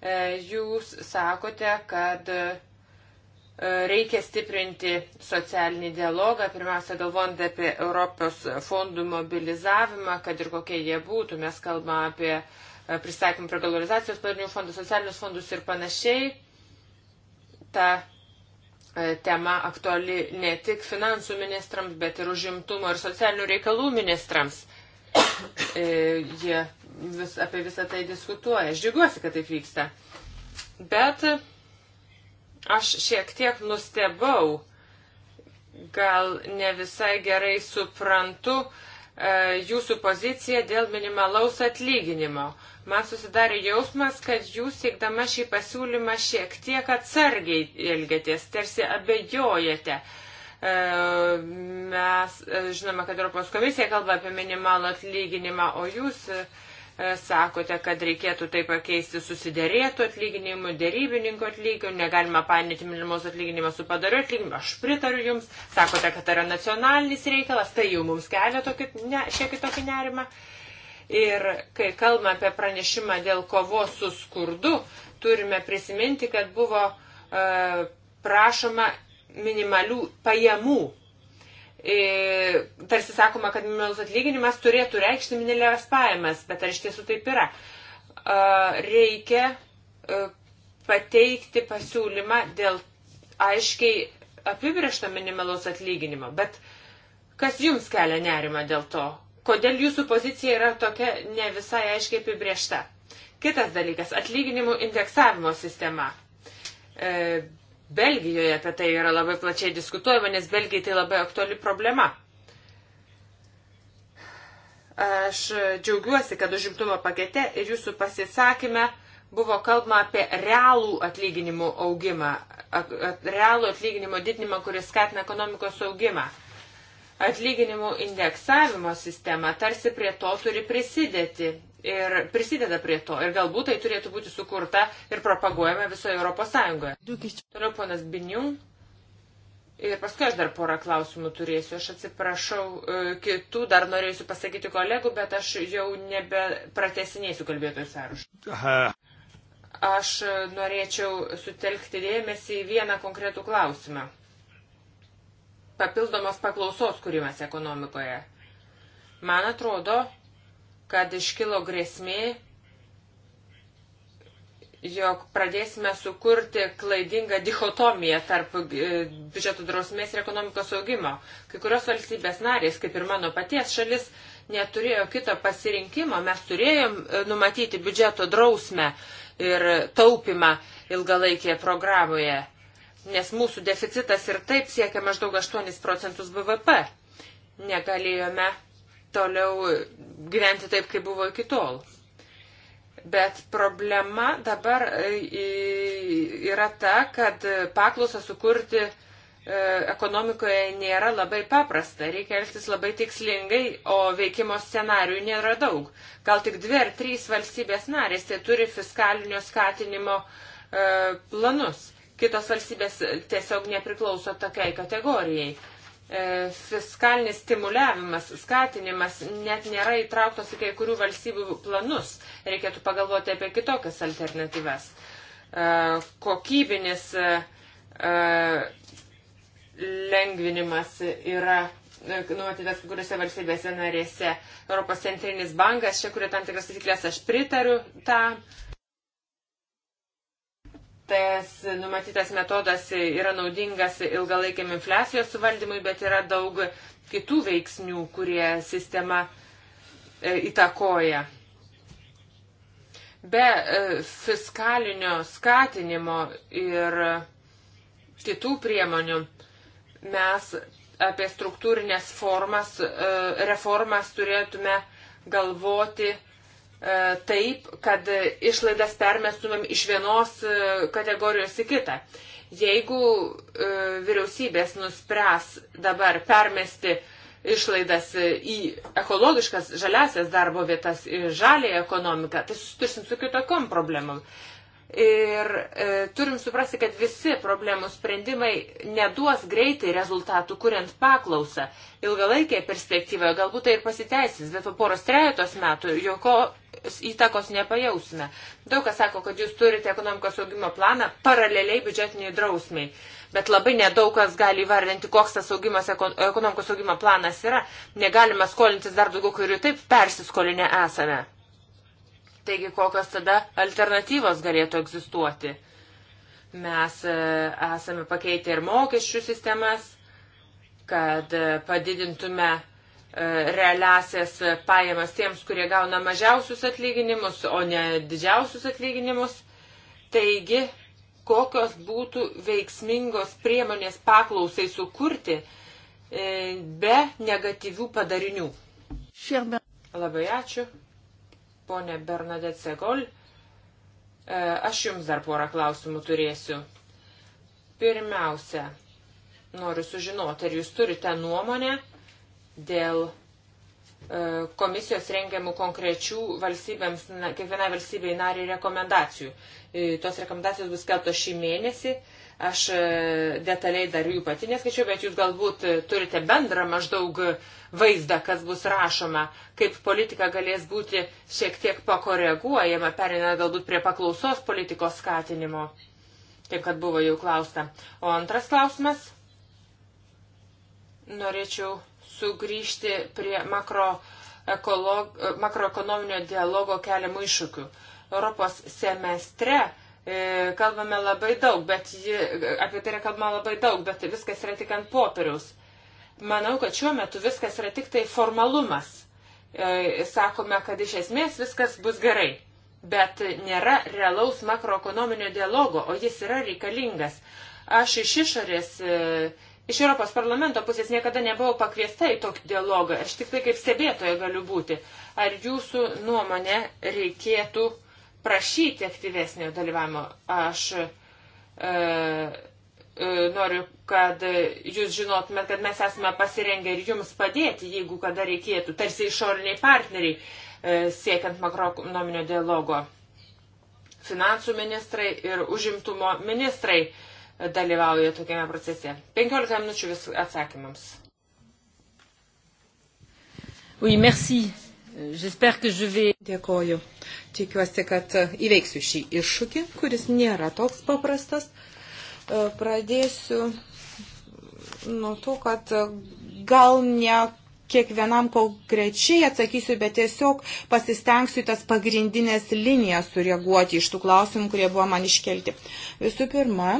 E, jūs sakote, kad E, reikia stiprinti socialinį dialogą, pirmiausia, galvojant apie Europos fondų mobilizavimą, kad ir kokie jie būtų. Mes kalbame apie e, pristatymą prie galvalizacijos padarinių fondų, socialinius fondus ir panašiai. Ta e, tema aktuali ne tik finansų ministrams, bet ir užimtumo ir socialinių reikalų ministrams. jie vis, apie visą tai diskutuoja. Aš džiaugiuosi, kad taip vyksta. Bet Aš šiek tiek nustebau, gal ne visai gerai suprantu e, jūsų poziciją dėl minimalaus atlyginimo. Man susidarė jausmas, kad jūs siekdama šį pasiūlymą šiek tiek atsargiai elgėtės, tarsi abejojate. E, mes e, žinome, kad Europos komisija kalba apie minimalų atlyginimą, o jūs. E, E, sakote, kad reikėtų taip pakeisti susiderėtų atlyginimų, dėrybininkų atlyginimų, negalima painėti minimos atlyginimą su padariu atlyginimu, aš pritariu jums, sakote, kad tai yra nacionalinis reikalas, tai jau mums kelia tokį, ne, šiek tiek tokį nerimą. Ir kai kalbame apie pranešimą dėl kovos su skurdu, turime prisiminti, kad buvo e, prašoma minimalių pajamų E, tarsi sakoma, kad minimalus atlyginimas turėtų reikšti minimalias pajamas, bet ar iš tiesų taip yra? E, reikia e, pateikti pasiūlymą dėl aiškiai apibriešto minimalaus atlyginimo, bet kas jums kelia nerima dėl to? Kodėl jūsų pozicija yra tokia ne visai aiškiai apibriešta? Kitas dalykas - atlyginimų indeksavimo sistema Belgijoje apie tai yra labai plačiai diskutuojama, nes Belgijai tai labai aktuali problema. Aš džiaugiuosi, kad užimtumo pakete ir jūsų pasisakyme buvo kalbama apie realų atlyginimų augimą, realų atlyginimo didinimą, kuris skatina ekonomikos augimą. Atlyginimų indeksavimo sistema tarsi prie to turi prisidėti, ir prisideda prie to. Ir galbūt tai turėtų būti sukurta ir propaguojama visoje Europos Sąjungoje. Toliau ponas Binium. Ir paskui aš dar porą klausimų turėsiu. Aš atsiprašau e, kitų, dar norėsiu pasakyti kolegų, bet aš jau nebepratesinėsiu kalbėtojų sąrašą. Aš norėčiau sutelkti dėmesį į vieną konkretų klausimą. Papildomos paklausos kūrimas ekonomikoje. Man atrodo, kad iškilo grėsmė, jog pradėsime sukurti klaidingą dichotomiją tarp e, biudžeto drausmės ir ekonomikos augimo. Kai kurios valstybės narės, kaip ir mano paties šalis, neturėjo kito pasirinkimo. Mes turėjom e, numatyti biudžeto drausmę ir taupimą ilgalaikėje programoje, nes mūsų deficitas ir taip siekia maždaug 8 procentus BVP. Negalėjome toliau gyventi taip, kaip buvo iki tol. Bet problema dabar e, yra ta, kad paklausą sukurti e, ekonomikoje nėra labai paprasta, reikia elgtis labai tikslingai, o veikimo scenarių nėra daug. Gal tik dvi ar trys valstybės narės tai turi fiskalinio skatinimo e, planus. Kitos valstybės tiesiog nepriklauso tokiai kategorijai. E, fiskalinis stimuliavimas, skatinimas net nėra įtrauktos į kai kurių valstybių planus. Reikėtų pagalvoti apie kitokias alternatyves. E, kokybinis e, lengvinimas yra numatytas kuriuose valstybėse narėse. Europos centrinis bankas, čia kuria tam tikras taisyklės, aš pritariu tam. Ta tas numatytas metodas yra naudingas ilgalaikiam infliacijos suvaldymui, bet yra daug kitų veiksnių, kurie sistema e, įtakoja. Be e, fiskalinio skatinimo ir kitų priemonių mes apie struktūrinės formas, e, reformas turėtume galvoti E, taip, kad išlaidas permestumėm iš vienos e, kategorijos į kitą. Jeigu e, vyriausybės nuspręs dabar permesti išlaidas į ekologiškas žaliasias darbo vietas, į žalėją ekonomiką, tai susitursim su kitokiam problemam. Ir e, turim suprasti, kad visi problemų sprendimai neduos greitai rezultatų, kuriant paklausą. Ilgalaikėje perspektyvoje galbūt tai ir pasiteisins, bet po poros trejetos metų jokio įtakos nepajausime. Daug kas sako, kad jūs turite ekonomikos augimo planą paraleliai biudžetiniai drausmiai, bet labai nedaug kas gali įvardinti, koks tas augimas, ekonomikos augimo planas yra. Negalime skolintis dar daugiau, kurių taip persiskolinę esame. Taigi kokios tada alternatyvos galėtų egzistuoti? Mes e, esame pakeitę ir mokesčių sistemas, kad e, padidintume e, realiasias pajamas tiems, kurie gauna mažiausius atlyginimus, o ne didžiausius atlyginimus. Taigi, kokios būtų veiksmingos priemonės paklausai sukurti be negatyvių padarinių. Šiandien. Labai ačiū ponė Bernadette Segol. E, aš jums dar porą klausimų turėsiu. Pirmiausia, noriu sužinoti, ar jūs turite nuomonę dėl e, komisijos rengiamų konkrečių valstybėms, kiekvienai valstybei nariai rekomendacijų. E, tos rekomendacijos bus keltos šį mėnesį Aš e, detaliai dar jų pati neskaičiau, bet jūs galbūt e, turite bendrą maždaug vaizdą, kas bus rašoma, kaip politika galės būti šiek tiek pakoreguojama, perinant galbūt prie paklausos politikos skatinimo, kaip kad buvo jau klausta. O antras klausimas. Norėčiau sugrįžti prie makro ekolo, makroekonominio dialogo keliamų iššūkių. Europos semestre E, kalbame labai daug, bet ji, apie tai yra kalbama labai daug, bet viskas yra tik ant popieriaus. Manau, kad šiuo metu viskas yra tik tai formalumas. E, sakome, kad iš esmės viskas bus gerai, bet nėra realaus makroekonominio dialogo, o jis yra reikalingas. Aš iš išorės, e, iš Europos parlamento pusės niekada nebuvau pakviesta į tokį dialogą, aš tik tai kaip stebėtoja galiu būti. Ar jūsų nuomonė reikėtų prašyti aktyvesnio dalyvavimo. Aš e, e, noriu, kad jūs žinotumėt, kad mes esame pasirengę ir jums padėti, jeigu kada reikėtų, tarsi išoriniai partneriai e, siekiant makroekonominio dialogo. Finansų ministrai ir užimtumo ministrai dalyvauja tokiame procese. 15 minučių vis atsakymams. Oui, merci. Dėkoju. Tikiuosi, kad e, įveiksiu šį iššūkį, kuris nėra toks paprastas. E, pradėsiu nuo to, kad e, gal ne kiekvienam konkrečiai atsakysiu, bet tiesiog pasistengsiu tas pagrindinės linijas sureaguoti iš tų klausimų, kurie buvo man iškelti. Visų pirma,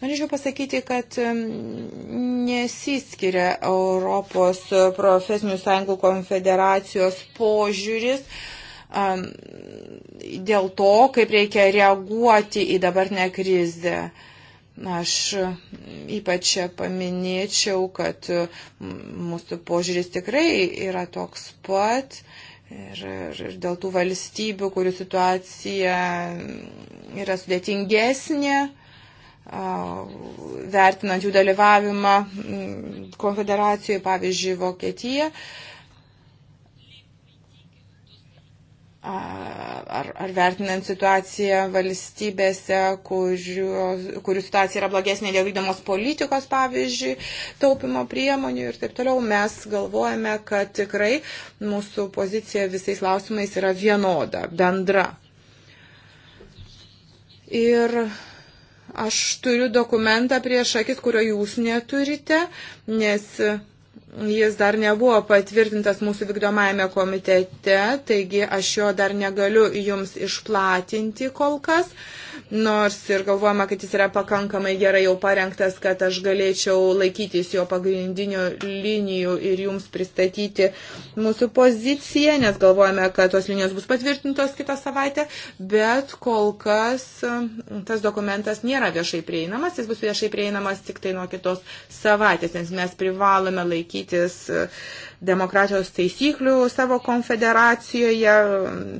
Norėčiau pasakyti, kad nesiskiria Europos profesinių sąjungų konfederacijos požiūris dėl to, kaip reikia reaguoti į dabartinę krizę. Aš ypač paminėčiau, kad mūsų požiūris tikrai yra toks pat ir, ir dėl tų valstybių, kurių situacija yra sudėtingesnė vertinant jų dalyvavimą konfederacijoje, pavyzdžiui, Vokietija. Ar, ar vertinant situaciją valstybėse, kurių, kurių situacija yra blogesnė dėl vykdomos politikos, pavyzdžiui, taupimo priemonių ir taip toliau, mes galvojame, kad tikrai mūsų pozicija visais klausimais yra vienoda, bendra. Ir uh, Aš turiu dokumentą prieš akis, kurio jūs neturite, nes jis dar nebuvo patvirtintas mūsų vykdomajame komitete, taigi aš jo dar negaliu jums išplatinti kol kas. Uh, nors ir galvojama, kad jis yra pakankamai gerai jau parengtas, kad aš galėčiau laikytis jo pagrindinių linijų ir jums pristatyti mūsų poziciją, nes galvojame, kad tos linijos bus patvirtintos kitą savaitę, bet kol kas mm, tas dokumentas nėra viešai prieinamas, jis bus viešai prieinamas tik tai nuo kitos savaitės, nes mes privalome laikytis demokratijos taisyklių savo konfederacijoje.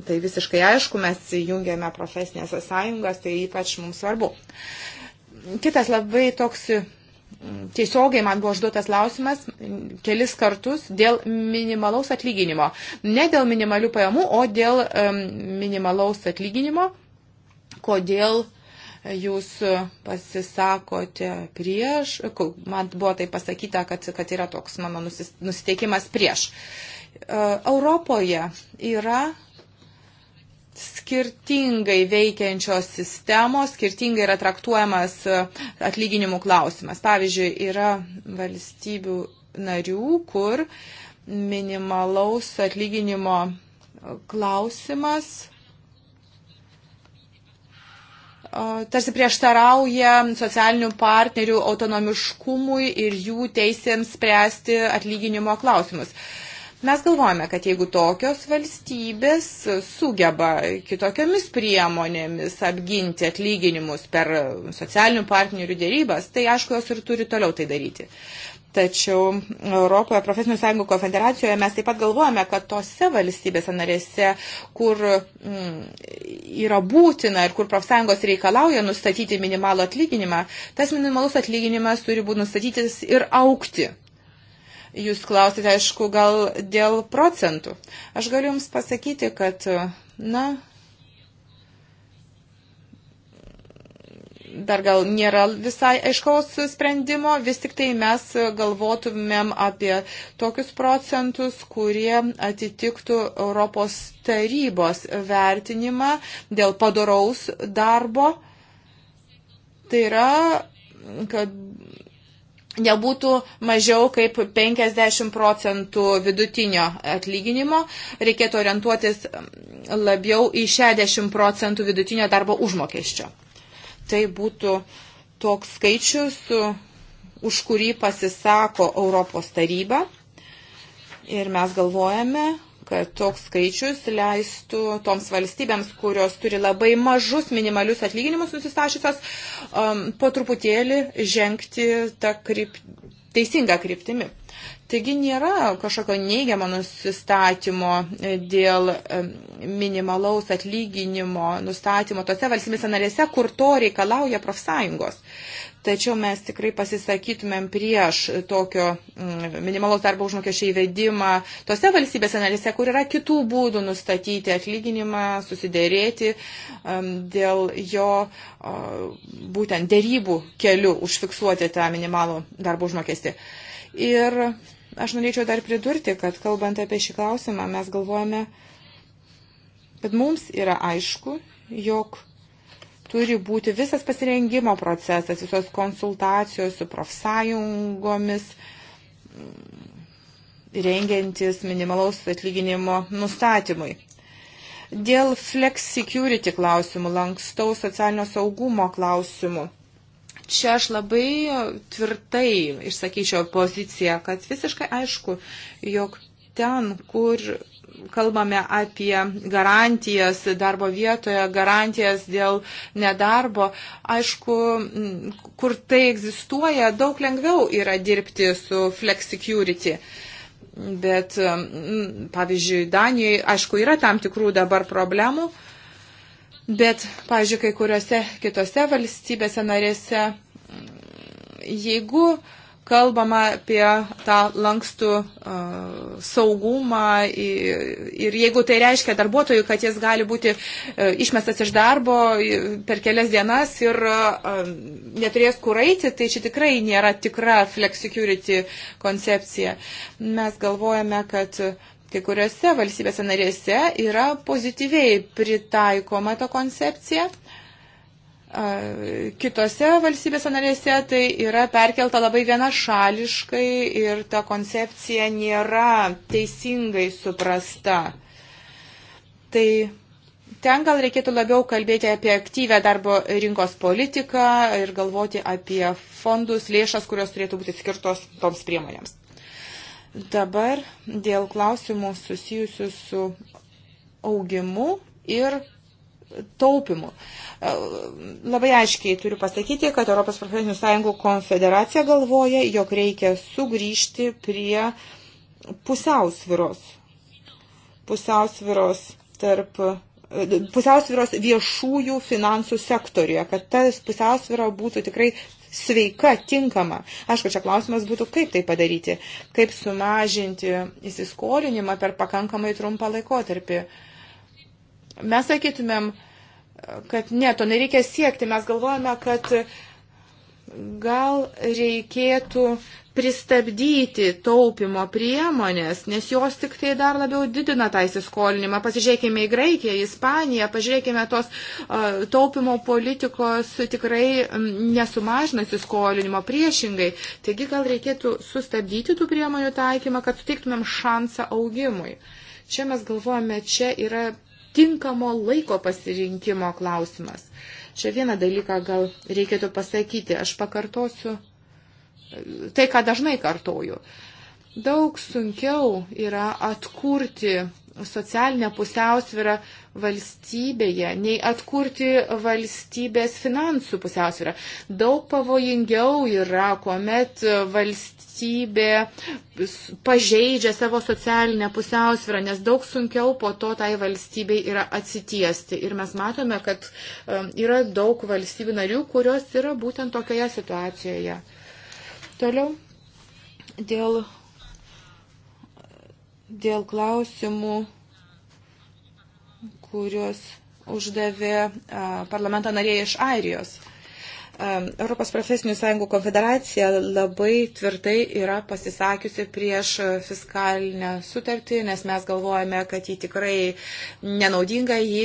Tai visiškai aišku, mes jungiame profesinės sąjungas, tai ypač mums svarbu. Kitas labai toks tiesiogiai man buvo užduotas klausimas kelis kartus dėl minimalaus atlyginimo. Ne dėl minimalių pajamų, o dėl um, minimalaus atlyginimo, kodėl uh, jūs pasisakote prieš, man buvo tai pasakyta, kad, kad yra toks mano nusiteikimas prieš. E, Europoje yra skirtingai veikiančios sistemos, skirtingai yra traktuojamas atlyginimų klausimas. Pavyzdžiui, yra valstybių narių, kur minimalaus atlyginimo klausimas tarsi prieštarauja socialinių partnerių autonomiškumui ir jų teisėms spręsti atlyginimo klausimus. Mes galvojame, kad jeigu tokios valstybės sugeba kitokiamis priemonėmis apginti atlyginimus per socialinių partnerių dėrybas, tai aišku, jos ir turi toliau tai daryti. Tačiau Europoje profesinių sąjungų konfederacijoje mes taip pat galvojame, kad tose valstybėse narėse, kur mm, yra būtina ir kur profsąjungos reikalauja nustatyti minimalų atlyginimą, tas minimalus atlyginimas turi būti nustatytis ir aukti. Jūs klausite, aišku, gal dėl procentų. Aš galiu Jums pasakyti, kad, na, dar gal nėra visai aiškaus sprendimo, vis tik tai mes galvotumėm apie tokius procentus, kurie atitiktų Europos tarybos vertinimą dėl padoraus darbo. Tai yra, kad nebūtų mažiau kaip 50 procentų vidutinio atlyginimo, reikėtų orientuotis labiau į 60 procentų vidutinio darbo užmokesčio tai būtų toks skaičius, už kurį pasisako Europos taryba. Ir mes galvojame, kad toks skaičius leistų toms valstybėms, kurios turi labai mažus minimalius atlyginimus nusistašytas, um, po truputėlį žengti tą kryp... teisingą kryptimį. Taigi nėra kažkokio neigiamo nusistatymo e, dėl e, minimalaus atlyginimo nustatymo tose valstybėse narėse, kur to reikalauja profsąjungos. Tačiau mes tikrai pasisakytumėm prieš tokio mm, minimalaus darbo užmokesčio įvedimą tose valstybėse narėse, kur yra kitų būdų nustatyti atlyginimą, susidėrėti dėl jo būtent dėrybų keliu užfiksuoti tą minimalų darbo užmokestį. Ir Aš norėčiau dar pridurti, kad kalbant apie šį klausimą, mes galvojame, kad mums yra aišku, jog turi būti visas pasirengimo procesas, visos konsultacijos su profsąjungomis, rengiantis minimalaus atlyginimo nustatymui. Dėl flex security klausimų, lankstaus socialinio saugumo klausimų Čia aš labai tvirtai išsakyčiau poziciją, kad visiškai aišku, jog ten, kur kalbame apie garantijas darbo vietoje, garantijas dėl nedarbo, aišku, kur tai egzistuoja, daug lengviau yra dirbti su flexicurity. Bet, mm, pavyzdžiui, Danijoje, aišku, yra tam tikrų dabar problemų, uh, Bet, pažiūrėk, kai kuriuose kitose valstybėse narėse, jeigu kalbama apie tą lankstų uh, saugumą ir, ir jeigu tai reiškia darbuotojų, kad jis gali būti uh, išmestas iš darbo per kelias dienas ir uh, neturės kur eiti, tai čia tikrai nėra tikra flexicurity koncepcija. Mes galvojame, kad uh, Kai kuriuose valstybėse narėse yra pozityviai pritaikoma to koncepcija, kitose valstybėse narėse tai yra perkelta labai vienašališkai ir ta koncepcija nėra teisingai suprasta. Tai ten gal reikėtų labiau kalbėti apie aktyvę darbo rinkos politiką ir galvoti apie fondus, lėšas, kurios turėtų būti skirtos toms priemonėms. Dabar dėl klausimų susijusių su augimu ir taupimu. E, labai aiškiai turiu pasakyti, kad Europos profesinių sąjungų konfederacija galvoja, jog reikia sugrįžti prie pusiausviros. Pusiausviros tarp e, pusiausviros viešųjų finansų sektoriuje, kad tas pusiausvira būtų tikrai sveika, tinkama. Aišku, čia klausimas būtų, kaip tai padaryti, kaip sumažinti įsiskolinimą per pakankamai trumpą laikotarpį. Mes sakytumėm, kad ne, to nereikia siekti. Mes galvojame, kad gal reikėtų pristabdyti taupimo priemonės, nes jos tik tai dar labiau didina tą įsiskolinimą. Pasižiūrėkime į Graikiją, į Ispaniją, pažiūrėkime tos uh, taupimo politikos tikrai nesumažina įsiskolinimo priešingai. Taigi gal reikėtų sustabdyti tų priemonių taikymą, kad suteiktumėm šansą augimui. Čia mes galvojame, čia yra tinkamo laiko pasirinkimo klausimas. Čia vieną dalyką gal reikėtų pasakyti, aš pakartosiu tai, ką dažnai kartoju. Daug sunkiau yra atkurti socialinę pusiausvyrą valstybėje, nei atkurti valstybės finansų pusiausvyrą. Daug pavojingiau yra, kuomet valstybė pažeidžia savo socialinę pusiausvyrą, nes daug sunkiau po to tai valstybei yra atsitiesti. Ir mes matome, kad e, yra daug valstybių narių, kurios yra būtent tokioje situacijoje. Toliau dėl, dėl klausimų, kuriuos uždavė parlamento narė iš Airijos. Europos profesinių sąjungų konfederacija labai tvirtai yra pasisakiusi prieš e, fiskalinę sutartį, nes mes galvojame, kad ji tikrai nenaudinga, ji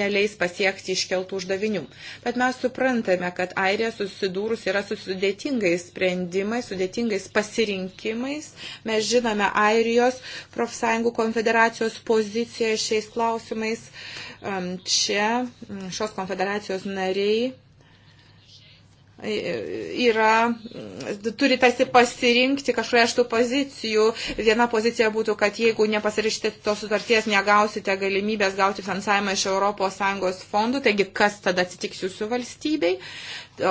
neleis pasiekti iškeltų uždavinių. Bet mes suprantame, kad Airija susidūrus yra su sudėtingais sprendimais, sudėtingais pasirinkimais. Mes žinome Airijos profsąjungų konfederacijos poziciją šiais klausimais. Čia šios konfederacijos nariai yra, turi tarsi pasirinkti kažkokią iš tų pozicijų. Viena pozicija būtų, kad jeigu nepasirašysite tos sutarties, negausite galimybės gauti finansavimą iš ES fondų, taigi kas tada atsitiks jūsų valstybei.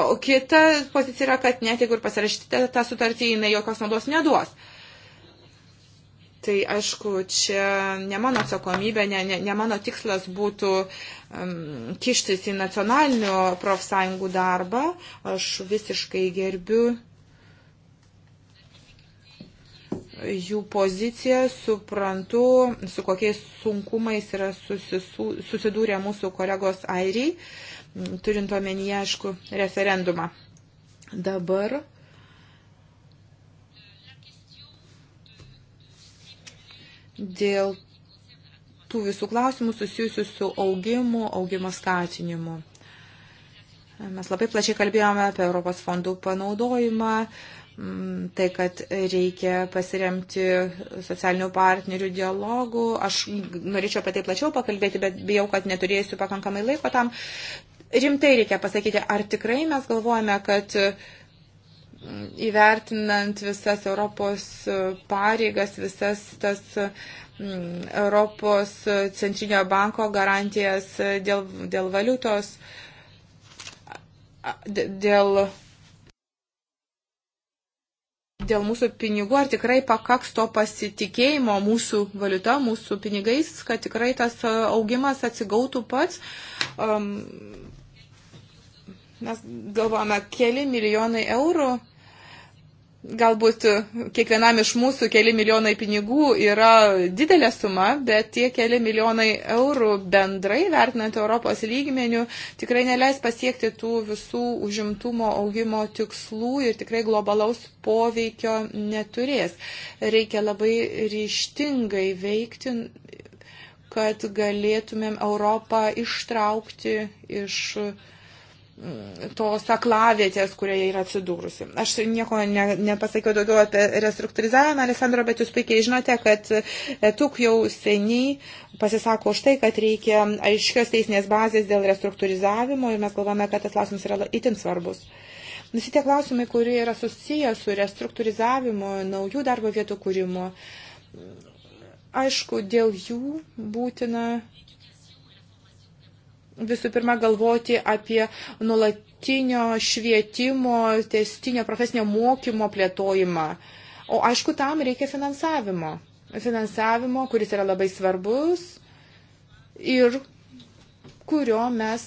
O kita pozicija yra, kad net jeigu ir pasirašysite tą sutartį, jinai jokios naudos neduos. Uh, Tai aišku, čia ne mano atsakomybė, ne, ne, ne mano tikslas būtų um, kištis į nacionalinių profsąjungų darbą. Aš visiškai gerbiu jų poziciją, suprantu, su kokiais sunkumais yra susisu, susidūrę mūsų kolegos airiai, turint omenyje, aišku, referendumą. Dabar dėl tų visų klausimų susijusių su augimu, augimo skatinimu. Mes labai plačiai kalbėjome apie Europos fondų panaudojimą, mm, tai, kad reikia pasiremti socialinių partnerių dialogų. Aš norėčiau apie tai plačiau pakalbėti, bet bijau, kad neturėsiu pakankamai laiko tam. Rimtai reikia pasakyti, ar tikrai mes galvojame, kad uh, įvertinant visas Europos pareigas, visas tas mm, Europos centrinio banko garantijas dėl, dėl valiutos, dėl, dėl mūsų pinigų, ar tikrai pakaks to pasitikėjimo mūsų valiuta, mūsų pinigais, kad tikrai tas augimas atsigautų pats. Um, mes galvojame, keli milijonai eurų galbūt e, kiekvienam iš mūsų keli milijonai pinigų yra didelė suma, bet tie keli milijonai eurų bendrai vertinant Europos lygmenių tikrai neleis pasiekti tų visų užimtumo augimo tikslų ir tikrai globalaus poveikio neturės. Reikia labai ryštingai veikti kad galėtumėm Europą ištraukti iš tos aklavietės, kurioje yra atsidūrusi. Aš nieko ne, nepasakiau daugiau apie restruktūrizavimą, Alessandro, bet jūs puikiai žinote, kad e, TUK jau seniai pasisako už tai, kad reikia aiškios teisinės bazės dėl restruktūrizavimo ir mes galvome, kad tas klausimas yra itin svarbus. Visi nu, tie klausimai, kurie yra susiję su restruktūrizavimu, naujų darbo vietų kūrimu, aišku, dėl jų būtina visų pirma galvoti apie nulatinio švietimo, testinio profesinio mokymo plėtojimą. O aišku, tam reikia finansavimo. Finansavimo, kuris yra labai svarbus ir kurio mes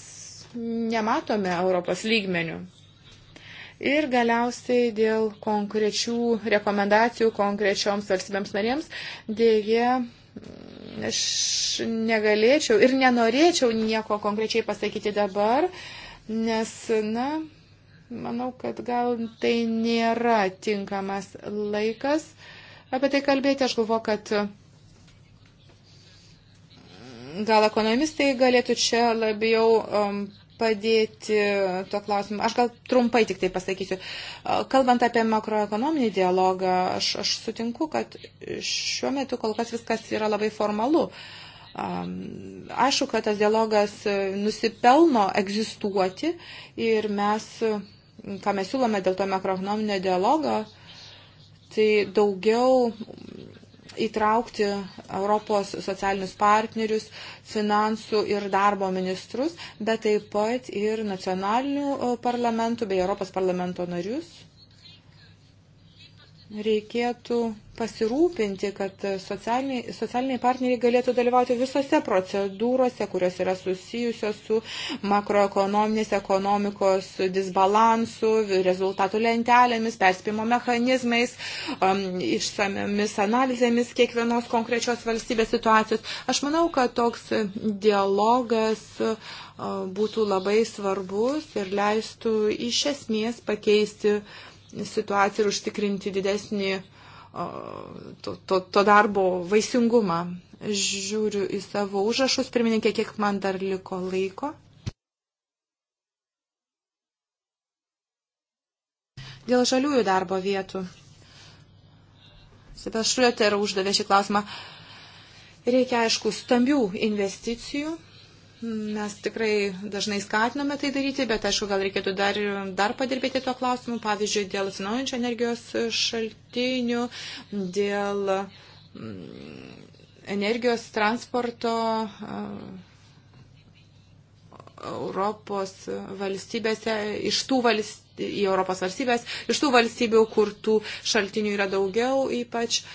nematome Europos lygmenių. Ir galiausiai dėl konkrečių rekomendacijų konkrečioms valstybėms narėms, dėje aš negalėčiau ir nenorėčiau nieko konkrečiai pasakyti dabar, nes, na, manau, kad gal tai nėra tinkamas laikas apie tai kalbėti. Aš galvoju, kad gal ekonomistai galėtų čia labiau um, padėti e, tuo klausimu. Aš gal trumpai tik tai pasakysiu. E, kalbant apie makroekonominį dialogą, aš, aš sutinku, kad šiuo metu kol kas viskas yra labai formalu. Aišku, kad tas dialogas e, nusipelno egzistuoti ir mes, ką mes siūlome dėl to makroekonominio dialogo, tai daugiau įtraukti Europos socialinius partnerius, finansų ir darbo ministrus, bet taip pat ir nacionalinių e, parlamentų bei Europos parlamento narius. Reikėtų pasirūpinti, kad socialiniai, socialiniai partneriai galėtų dalyvauti visose procedūrose, kurios yra susijusios su makroekonominės ekonomikos disbalansu, rezultatų lentelėmis, perspimo mechanizmais, um, išsamiamis analizėmis kiekvienos konkrečios valstybės situacijos. Aš manau, kad toks dialogas uh, būtų labai svarbus ir leistų iš esmės pakeisti situaciją ir užtikrinti didesnį to, to, to darbo vaisingumą. Žiūriu į savo užrašus, pirmininkė, kiek man dar liko laiko. Dėl žaliųjų darbo vietų. Sebastian Šrioter uždavė šį klausimą. Reikia, aišku, stambių investicijų Mes tikrai dažnai skatiname tai daryti, bet aišku, gal reikėtų dar, dar padirbėti tuo klausimu, pavyzdžiui, dėl atsinaujančio energijos šaltinių, dėl mm, energijos transporto Europos valstybėse, iš tų valstybių, į Europos valstybės, iš tų valstybių, kur tų šaltinių yra daugiau, ypač uh,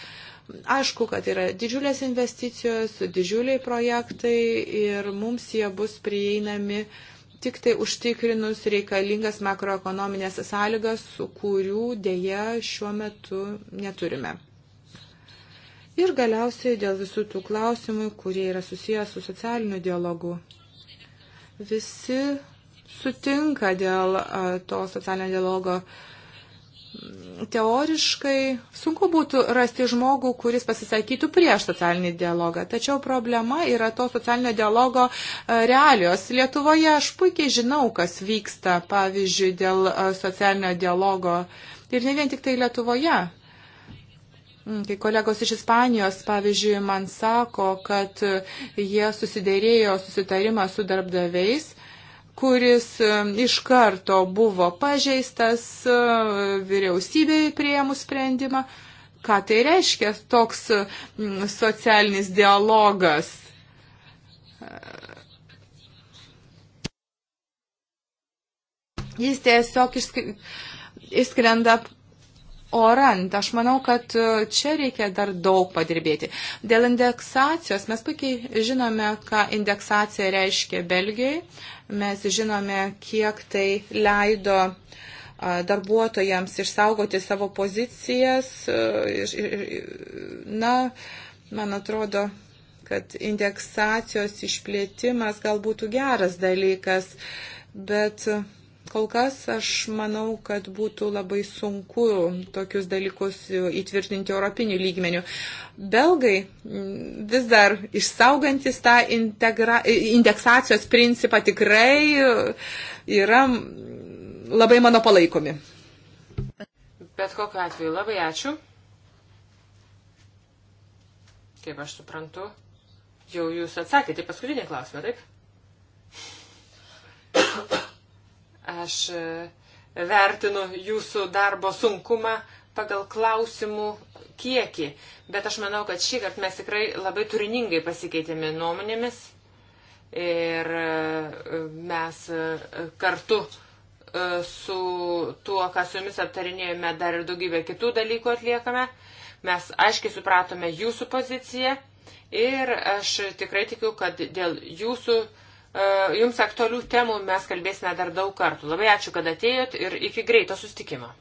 Aišku, kad yra didžiulės investicijos, didžiuliai projektai ir mums jie bus prieinami tik tai užtikrinus reikalingas makroekonominės sąlygas, kurių dėja šiuo metu neturime. Ir galiausiai dėl visų tų klausimų, kurie yra susijęs su socialiniu dialogu. Visi sutinka dėl to socialinio dialogo uh, teoriškai sunku būtų rasti žmogų, kuris pasisakytų prieš socialinį dialogą. Tačiau problema yra to socialinio dialogo e, realijos. Lietuvoje aš puikiai žinau, kas vyksta, pavyzdžiui, dėl e, socialinio dialogo. Ir ne vien tik tai Lietuvoje. Mm, kai kolegos iš Ispanijos, pavyzdžiui, man sako, kad jie susidėrėjo susitarimą su darbdaviais kuris e, iš karto buvo pažeistas e, vyriausybei prieimus sprendimą. Ką tai reiškia toks socialinis dialogas? Jis tiesiog išskrenda orant. Aš manau, kad e, čia reikia dar daug padirbėti. Dėl indeksacijos mes puikiai žinome, ką indeksacija reiškia Belgijai. Mes žinome, kiek tai leido darbuotojams išsaugoti savo pozicijas. Na, man atrodo, kad indeksacijos išplėtimas gal būtų geras dalykas, bet Kol kas aš manau, kad būtų labai sunku tokius dalykus įtvirtinti europinių lygmenių. Belgai mm, vis dar išsaugantis tą integra, indeksacijos principą tikrai yra labai mano palaikomi. Bet kokiu atveju labai ačiū. Kaip aš suprantu, jau jūs atsakėte paskutinį klausimą, taip? Aš e, vertinu jūsų darbo sunkumą pagal klausimų kiekį, bet aš manau, kad šį kartą mes tikrai labai turiningai pasikeitėme nuomonėmis ir e, mes e, kartu su tuo, ką su jumis aptarinėjome, dar ir daugybę kitų dalykų atliekame. Mes aiškiai supratome jūsų poziciją ir aš tikrai tikiu, kad dėl jūsų uh, E, jums aktualių temų mes kalbėsime dar daug kartų. Labai ačiū, kad atėjot ir iki greito sustikimo.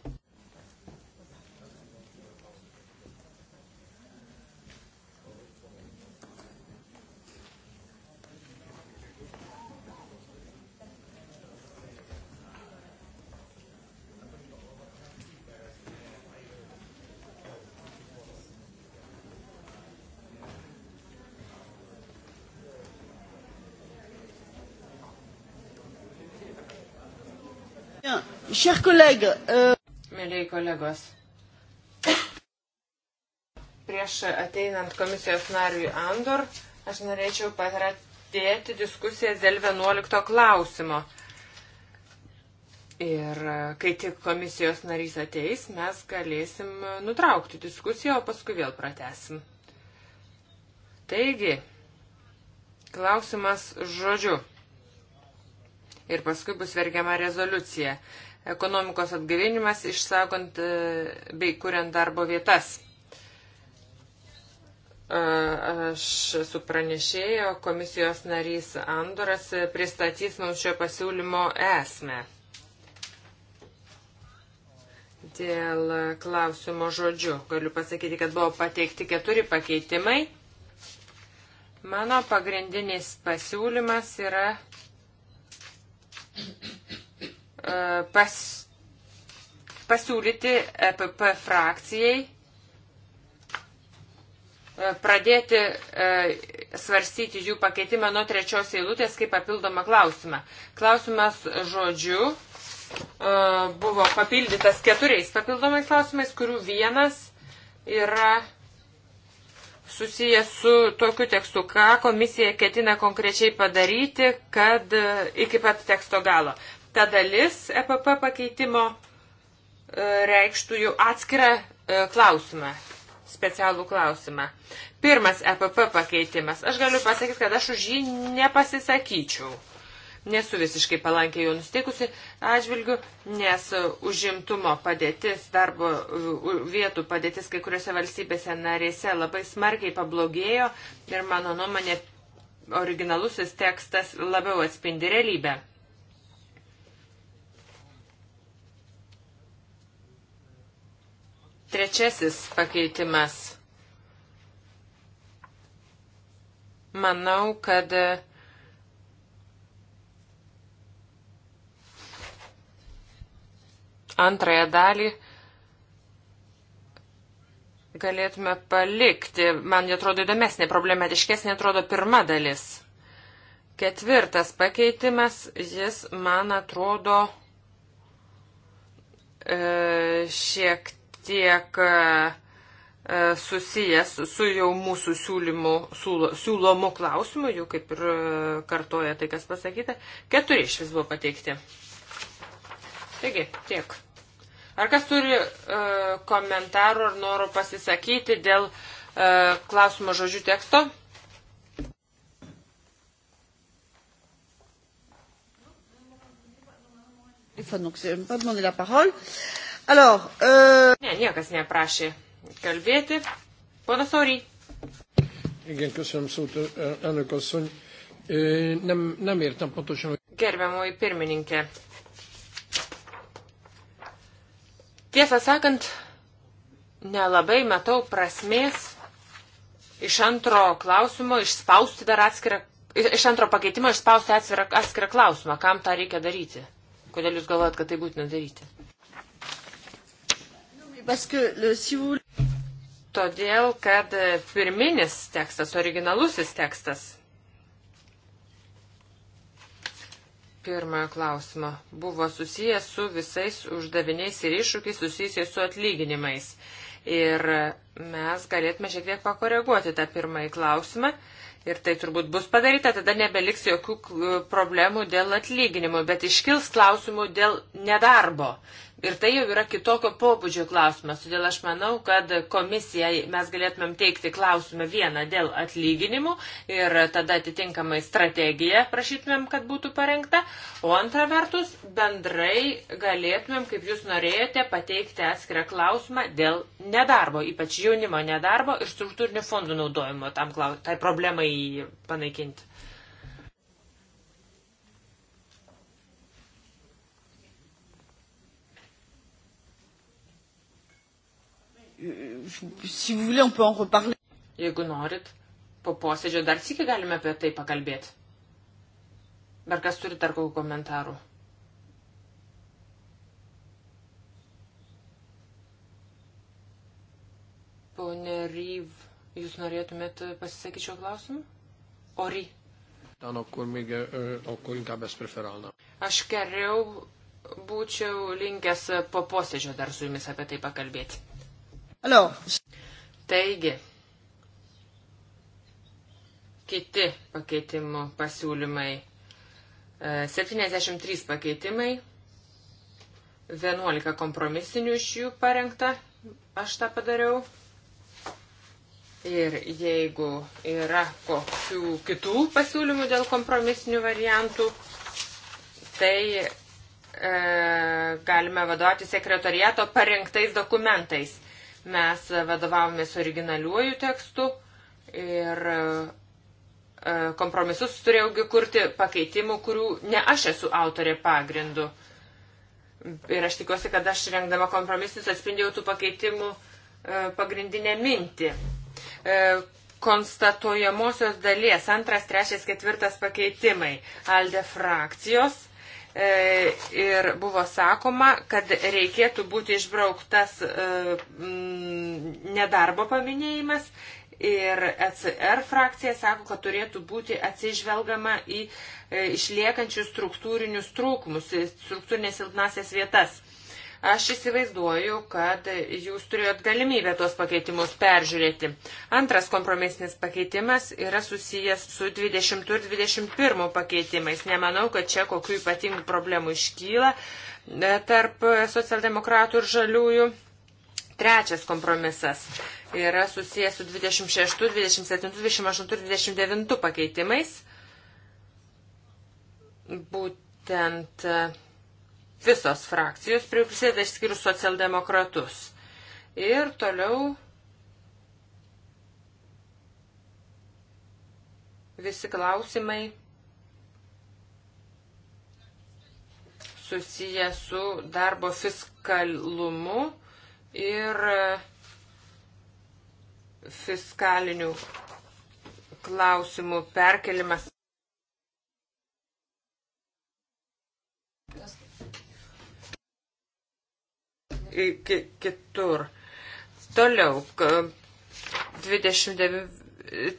Chers collègues, euh... Mėlyi kolegos, prieš ateinant komisijos nariui Andor, aš norėčiau patratėti diskusijas dėl 11 klausimo. Ir e, kai tik komisijos narys ateis, mes galėsim nutraukti diskusiją, o paskui vėl pratesim. Taigi, klausimas žodžiu. Ir paskui bus vergiama rezoliucija ekonomikos atgaivinimas, išsakant e, bei kuriant darbo vietas. E, aš su pranešėjo komisijos narys Andoras pristatys mums šio pasiūlymo esmę. Dėl klausimo žodžių galiu pasakyti, kad buvo pateikti keturi pakeitimai. Mano pagrindinis pasiūlymas yra pas, pasiūlyti EPP frakcijai e, pradėti e, svarstyti jų pakeitimą nuo trečios eilutės kaip papildomą klausimą. Klausimas žodžiu e, buvo papildytas keturiais papildomais klausimais, kurių vienas yra susijęs su tokiu tekstu, ką komisija ketina konkrečiai padaryti, kad iki pat teksto galo ta dalis EPP pakeitimo e, reikštų jų atskirą e, klausimą, specialų klausimą. Pirmas EPP pakeitimas. Aš galiu pasakyti, kad aš už jį nepasisakyčiau. Nesu visiškai palankiai jau nusteikusi atžvilgiu, nes užimtumo padėtis, darbo vietų padėtis kai kuriuose valstybėse narėse labai smarkiai pablogėjo ir mano nuomonė originalusis tekstas labiau atspindi realybę. Trečiasis pakeitimas. Manau, kad antrąją dalį galėtume palikti. Man atrodo įdomesnė, problematiškesnė atrodo pirma dalis. Ketvirtas pakeitimas, jis man atrodo e, šiek tiek e, e, susijęs su jau mūsų siūlymu, siūlomu klausimu, jau kaip ir e, kartoja tai, kas pasakyta. Keturi iš vis buvo pateikti. Taigi, tiek. Ar kas turi e, komentarų ar noro pasisakyti dėl e, klausimo žodžių teksto? Enfin, donc, je n'ai pas demandé la parole. Euh, Alors, euh... Ne, niekas neprašė kalbėti. Pana Sori. Igen, köszönöm szót, elnök asszony. Nem, nem értem pontosan, hogy... Gerbiamoji pirmininkė. Tiesą sakant, nelabai matau prasmės iš antro klausimo išspausti dar atskirą, iš antro pakeitimo išspausti atskirą, atskirą klausimą, kam tą reikia daryti. Kodėl jūs galvojat, kad tai būtina daryti? parce que le, si vous... Todėl, kad e, pirminis tekstas, originalusis tekstas. Pirmojo klausimo buvo susijęs su visais uždaviniais ir iššūkiais susijusiais su atlyginimais. Ir e, mes galėtume šiek tiek pakoreguoti tą pirmąjį klausimą. Ir tai turbūt bus padaryta, tada nebeliks jokių problemų dėl atlyginimų, bet iškils klausimų dėl nedarbo. Ir tai jau yra kitokio pobūdžio klausimas, todėl aš manau, kad komisijai mes galėtumėm teikti klausimą vieną dėl atlyginimų ir tada atitinkamai strategiją prašytumėm, kad būtų parengta, o antra vertus bendrai galėtumėm, kaip jūs norėjote, pateikti atskirą klausimą dėl nedarbo, ypač jaunimo nedarbo ir struktūrinių fondų naudojimo tam, tai problemai panaikinti. Euh, si vous voulez, on peut en reparler. Jeigu norit, po posėdžio dar sėki galime apie tai pakalbėti. Ar kas turi dar kokių komentarų? Pone Ryv, jūs norėtumėt pasisakyti šio klausimu? Ori. Tan akkor még, akkor inkább ezt preferálna. Aš geriau būčiau linkęs po posėdžio dar su jumis apie tai pakalbėti. Alors. Taigi, kiti pakeitimų pasiūlymai. 73 e, pakeitimai, 11 kompromisinių iš jų parengta, aš tą padariau. Ir jeigu yra kokių kitų pasiūlymų dėl kompromisinių variantų, tai e, galime vadovauti sekretariato parengtais dokumentais. Mes vadovavomės originaliuoju tekstu ir e, kompromisus turėjaugi kurti pakeitimų, kurių ne aš esu autorė pagrindu. Ir aš tikiuosi, kad aš rengdama kompromisus atspindėjau tų pakeitimų e, pagrindinę mintį. E, konstatuojamosios dalies antras, trečias, ketvirtas pakeitimai. Alde frakcijos E, ir buvo sakoma, kad reikėtų būti išbrauktas e, nedarbo paminėjimas ir ECR frakcija sako, kad turėtų būti atsižvelgama į e, išliekančius struktūrinius trūkumus, struktūrinės silpnasias vietas. Aš įsivaizduoju, kad jūs turėjot galimybę tuos pakeitimus peržiūrėti. Antras kompromisinis pakeitimas yra susijęs su 20 ir 21 pakeitimais. Nemanau, kad čia kokių ypatingų problemų iškyla e, tarp socialdemokratų ir žaliųjų. Trečias kompromisas yra susijęs su 26, 27, 28 ir 29 pakeitimais. Būtent visos frakcijos prisideda išskyrus socialdemokratus. Ir toliau visi klausimai susiję su darbo fiskalumu ir e, fiskalinių klausimų perkelimas. kitur. Toliau, 38-39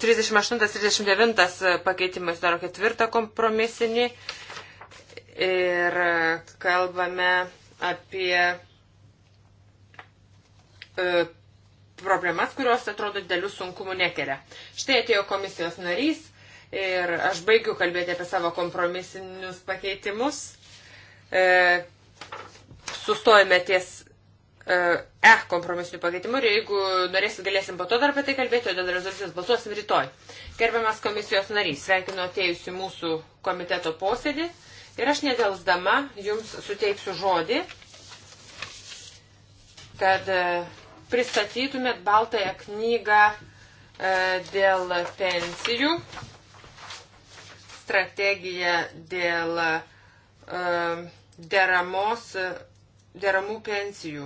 pakeitimai sudaro ketvirtą kompromisinį ir kalbame apie e, problemas, kurios atrodo dėlių sunkumų nekelia. Štai atėjo komisijos narys ir aš baigiu kalbėti apie savo kompromisinius pakeitimus. E, sustojame ties E, e kompromisinių pakeitimų ir jeigu norėsit, galėsim po to dar apie tai kalbėti, o dėl rezoliucijos balsuosim rytoj. Gerbiamas komisijos narys, sveikinu atėjusi mūsų komiteto posėdį ir aš nedelsdama jums suteiksiu žodį, kad e, pristatytumėt baltąją knygą e, dėl pensijų, strategiją dėl deramos, deramų pensijų.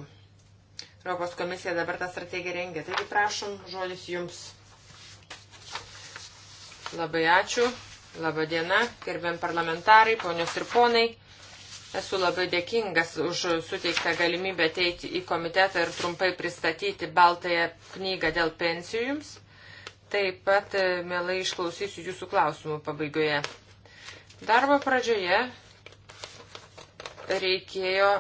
Europos komisija dabar tą strategiją rengia. Taigi prašom, žodis jums. Labai ačiū, laba diena, gerbiam parlamentarai, ponios ir ponai. Esu labai dėkingas už suteiktą galimybę ateiti į komitetą ir trumpai pristatyti baltąją knygą dėl pensijų jums. Taip pat e, mielai išklausysiu jūsų klausimų pabaigoje. Darbo pradžioje reikėjo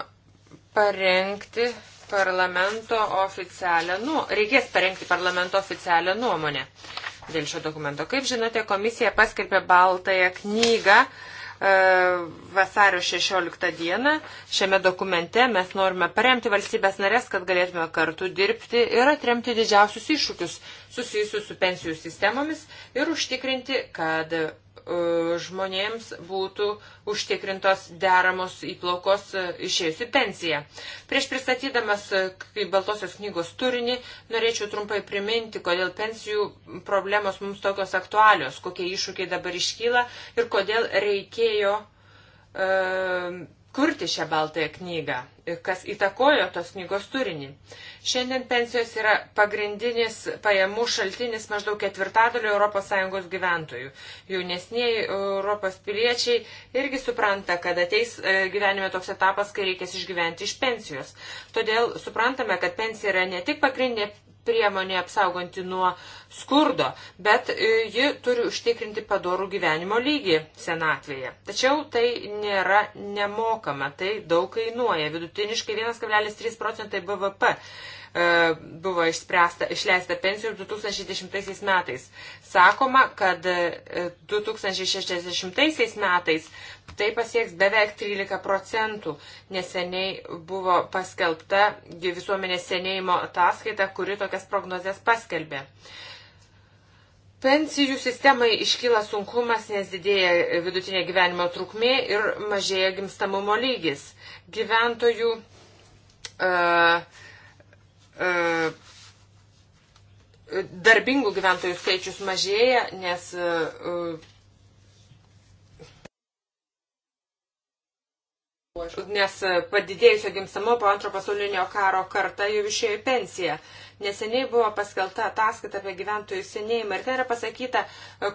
parengti parlamento oficialią nuomonę. Reikės parengti parlamento oficialią nuomonę dėl šio dokumento. Kaip žinote, komisija paskelbė baltąją knygą e, vasario 16 dieną. Šiame dokumente mes norime paremti valstybės narės, kad galėtume kartu dirbti ir atremti didžiausius iššūkius susijusius su pensijų sistemomis ir užtikrinti, kad žmonėms būtų užtikrintos deramos įplaukos e, išėjusi pensija. Prieš pristatydamas e, Baltosios knygos turinį, norėčiau trumpai priminti, kodėl pensijų problemos mums tokios aktualios, kokie iššūkiai dabar iškyla ir kodėl reikėjo e, kurti šią baltąją knygą, kas įtakojo tos knygos turinį. Šiandien pensijos yra pagrindinis pajamų šaltinis maždaug ketvirtadalio ES gyventojų. Jaunesniai Europos piliečiai irgi supranta, kad ateis e, gyvenime toks etapas, kai reikės išgyventi iš pensijos. Todėl suprantame, kad pensija yra ne tik pagrindinė priemonė apsauganti nuo skurdo, bet e, ji turi užtikrinti padorų gyvenimo lygį senatvėje. Tačiau tai nėra nemokama, tai daug kainuoja. Vidutiniškai 1,3 procentai BVP e, buvo išspręsta, išleista pensijų 2010 metais. Sakoma, kad 2060 e, metais tai pasieks beveik 13 procentų. Neseniai buvo paskelbta visuomenės senėjimo ataskaita, kuri tokias prognozes paskelbė. Pensijų sistemai iškyla sunkumas, nes didėja vidutinė gyvenimo trukmė ir mažėja gimstamumo lygis. Gyventojų uh, uh, darbingų gyventojų skaičius mažėja, nes uh, nes padidėjusio gimstamo po antro pasaulinio karo karta jau išėjo į pensiją. Neseniai buvo paskelta ataskaita apie gyventojų senėjimą ir ten yra pasakyta,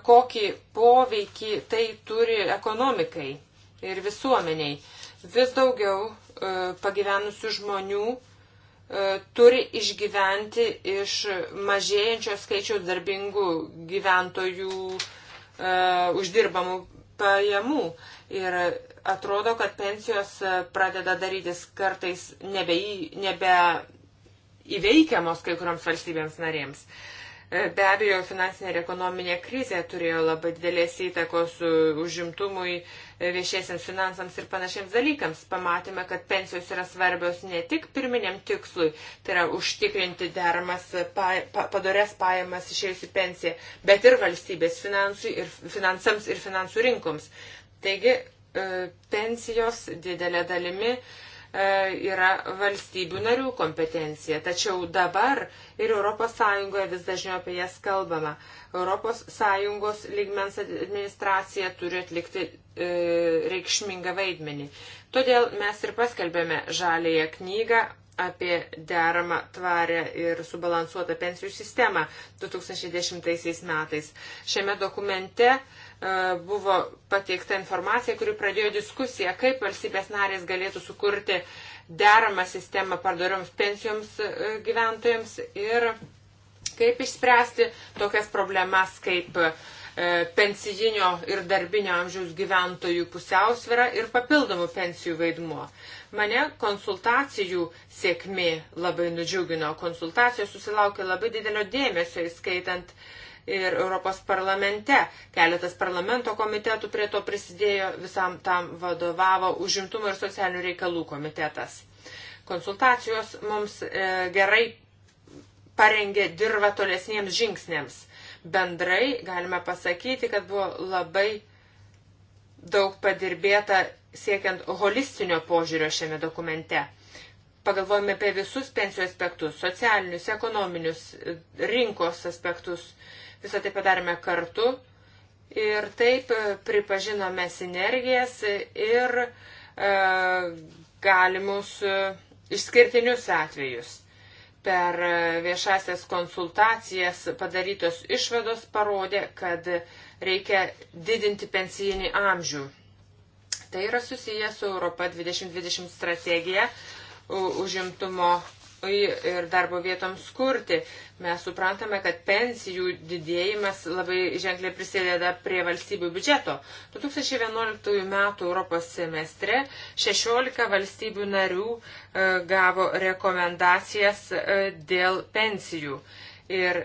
kokį poveikį tai turi ekonomikai ir visuomeniai. Vis daugiau e, pagyvenusių žmonių e, turi išgyventi iš mažėjančio skaičiaus darbingų gyventojų e, uždirbamų pajamų. Ir atrodo, kad pensijos e, pradeda darytis kartais nebe, į, nebe įveikiamos kai kuriams valstybėms narėms. E, be abejo, finansinė ir ekonominė krizė turėjo labai didelės įtakos užimtumui, e, viešiesiams finansams ir panašiems dalykams. Pamatėme, kad pensijos yra svarbios ne tik pirminiam tikslui, tai yra užtikrinti deramas pa, pa, padorės pajamas išėjusi pensiją, bet ir valstybės finansui ir finansams ir finansų rinkoms. Taigi E, pensijos didelė dalimi e, yra valstybių narių kompetencija. Tačiau dabar ir ES vis dažniau apie jas kalbama. ES lygmens administracija turi atlikti e, reikšmingą vaidmenį. Todėl mes ir paskelbėme žalėje knygą apie deramą, tvarę ir subalansuotą pensijų sistemą 2010 metais. Šiame dokumente uh, buvo pateikta informacija, kuri pradėjo diskusiją, kaip valstybės narės galėtų sukurti deramą sistemą pardorioms pensijoms e, gyventojams ir kaip išspręsti tokias problemas kaip e, pensijinio ir darbinio amžiaus gyventojų pusiausvėra ir papildomų pensijų vaidmuo. Mane konsultacijų sėkmė labai nudžiugino. Konsultacijos susilaukė labai didelio dėmesio, įskaitant ir Europos parlamente. Keletas parlamento komitetų prie to prisidėjo, visam tam vadovavo užimtumo ir socialinių reikalų komitetas. Konsultacijos mums e, gerai parengė dirbą tolesniems žingsniams. Bendrai galime pasakyti, kad buvo labai daug padirbėta siekiant holistinio požiūrio šiame dokumente. Pagalvojame apie visus pensijų aspektus - socialinius, ekonominius, rinkos aspektus Visą tai padarėme kartu ir taip pripažinome sinergijas ir e, galimus e, išskirtinius atvejus. Per e, viešasias konsultacijas padarytos išvados parodė, kad reikia didinti pensijinį amžių. Tai yra susiję su Europa 2020 strategija užimtumo ir darbo vietoms kurti. Mes suprantame, kad pensijų didėjimas labai ženkliai prisideda prie valstybių biudžeto. 2011 m. Europos semestre 16 valstybių narių e, gavo rekomendacijas e, dėl pensijų. Ir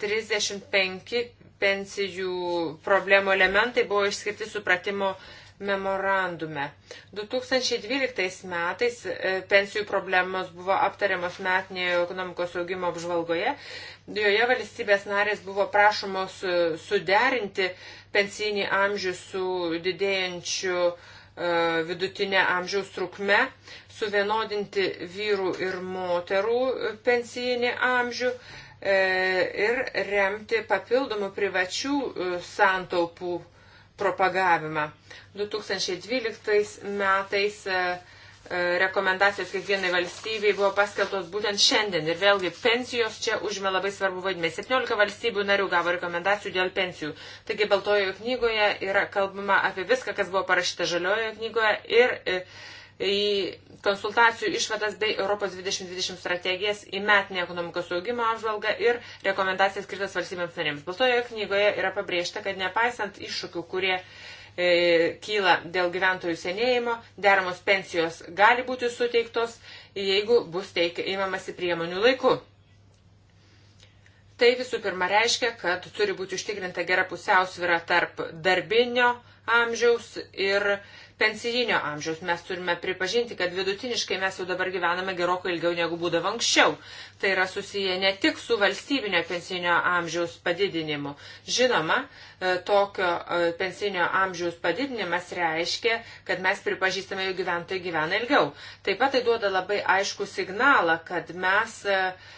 35 pensijų problemų elementai buvo išskirti supratimo memorandume. 2012 metais e, pensijų problemos buvo aptariamos metinėje ekonomikos augimo apžvalgoje. Joje valstybės narės buvo prašomos e, suderinti pensijinį amžių su didėjančiu e, vidutinė amžiaus trukme, suvienodinti vyrų ir moterų pensijinį amžių ir remti papildomų privačių santaupų propagavimą. 2012 metais e, e, rekomendacijos kiekvienai valstybei buvo paskeltos būtent šiandien. Ir vėlgi pensijos čia užmė labai svarbu vaidmenį. 17 valstybių narių gavo rekomendacijų dėl pensijų. Taigi Baltojoje knygoje yra kalbama apie viską, kas buvo parašyta Žaliojoje knygoje ir e, konsultacijų išvadas bei Europos 2020 strategijas į metinę ekonomikos augimo apžvalgą ir rekomendacijas skirtas valstybėms narėms. Baltojoje knygoje yra pabrėžta, kad nepaisant iššūkių, kurie e, kyla dėl gyventojų senėjimo, deramos pensijos gali būti suteiktos, jeigu bus teik, įmamasi priemonių laiku. Tai visų pirma reiškia, kad turi būti užtikrinta gera pusiausvyra tarp darbinio amžiaus ir e, pensijinio amžiaus. Mes turime pripažinti, kad vidutiniškai mes jau dabar gyvename gerokai ilgiau negu būdavo anksčiau. Tai yra susiję ne tik su valstybinio pensijinio amžiaus padidinimu. Žinoma, e, tokio e, pensijinio amžiaus padidinimas reiškia, kad mes pripažįstame, jog gyventojai gyvena ilgiau. Taip pat tai duoda labai aišku signalą, kad mes uh,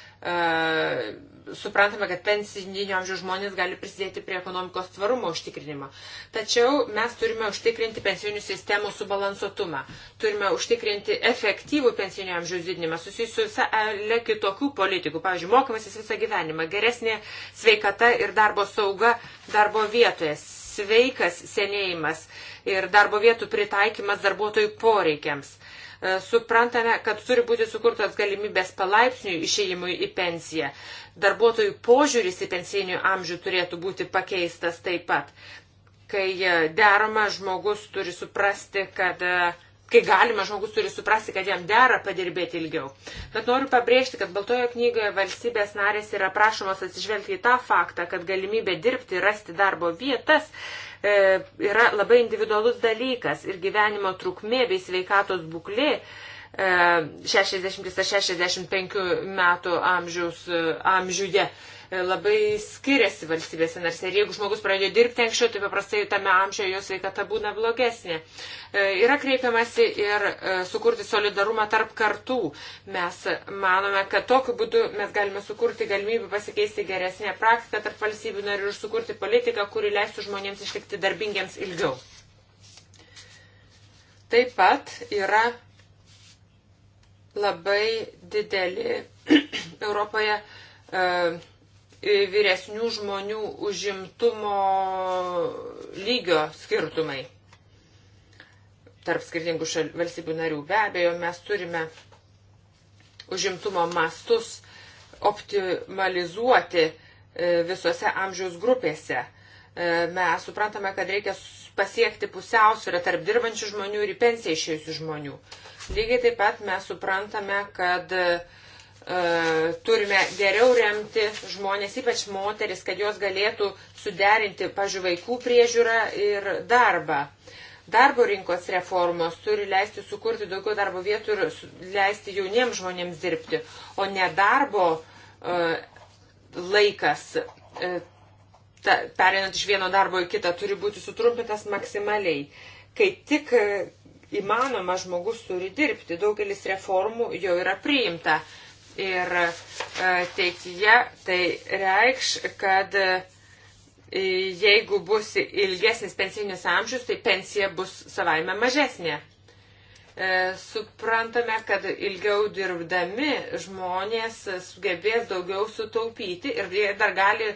suprantame, kad pensijinio amžiaus žmonės gali prisidėti prie ekonomikos tvarumo užtikrinimo. Tačiau mes turime užtikrinti pensijinių sistemų subalansuotumą, turime užtikrinti efektyvų pensijinio amžiaus didinimą, susijusiu su visą kitokių politikų, pavyzdžiui, mokymasis visą gyvenimą, geresnė sveikata ir darbo sauga darbo vietoje, sveikas senėjimas ir darbo vietų pritaikymas darbuotojų poreikiams E, suprantame, kad turi būti sukurtos galimybės palaipsniui išėjimui į pensiją. Darbuotojų požiūris į pensijinių amžių turėtų būti pakeistas taip pat. Kai e, derama, žmogus turi suprasti, kad e, kai galima, žmogus turi suprasti, kad jam dera padirbėti ilgiau. Bet noriu pabrėžti, kad Baltojo knygoje valstybės narės yra prašomos atsižvelgti į tą faktą, kad galimybė dirbti, rasti darbo vietas E, yra labai individualus dalykas ir gyvenimo trukmė bei sveikatos būklė 60-65 e, metų amžiaus, e, amžiuje labai skiriasi valstybėse narse. Ir jeigu žmogus pradėjo dirbti anksčiau, tai paprastai tame amžiuje jo sveikata būna blogesnė. E, yra kreipiamasi ir e, sukurti solidarumą tarp kartų. Mes manome, kad tokiu būdu mes galime sukurti galimybę pasikeisti geresnę praktiką tarp valstybių narių ir sukurti politiką, kuri leistų žmonėms išlikti darbingiams ilgiau. Taip pat yra labai dideli Europoje uh, vyresnių žmonių užimtumo lygio skirtumai tarp skirtingų šal, valstybių narių. Be abejo, mes turime užimtumo mastus optimalizuoti e, visose amžiaus grupėse. E, mes suprantame, kad reikia pasiekti pusiausvyrą tarp dirbančių žmonių ir į pensiją išėjusių žmonių. Lygiai taip pat mes suprantame, kad uh, E, turime geriau remti žmonės, ypač moteris, kad jos galėtų suderinti, pažiūrėjau, vaikų priežiūrą ir darbą. Darbo rinkos reformos turi leisti sukurti daugiau darbo vietų ir leisti jauniems žmonėms dirbti, o nedarbo e, laikas, e, perinant iš vieno darbo į kitą, turi būti sutrumpintas maksimaliai. Kai tik įmanoma, žmogus turi dirbti, daugelis reformų jau yra priimta Ir e, ateityje tai reikš, kad e, jeigu bus ilgesnis pensinis amžius, tai pensija bus savaime mažesnė. E, suprantame, kad ilgiau dirbdami žmonės sugebės daugiau sutaupyti ir jie dar gali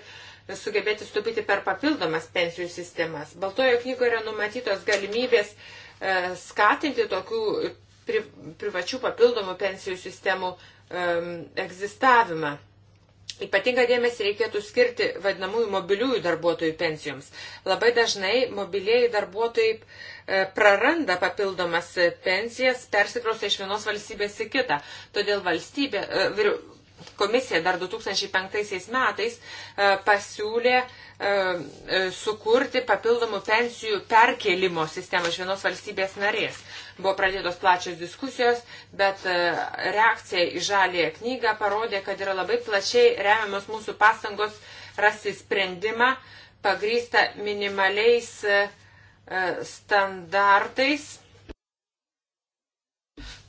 sugebėti sutaupyti per papildomas pensijų sistemas. Baltojo knygoje yra numatytos galimybės e, skatinti tokių pri, privačių papildomų pensijų sistemų um, egzistavimą. Ypatinga dėmesį reikėtų skirti vadinamųjų mobiliųjų darbuotojų pensijoms. Labai dažnai mobilieji darbuotojai e, praranda papildomas pensijas, persikrausia iš vienos valstybės į kitą. Todėl valstybė, e, komisija dar 2005 metais e, pasiūlė sukurti papildomų pensijų perkelimo sistemą iš vienos valstybės narės. Buvo pradėtos plačios diskusijos, bet e, reakcija į žalėją knygą parodė, kad yra labai plačiai remiamos mūsų pastangos rasti sprendimą pagrįsta minimaliais e, e, standartais.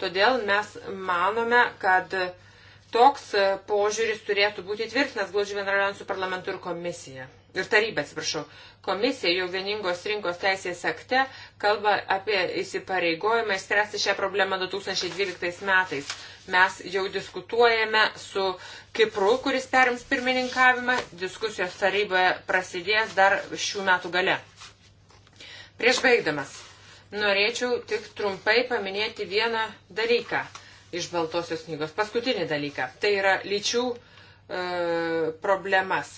Todėl mes manome, kad Toks e, požiūris turėtų būti tvirtinas glaudžiai bendraujant su parlamentu ir komisija. Ir taryba, atsiprašau. Komisija jau vieningos rinkos teisės akte kalba apie įsipareigojimą išspręsti šią problemą 2012 metais. Mes jau diskutuojame su Kipru, kuris perims pirmininkavimą. Diskusijos taryboje prasidės dar šių metų gale. Prieš baigdamas, norėčiau tik trumpai paminėti vieną dalyką iš Baltosios knygos. Paskutinį dalyką. Tai yra lyčių e, problemas.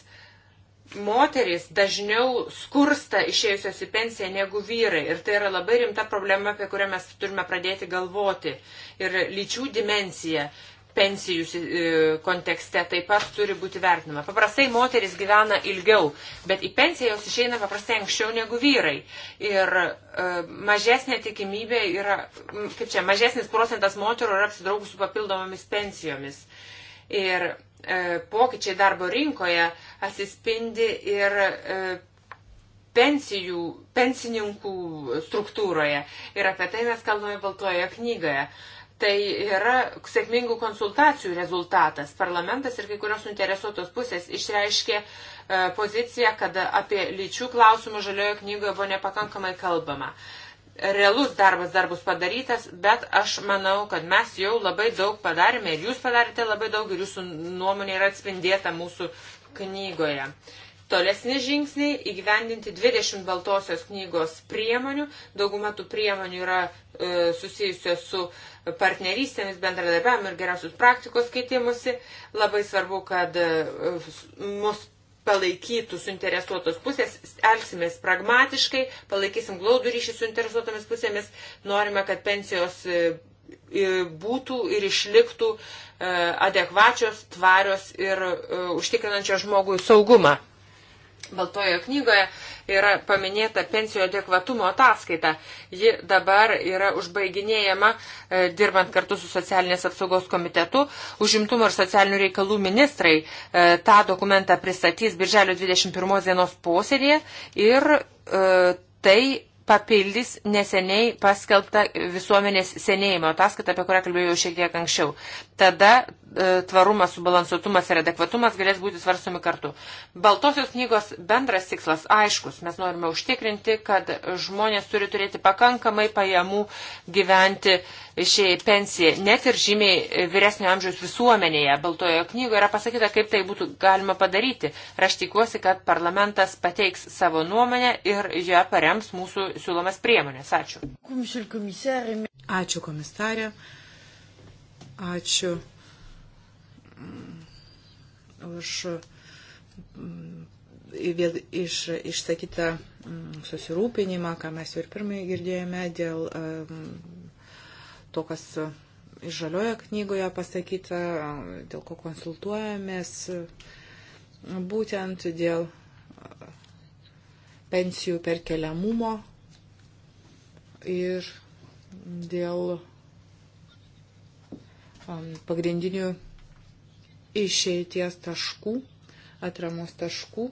Moterys dažniau skursta išėjusios į pensiją negu vyrai. Ir tai yra labai rimta problema, apie kurią mes turime pradėti galvoti. Ir lyčių dimencija pensijų e, kontekste taip pat turi būti vertinama. Paprastai moteris gyvena ilgiau, bet į pensiją jos išeina paprastai anksčiau negu vyrai. Ir e, mažesnė tikimybė yra, kaip čia, mažesnis procentas moterų yra apsidraugusių papildomomis pensijomis. Ir e, pokyčiai darbo rinkoje atsispindi ir e, pensijų, pensininkų struktūroje. Ir apie tai mes kalbame Baltojoje knygoje. E, tai yra sėkmingų konsultacijų rezultatas. Parlamentas ir kai kurios suinteresuotos pusės išreiškė e, poziciją, kad apie lyčių klausimų žaliojo knygoje buvo nepakankamai kalbama. Realus darbas dar bus padarytas, bet aš manau, kad mes jau labai daug padarėme ir jūs padarėte labai daug ir jūsų nuomonė yra atspindėta mūsų knygoje. Tolesni žingsniai - įgyvendinti 20 baltosios knygos priemonių. Dauguma tų priemonių yra e, susijusios su e, partnerystėmis, bendradarbiavimu ir geriausius praktikos keitimusi. Labai svarbu, kad e, mus palaikytų suinteresuotos pusės, elgsimės pragmatiškai, palaikysim glaudų ryšį su interesuotomis pusėmis, norime, kad pensijos e, būtų ir išliktų e, adekvačios, tvarios ir užtikrinančios žmogui saugumą. Baltojoje knygoje yra paminėta pensijų adekvatumo ataskaita. Ji dabar yra užbaiginėjama e, dirbant kartu su socialinės apsaugos komitetu. Užimtumo ir socialinių reikalų ministrai e, tą dokumentą pristatys birželio 21 dienos posėdėje ir e, tai papildys neseniai paskelbtą visuomenės senėjimo ataskaitą, apie kurią kalbėjau šiek tiek anksčiau. Tada e, tvarumas, subalansuotumas ir adekvatumas galės būti svarstomi kartu. Baltosios knygos bendras tikslas aiškus. Mes norime užtikrinti, kad žmonės turi turėti pakankamai pajamų gyventi išėję į pensiją, net ir žymiai vyresnio amžiaus visuomenėje, Baltojo knygoje yra pasakyta, kaip tai būtų galima padaryti. Ir aš tikiuosi, kad parlamentas pateiks savo nuomonę ir ją parems mūsų siūlomas priemonės. Ačiū. Ačiū komisarė. Ačiū mm, už mm, iš, išsakytą mm, susirūpinimą, ką mes jau ir pirmai girdėjome dėl um, to, kas iš žaliojo knygoje pasakyta, dėl ko konsultuojamės, būtent dėl pensijų perkeliamumo ir dėl um, pagrindinių išeities taškų, atramos taškų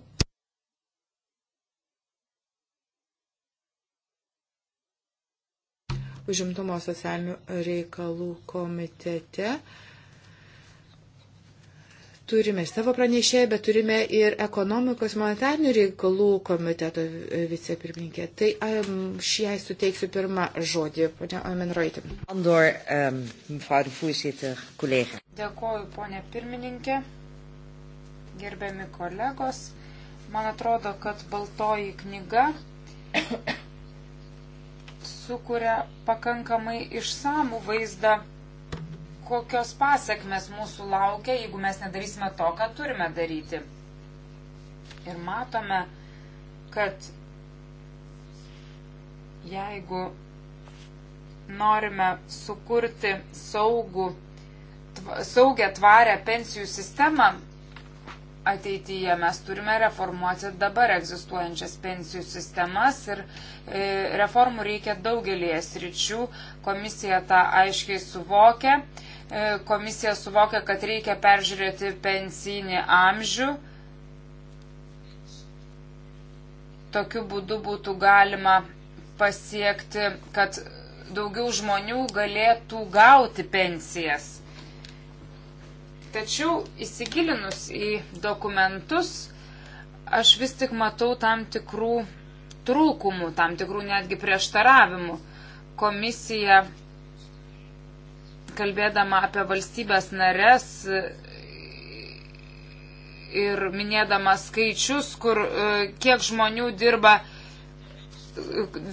užimtumo socialinių reikalų komitete. Turime savo pranešėją, bet turime ir ekonomikos monetarnių reikalų komiteto vicepirmininkė. Tai um, šiai suteiksiu pirmą žodį, ponia Omenroitin. Andor, um, mevrouw de voorzitter, collega. Dėkoju, ponia pirmininkė, gerbiami kolegos. Man atrodo, kad baltoji knyga sukuria pakankamai išsamų vaizdą, kokios pasiekmes mūsų laukia, jeigu mes nedarysime to, ką turime daryti. Ir matome, kad jeigu norime sukurti saugų, tva, saugę tvarę pensijų sistemą, ateityje. Mes turime reformuoti dabar egzistuojančias pensijų sistemas ir e, reformų reikia daugelėje sričių. Komisija tą aiškiai suvokia. E, komisija suvokia, kad reikia peržiūrėti pensinį amžių. Tokiu būdu būtų galima pasiekti, kad daugiau žmonių galėtų gauti pensijas Tačiau įsigilinus į dokumentus, aš vis tik matau tam tikrų trūkumų, tam tikrų netgi prieštaravimų. Komisija, kalbėdama apie valstybės nares ir minėdama skaičius, kur e, kiek žmonių dirba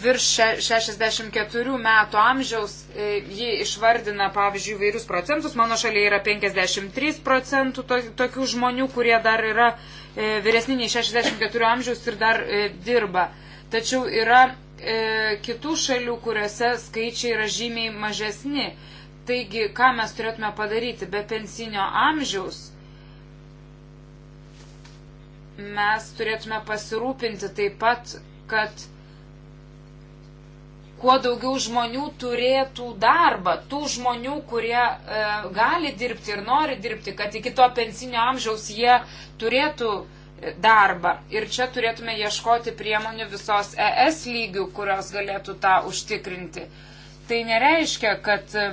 virš 64 metų amžiaus e, ji išvardina, pavyzdžiui, vairius procentus. Mano šalyje yra 53 procentų tokių žmonių, kurie dar yra e, vyresni nei 64 amžiaus ir dar e, dirba. Tačiau yra kitų šalių, kuriuose skaičiai yra žymiai mažesni. Taigi, ką mes turėtume padaryti be pensinio amžiaus? Mes turėtume pasirūpinti taip pat, kad kuo daugiau žmonių turėtų darbą, tų žmonių, kurie e, gali dirbti ir nori dirbti, kad iki to pensinio amžiaus jie turėtų e, darbą. Ir čia turėtume ieškoti priemonių visos ES lygių, kurios galėtų tą užtikrinti. Tai nereiškia, kad e,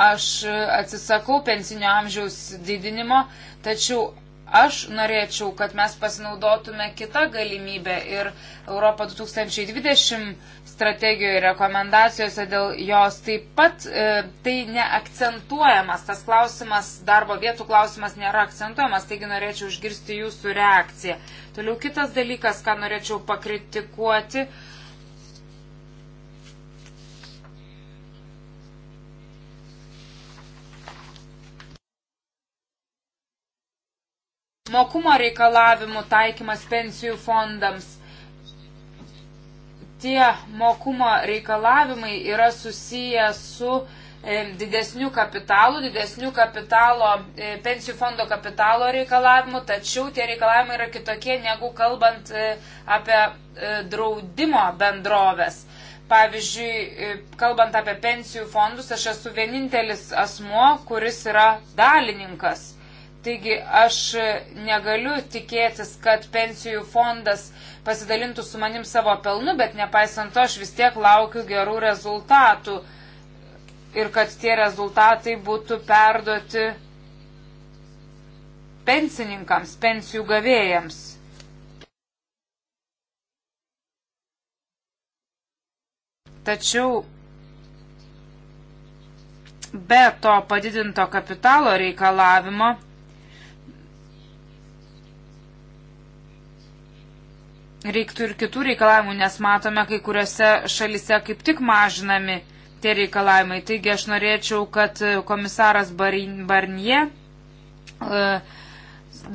aš atsisakau pensinio amžiaus didinimo, tačiau aš norėčiau, kad mes pasinaudotume kitą galimybę ir Europą 2020 strategijoje ir rekomendacijose dėl jos taip pat e, tai neakcentuojamas, tas klausimas, darbo vietų klausimas nėra akcentuojamas, taigi norėčiau išgirsti jūsų reakciją. Toliau kitas dalykas, ką norėčiau pakritikuoti. Mokumo reikalavimų taikymas pensijų fondams tie mokumo reikalavimai yra susiję su e, didesnių kapitalų, didesnių kapitalo, e, pensijų fondo kapitalo reikalavimų, tačiau tie reikalavimai yra kitokie negu kalbant e, apie draudimo bendrovės. Pavyzdžiui, kalbant apie pensijų fondus, aš esu vienintelis asmo, kuris yra dalininkas. Taigi aš negaliu tikėtis, kad pensijų fondas pasidalintų su manim savo pelnu, bet nepaisant to aš vis tiek laukiu gerų rezultatų ir kad tie rezultatai būtų perduoti pensininkams, pensijų gavėjams. Tačiau be to padidinto kapitalo reikalavimo reiktų ir kitų reikalavimų, nes matome kai kuriuose šalise kaip tik mažinami tie reikalavimai. Taigi aš norėčiau, kad komisaras Barnie e,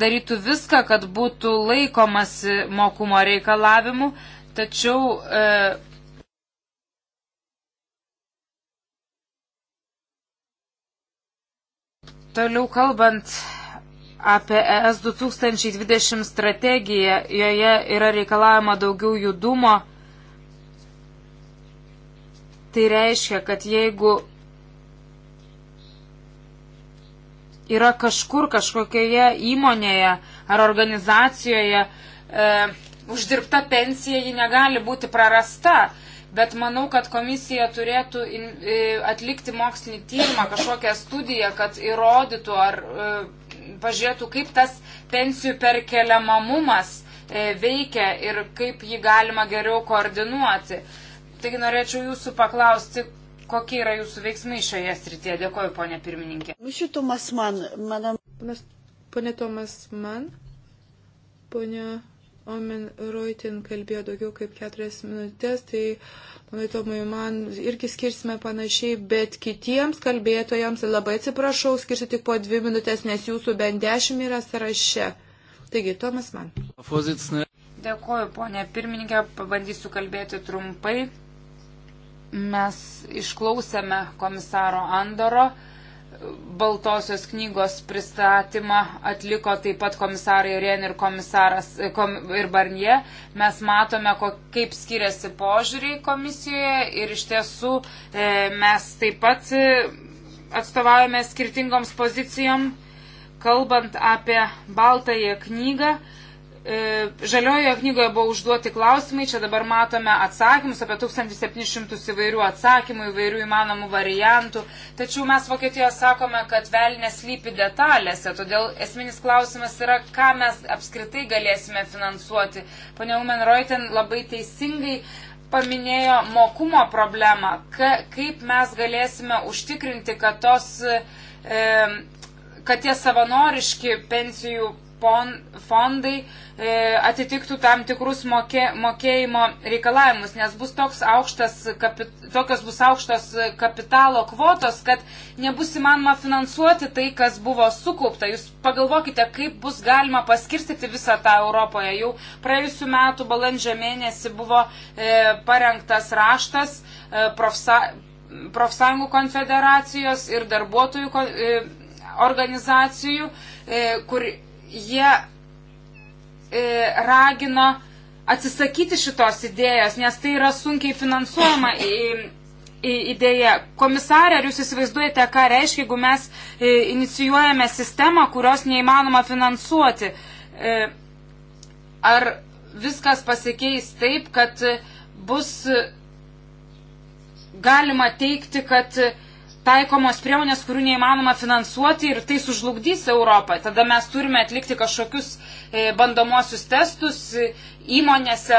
darytų viską, kad būtų laikomas mokumo reikalavimų, tačiau e, toliau kalbant apie ES 2020 strategiją. Joje yra reikalavima daugiau judumo. Tai reiškia, kad jeigu yra kažkur kažkokioje įmonėje ar organizacijoje e, uždirbta pensija, ji negali būti prarasta. Bet manau, kad komisija turėtų in, e, atlikti mokslinį tyrimą, kažkokią studiją, kad įrodytų, ar e, pažiūrėtų, kaip tas pensijų perkeliamamumas e, veikia ir kaip jį galima geriau koordinuoti. Taigi norėčiau jūsų paklausti, kokie yra jūsų veiksmai šioje srityje. Dėkoju, ponė pirmininkė. Mišiu Tomas man, manam. Pone Tomas man, ponė Omen Reutin kalbėjo daugiau kaip keturias minutės, tai uh, Panai Tomai, man irgi skirsime panašiai, bet kitiems kalbėtojams labai atsiprašau, skirsiu tik po dvi minutės, nes jūsų bent dešimt yra sąraše. Taigi, Tomas man. Dėkuoju, ponė pirmininkė, pabandysiu kalbėti trumpai. Mes išklausėme komisaro Andoro Baltosios knygos pristatymą atliko taip pat komisarai Ren ir, komisaras, e, kom, ir Barnie. Mes matome, kok, kaip skiriasi požiūriai komisijoje ir iš tiesų e, mes taip pat e, atstovaujame skirtingoms pozicijom, kalbant apie Baltąją knygą. E, E, žaliojoje knygoje buvo užduoti klausimai, čia dabar matome atsakymus, apie 1700 įvairių atsakymų, įvairių įmanomų variantų. Tačiau mes Vokietijoje sakome, kad velnės lypi detalėse, todėl esminis klausimas yra, ką mes apskritai galėsime finansuoti. Pane Umenroiten labai teisingai paminėjo mokumo problemą, ka, kaip mes galėsime užtikrinti, kad tos. E, kad tie savanoriški pensijų pon, fondai e, atitiktų tam tikrus mokė, mokėjimo reikalavimus, nes bus toks aukštas, kapit, tokios bus aukštos kapitalo kvotos, kad nebus įmanoma finansuoti tai, kas buvo sukaupta. Jūs pagalvokite, kaip bus galima paskirstyti visą tą Europoje. Jau praėjusiu metu balandžio mėnesį buvo e, parengtas raštas e, profsa, profsąjungų konfederacijos ir darbuotojų. E, organizacijų, e, kur jie e, ragino atsisakyti šitos idėjos, nes tai yra sunkiai finansuojama idėja. Komisarė, ar jūs įsivaizduojate, ką reiškia, jeigu mes e, inicijuojame sistemą, kurios neįmanoma finansuoti? E, ar viskas pasikeis taip, kad bus galima teikti, kad taikomos priemonės, kurių neįmanoma finansuoti ir tai sužlugdys Europą. Tada mes turime atlikti kažkokius e, bandomosius testus e, įmonėse,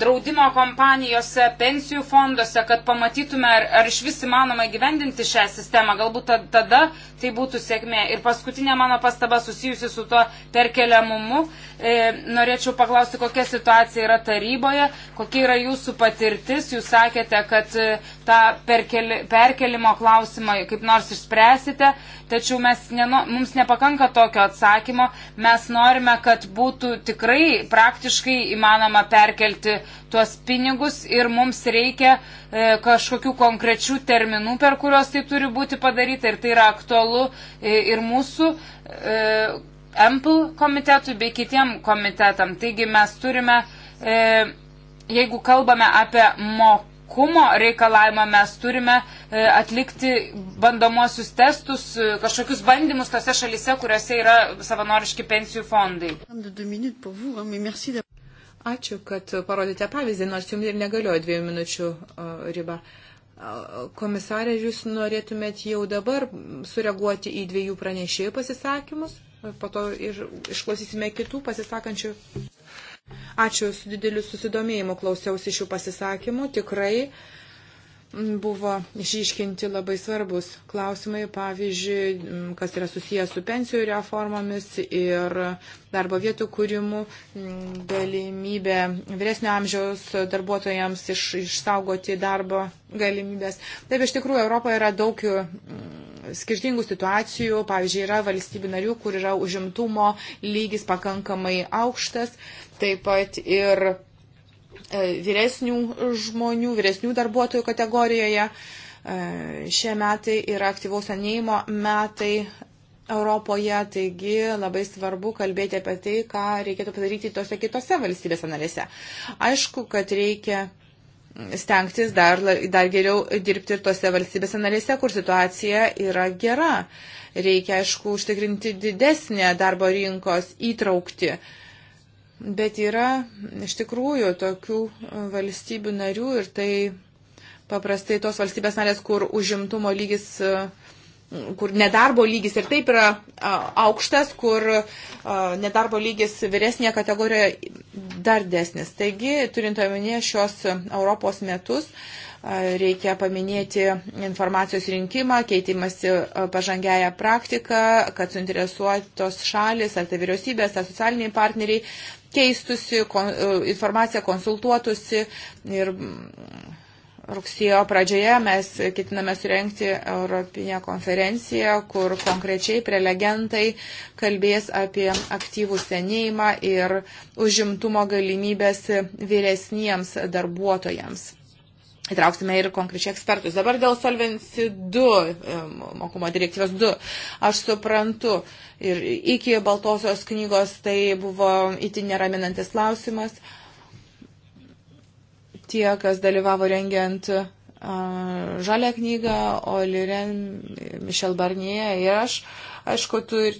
draudimo kompanijose, pensijų fonduose, kad pamatytume, ar, ar iš vis įmanoma gyvendinti šią sistemą. Galbūt tada tai būtų sėkmė. Ir paskutinė mano pastaba susijusi su tuo perkeliamumu. E, norėčiau paklausti, kokia situacija yra taryboje, kokia yra jūsų patirtis. Jūs sakėte, kad e, tą perkeli, perkelimo klausimą kaip nors išspręsite, tačiau mes neno, mums nepakanka tokio atsakymo. Mes norime, kad būtų tikrai praktiškai įmanoma perkelti tuos pinigus ir mums reikia e, kažkokių konkrečių terminų, per kuriuos tai turi būti padaryta ir tai yra aktualu e, ir mūsų. E, MPL komitetui bei kitiem komitetam. Taigi mes turime, e, jeigu kalbame apie mokumo reikalavimą, mes turime e, atlikti bandomuosius testus, e, kažkokius bandymus tose šalise, kuriuose yra savanoriški pensijų fondai. Ačiū, kad parodėte pavyzdį, nors jums ir negalioja dviejų minučių riba. Komisarė, jūs norėtumėt jau dabar sureaguoti į dviejų pranešėjų pasisakymus? po to ir išklausysime kitų pasisakančių. Ačiū su dideliu susidomėjimu klausiausi šių pasisakymų. Tikrai buvo išiškinti labai svarbus klausimai, pavyzdžiui, kas yra susijęs su pensijų reformomis ir darbo vietų kūrimu, galimybė vyresnio amžiaus darbuotojams iš, išsaugoti darbo galimybės. Taip, iš tikrųjų, Europoje yra daug skirtingų situacijų. Pavyzdžiui, yra valstybių narių, kur yra užimtumo lygis pakankamai aukštas, taip pat ir e, vyresnių žmonių, vyresnių darbuotojų kategorijoje. E, šie metai yra aktyvaus anėjimo metai Europoje, taigi labai svarbu kalbėti apie tai, ką reikėtų padaryti tose kitose valstybėse narėse. Aišku, kad reikia stengtis dar, dar geriau dirbti ir tose valstybėse narėse, kur situacija yra gera. Reikia, aišku, užtikrinti didesnę darbo rinkos įtraukti. Bet yra iš tikrųjų tokių e, valstybių narių ir tai paprastai tos valstybės narės, kur užimtumo lygis e, kur nedarbo lygis ir taip yra e, aukštas, kur nedarbo lygis vyresnėje kategorijoje dar desnis. Taigi, turint omenyje šios Europos metus, reikia paminėti informacijos rinkimą, keitimasi pažangiają praktiką, kad suinteresuotos šalis, ar tai vyriausybės, ar socialiniai partneriai keistusi kon, informaciją, konsultuotusi ir Rugsėjo pradžioje mes ketiname surenkti Europinę konferenciją, kur konkrečiai prelegentai kalbės apie aktyvų senėjimą ir užimtumo galimybės vyresniems darbuotojams. Įtrauksime ir konkrečiai ekspertus. Dabar dėl Solvency 2, mokumo direktyvos 2, aš suprantu, ir iki Baltosios knygos tai buvo itin neraminantis klausimas tie, kas dalyvavo rengiant žalę knygą, Oliren, Mišel Barnie ir aš, aišku, tur,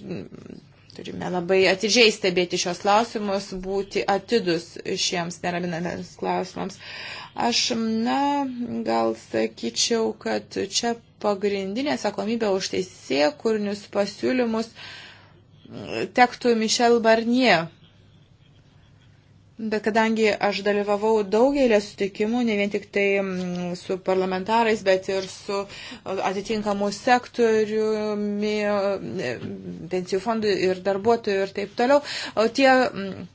turime labai atidžiai stebėti šios klausimus, būti atidus šiems neraminantiems klausimams. Aš, na, gal sakyčiau, kad čia pagrindinė atsakomybė už teisė kurnius pasiūlymus tektų Mišel Barnie Bet kadangi aš dalyvavau daugelį sutikimų, ne vien tik tai mm, su parlamentarais, bet ir su uh, atitinkamu sektoriumi, uh, pensijų fondų ir darbuotojų ir taip toliau, o tie mm,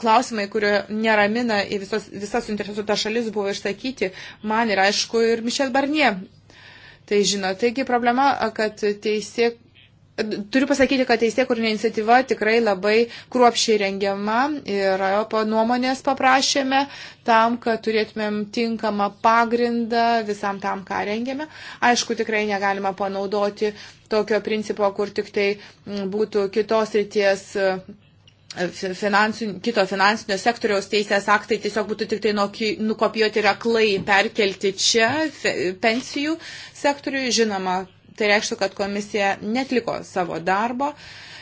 klausimai, kurie neramina į visas, visas suinteresuotas šalis buvo išsakyti, man ir aišku ir Mišel Barnie. Tai žino, taigi problema, kad teisė Turiu pasakyti, kad teistė kūrinė iniciatyva tikrai labai kruopšiai rengiama ir po nuomonės paprašėme tam, kad turėtumėm tinkamą pagrindą visam tam, ką rengiame. Aišku, tikrai negalima panaudoti tokio principo, kur tik tai mm, būtų kitos ryties e, finansinio, kito finansinio sektoriaus teisės aktai tiesiog būtų tik tai nukopijuoti ir aklai perkelti čia pensijų sektoriui. Žinoma, tai reikštų, kad komisija netliko savo darbo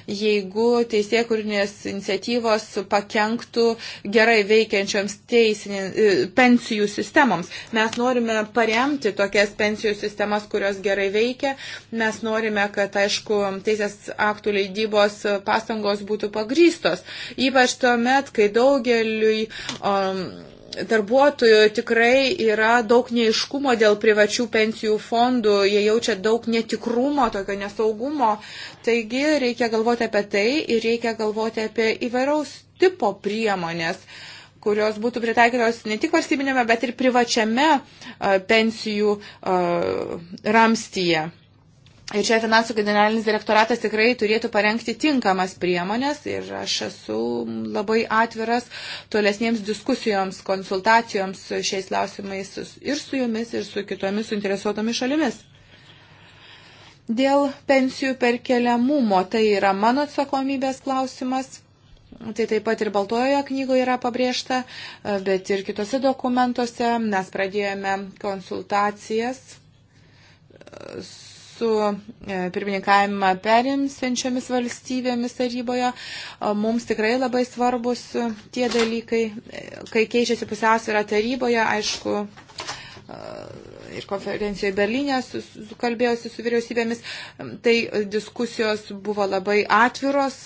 jeigu teisėkūrinės iniciatyvos pakenktų gerai veikiančioms teisinė, e, pensijų sistemoms. Mes norime paremti tokias pensijų sistemas, kurios gerai veikia. Mes norime, kad, aišku, teisės aktų leidybos pastangos būtų pagrystos. Ypač tuo met, kai daugeliui. Um, darbuotojų tikrai yra daug neiškumo dėl privačių pensijų fondų, jie jaučia daug netikrumo, tokio nesaugumo. Taigi reikia galvoti apie tai ir reikia galvoti apie įvairaus tipo priemonės kurios būtų pritaikytos ne tik valstybinėme, bet ir privačiame pensijų ramstyje. Ir čia finansų generalinis direktoratas tikrai turėtų parengti tinkamas priemonės ir aš esu labai atviras tolesniems diskusijoms, konsultacijoms šiais klausimais ir su jumis, ir su kitomis suinteresuotomis šalimis. Dėl pensijų perkeliamumo tai yra mano atsakomybės klausimas. Tai taip pat ir Baltojoje knygoje yra pabrėžta, bet ir kitose dokumentuose mes pradėjome konsultacijas su e, pirmininkavimą perimsenčiomis valstybėmis taryboje. Mums tikrai labai svarbus tie dalykai, e, kai keičiasi pusiausvyrą taryboje, aišku, e, ir konferencijoje Berlyne kalbėjausi su vyriausybėmis, tai diskusijos buvo labai atviros,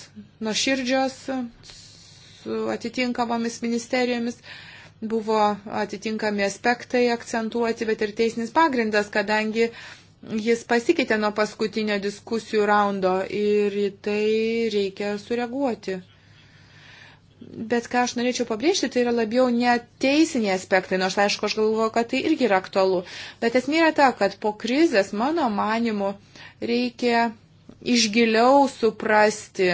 nuoširdžios su atitinkamomis ministerijomis. Buvo atitinkami aspektai akcentuoti, bet ir teisinis pagrindas, kadangi uh, jis pasikeitė nuo paskutinio diskusijų raundo ir į tai reikia sureaguoti. Bet ką aš norėčiau pabrėžti, tai yra labiau ne teisiniai aspektai, nors aišku, aš galvoju, kad tai irgi yra aktualu. Bet esmė yra ta, kad po krizės, mano manimu, reikia išgiliau suprasti,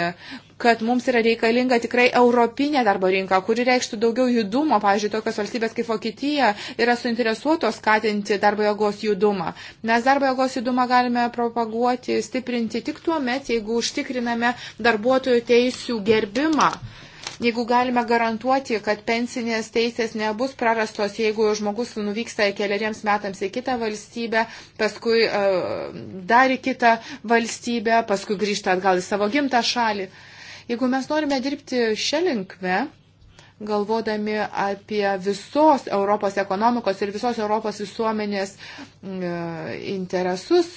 kad mums yra reikalinga tikrai europinė darbo rinka, kuri reikštų daugiau judumo. Pavyzdžiui, tokios valstybės kaip Vokietija yra suinteresuotos skatinti darbo jėgos judumą. Mes darbo jėgos judumą galime propaguoti, stiprinti tik tuo met, jeigu užtikriname darbuotojų teisų gerbimą. Jeigu galime garantuoti, kad pensinės teisės nebus prarastos, jeigu žmogus nuvyksta keliariems metams į kitą valstybę, paskui uh, dar į kitą valstybę, paskui grįžta atgal į savo gimtą šalį. Uh, Jeigu mes norime dirbti šią linkmę, galvodami apie visos Europos ekonomikos ir visos Europos visuomenės mm, interesus,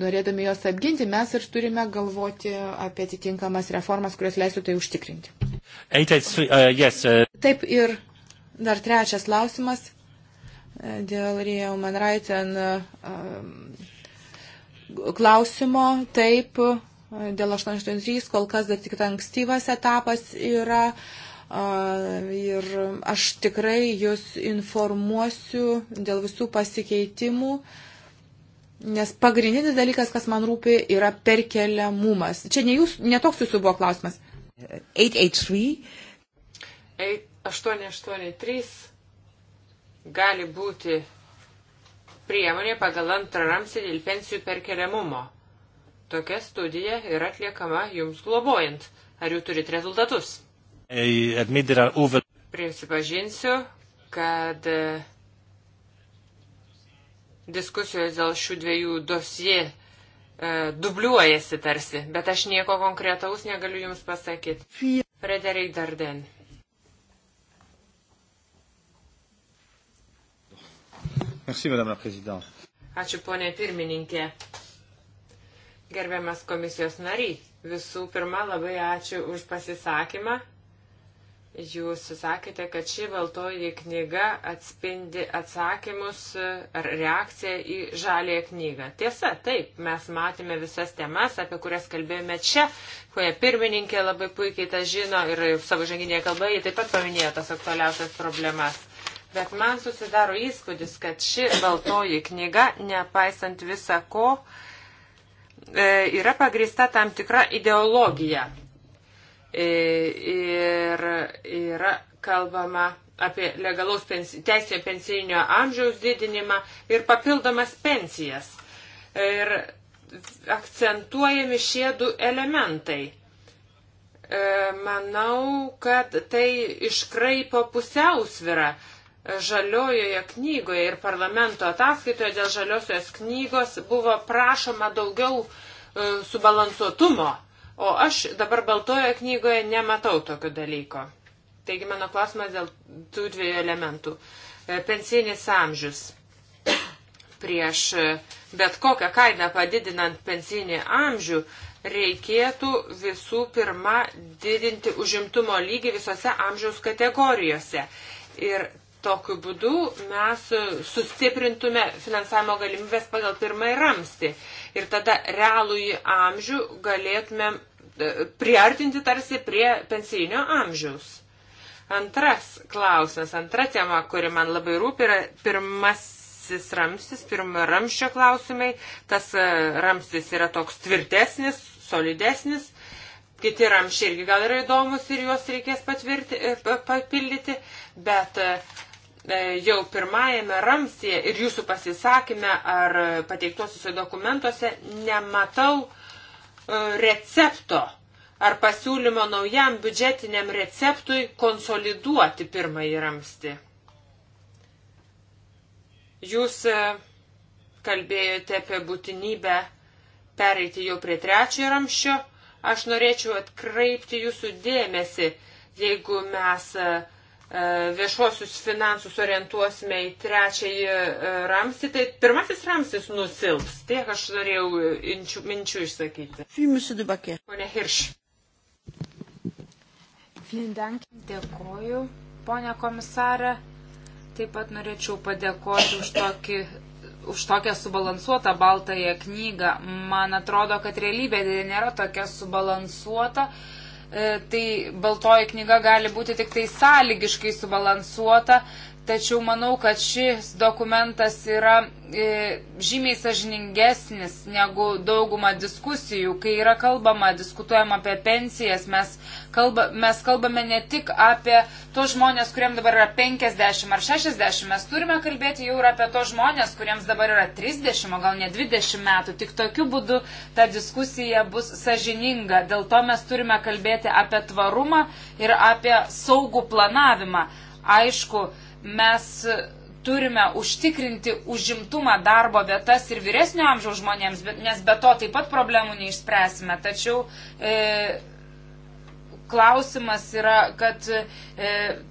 norėdami juos apginti, mes ir turime galvoti apie atitinkamas reformas, kurios leistų tai užtikrinti. Uh, uh, Taip ir dar trečias klausimas e, dėl Rio Manraiten e, e, klausimo. Taip, Dėl 83 kol kas dar tik ankstyvas etapas yra. Ir aš tikrai jūs informuosiu dėl visų pasikeitimų. Nes pagrindinis dalykas, kas man rūpi, yra perkeliamumas. Čia ne jūs, netoks jūsų buvo klausimas. 883. 883 gali būti priemonė pagal antrą ramsį dėl pensijų perkeliamumo. Tokia studija yra atliekama jums globojant. Ar jau turit rezultatus? Prisipažinsiu, kad e, diskusijos dėl šių dviejų dosie e, dubliuojasi tarsi, bet aš nieko konkretaus negaliu jums pasakyti. Frederik Darden. Merci, Ačiū, ponė pirmininkė. Gerbiamas komisijos nariai, visų pirma, labai ačiū už pasisakymą. Jūs sakėte, kad ši valtoji knyga atspindi atsakymus ar reakciją į žalę knygą. Tiesa, taip, mes matėme visas temas, apie kurias kalbėjome čia, kurie pirmininkė labai puikiai tą žino ir savo žanginėje kalboje taip pat paminėjo tas aktualiausias problemas. Bet man susidaro įspūdis, kad ši baltoji knyga, nepaisant visa ko, uh, E, yra pagrįsta tam tikra ideologija. E, ir yra kalbama apie legalaus pensi teisėjo pensijinio amžiaus didinimą ir papildomas pensijas. Ir akcentuojami šie du elementai. E, manau, kad tai iškraipo pusiausvirą žaliojoje knygoje ir parlamento ataskaitoje dėl žaliosios knygos buvo prašoma daugiau e, subalansuotumo, o aš dabar baltojoje knygoje nematau tokio dalyko. Taigi mano klausimas dėl tų dviejų elementų. E, Pensinis amžius. Prieš e, bet kokią kainą padidinant pensinį amžių reikėtų visų pirma didinti užimtumo lygį visose amžiaus kategorijose. Ir Tokiu būdu mes sustiprintume finansavimo galimybės pagal pirmąjį ramstį. Ir tada realų į amžių galėtumėm e, priartinti tarsi prie pensijinio amžiaus. Antras klausimas, antra tema, kuri man labai rūpi, yra pirmasis ramstis, pirmojo ramščio klausimai. Tas e, ramstis yra toks tvirtesnis, solidesnis kiti ramšiai irgi gal yra įdomus ir juos reikės patvirti, e, papildyti, bet E, jau pirmajame ramsėje ir jūsų pasisakime ar pateiktuosiuose dokumentuose nematau e, recepto ar pasiūlymo naujam biudžetiniam receptui konsoliduoti pirmąjį ramstį. Jūs e, kalbėjote apie būtinybę pereiti jau prie trečiojo ramščio. Aš norėčiau atkreipti jūsų dėmesį, jeigu mes uh, E, viešuosius finansus orientuosime į trečiąjį e, ramstį, tai pirmasis ramstis nusilps. Tiek aš norėjau inčių, minčių išsakyti. Pone Hirš. Dėkoju, ponė komisarė. Taip pat norėčiau padėkoti už tokį už tokią subalansuotą baltąją knygą. Man atrodo, kad realybė nėra tokia subalansuota. Uh, E, tai baltoji knyga gali būti tik tai sąlygiškai subalansuota, Tačiau manau, kad šis dokumentas yra e, žymiai sažiningesnis negu dauguma diskusijų. Kai yra kalbama, diskutuojama apie pensijas, mes, kalba, mes kalbame ne tik apie tos žmonės, kuriems dabar yra 50 ar 60, mes turime kalbėti jau ir apie tos žmonės, kuriems dabar yra 30, o gal ne 20 metų. Tik tokiu būdu ta diskusija bus sažininga. Dėl to mes turime kalbėti apie tvarumą ir apie saugų planavimą. Aišku, mes turime užtikrinti užimtumą darbo vietas ir vyresnio amžiaus žmonėms, nes be to taip pat problemų neišspręsime. Tačiau e, klausimas yra, kad e,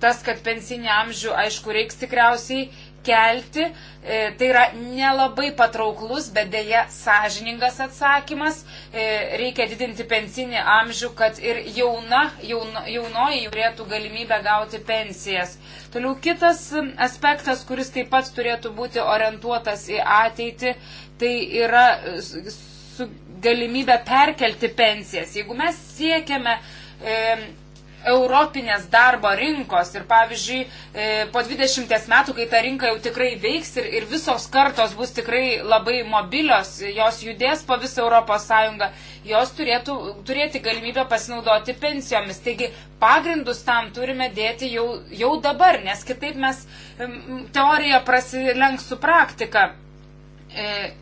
tas, kad pensinį amžių, aišku, reiks tikriausiai kelti. E, tai yra nelabai patrauklus, bet dėja sąžiningas atsakymas. E, reikia didinti pensinį amžių, kad ir jauna, jauno, jaunoji turėtų galimybę gauti pensijas. Toliau kitas aspektas, kuris taip pat turėtų būti orientuotas į ateitį, tai yra su galimybė perkelti pensijas. Jeigu mes siekiame e, europinės darbo rinkos ir pavyzdžiui e, po 20 metų, kai ta rinka jau tikrai veiks ir, ir visos kartos bus tikrai labai mobilios, jos judės po visą Europos Sąjungą, jos turėtų turėti galimybę pasinaudoti pensijomis. Taigi pagrindus tam turime dėti jau, jau dabar, nes kitaip mes teorija prasilenks su praktika. E,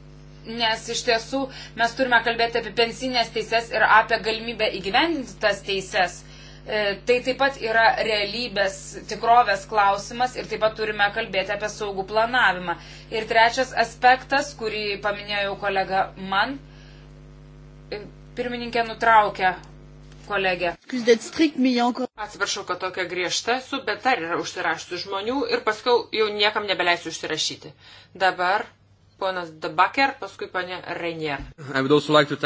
nes iš tiesų mes turime kalbėti apie pensinės teises ir apie galimybę įgyvendinti tas teises E, tai taip pat yra realybės, tikrovės klausimas ir taip pat turime kalbėti apie saugų planavimą. Ir trečias aspektas, kurį paminėjo jau kolega man, e, pirmininkė nutraukė kolegę. Atsiprašau, kad tokia griežta esu, bet dar yra užsirašusių žmonių ir paskui jau niekam nebeleisiu užsirašyti. Dabar ponas Dabaker, paskui ponė Rainier. Like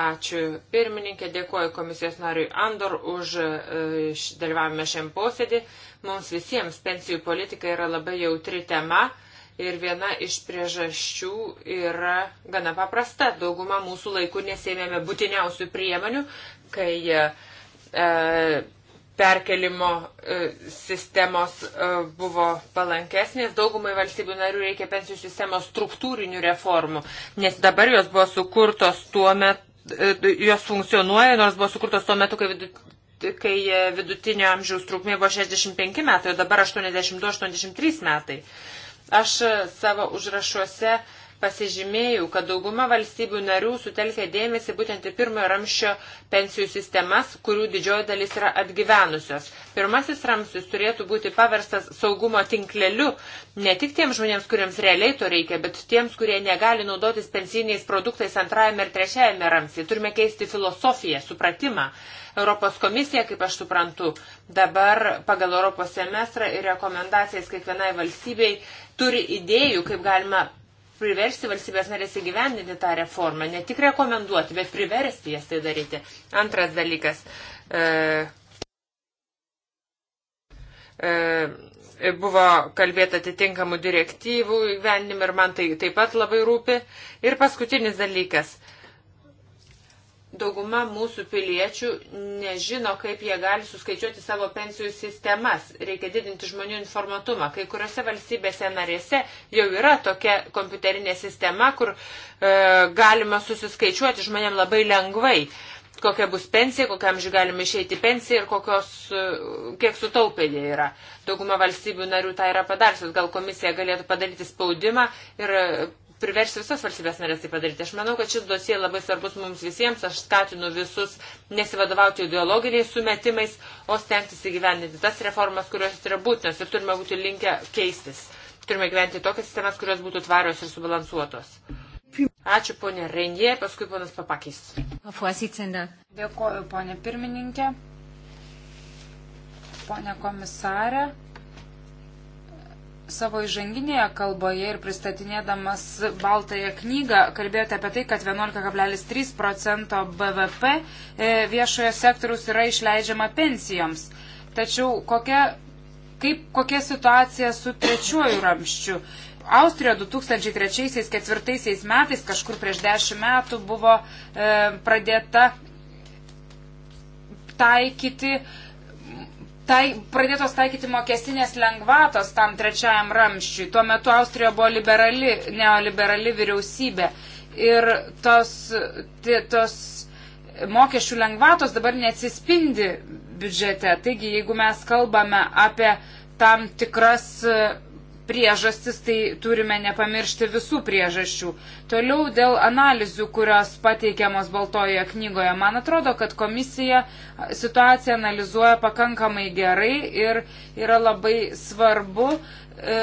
Ačiū pirmininkė, dėkuoju komisijos nariui Andor už e, dalyvavimą šiam posėdį. Mums visiems pensijų politika yra labai jautri tema ir viena iš priežasčių yra gana paprasta. Dauguma mūsų laikų nesėmėme būtiniausių priemonių, kai e, e perkelimo e, sistemos e, buvo palankesnės. Daugumai valstybių narių reikia pensijų sistemos struktūrinių reformų, nes dabar jos buvo sukurtos tuo metu jos funkcionuoja, nors buvo sukurtos tuo metu, kai, vidut, kai e, vidutinio amžiaus trukmė buvo 65 metai, o dabar 82-83 metai. Aš e, savo užrašuose uh, pasižymėjau, kad dauguma valstybių narių sutelkia dėmesį būtent į pirmojo ramščio pensijų sistemas, kurių didžioji dalis yra atgyvenusios. Pirmasis ramstis turėtų būti paverstas saugumo tinkleliu ne tik tiems žmonėms, kuriems realiai to reikia, bet tiems, kurie negali naudotis pensiniais produktais antrajame ir trečiajame ramstį. Turime keisti filosofiją, supratimą. Europos komisija, kaip aš suprantu, dabar pagal Europos semestrą ir rekomendacijas kiekvienai valstybei turi idėjų, kaip galima priversti valstybės narės įgyvendinti tą reformą, ne tik rekomenduoti, bet priversti jas tai daryti. Antras dalykas. E, e, buvo kalbėta atitinkamų direktyvų įgyvendinimą ir man tai taip pat labai rūpi. Ir paskutinis dalykas. E, dauguma mūsų piliečių nežino, kaip jie gali suskaičiuoti savo pensijų sistemas. Reikia didinti žmonių informatumą. Kai kuriuose valstybėse narėse jau yra tokia kompiuterinė sistema, kur e, galima susiskaičiuoti žmonėm labai lengvai, kokia bus pensija, kokiam žiūrėjim galima išeiti pensiją ir kokios, e, kiek sutaupė jie yra. Dauguma valstybių narių tą yra padarsios. Gal komisija galėtų padaryti spaudimą ir priversti visas valstybės narės tai padaryti. Aš manau, kad šis dosie labai svarbus mums visiems. Aš skatinu visus nesivadovauti ideologiniais sumetimais, o stengtis įgyvendinti tas reformas, kurios yra būtinos ir turime būti linkę keistis. Turime gyventi tokias sistemas, kurios būtų tvarios ir subalansuotos. Ačiū ponė Renjė, paskui ponas Papakys. Dėkuoju ponė pirmininkė, ponė komisarė savo įžanginėje kalboje ir pristatinėdamas Baltąją knygą kalbėjote apie tai, kad 11,3 procento BVP e, viešojo sektoriaus yra išleidžiama pensijoms. Tačiau kokia, kaip, kokia situacija su trečiuoju ramščiu? Austrijoje 2003-2004 metais, kažkur prieš 10 metų, buvo e, pradėta taikyti e, tai, pradėtos taikyti mokestinės lengvatos tam trečiajam ramščiui. Tuo metu Austrijoje buvo liberali, neoliberali vyriausybė. Ir tos, tė, tos mokesčių lengvatos dabar neatsispindi biudžete. Taigi, jeigu mes kalbame apie tam tikras priežastis, tai turime nepamiršti visų priežasčių. Toliau dėl analizių, kurios pateikiamos Baltojoje knygoje. Man atrodo, kad komisija situaciją analizuoja pakankamai gerai ir yra labai svarbu. E,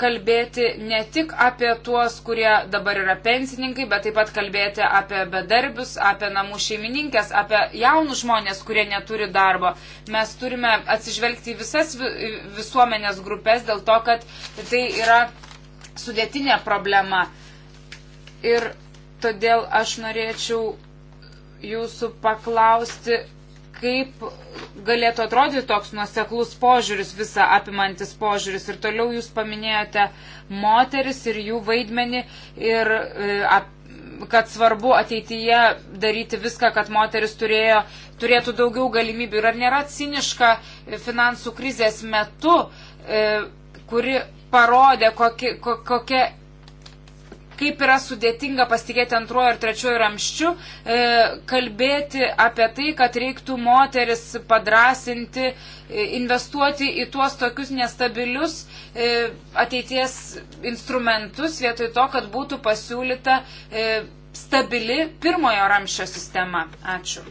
kalbėti ne tik apie tuos, kurie dabar yra pensininkai, bet taip pat kalbėti apie bedarbius, apie namų šeimininkės, apie jaunus žmonės, kurie neturi darbo. Mes turime atsižvelgti į visas visuomenės grupės dėl to, kad tai yra sudėtinė problema. Ir todėl aš norėčiau jūsų paklausti, kaip galėtų atrodyti toks nuoseklus požiūris, visa apimantis požiūris. Ir toliau jūs paminėjote moteris ir jų vaidmenį ir e, kad svarbu ateityje daryti viską, kad moteris turėjo, turėtų daugiau galimybių. Ir ar nėra ciniška finansų krizės metu, e, kuri parodė, kokia, kokia kaip yra sudėtinga pasitikėti antruoju ar trečiuoju ramščiu, e, kalbėti apie tai, kad reiktų moteris padrasinti, e, investuoti į tuos tokius nestabilius e, ateities instrumentus, vietoj to, kad būtų pasiūlyta e, stabili pirmojo ramščio sistema. Ačiū.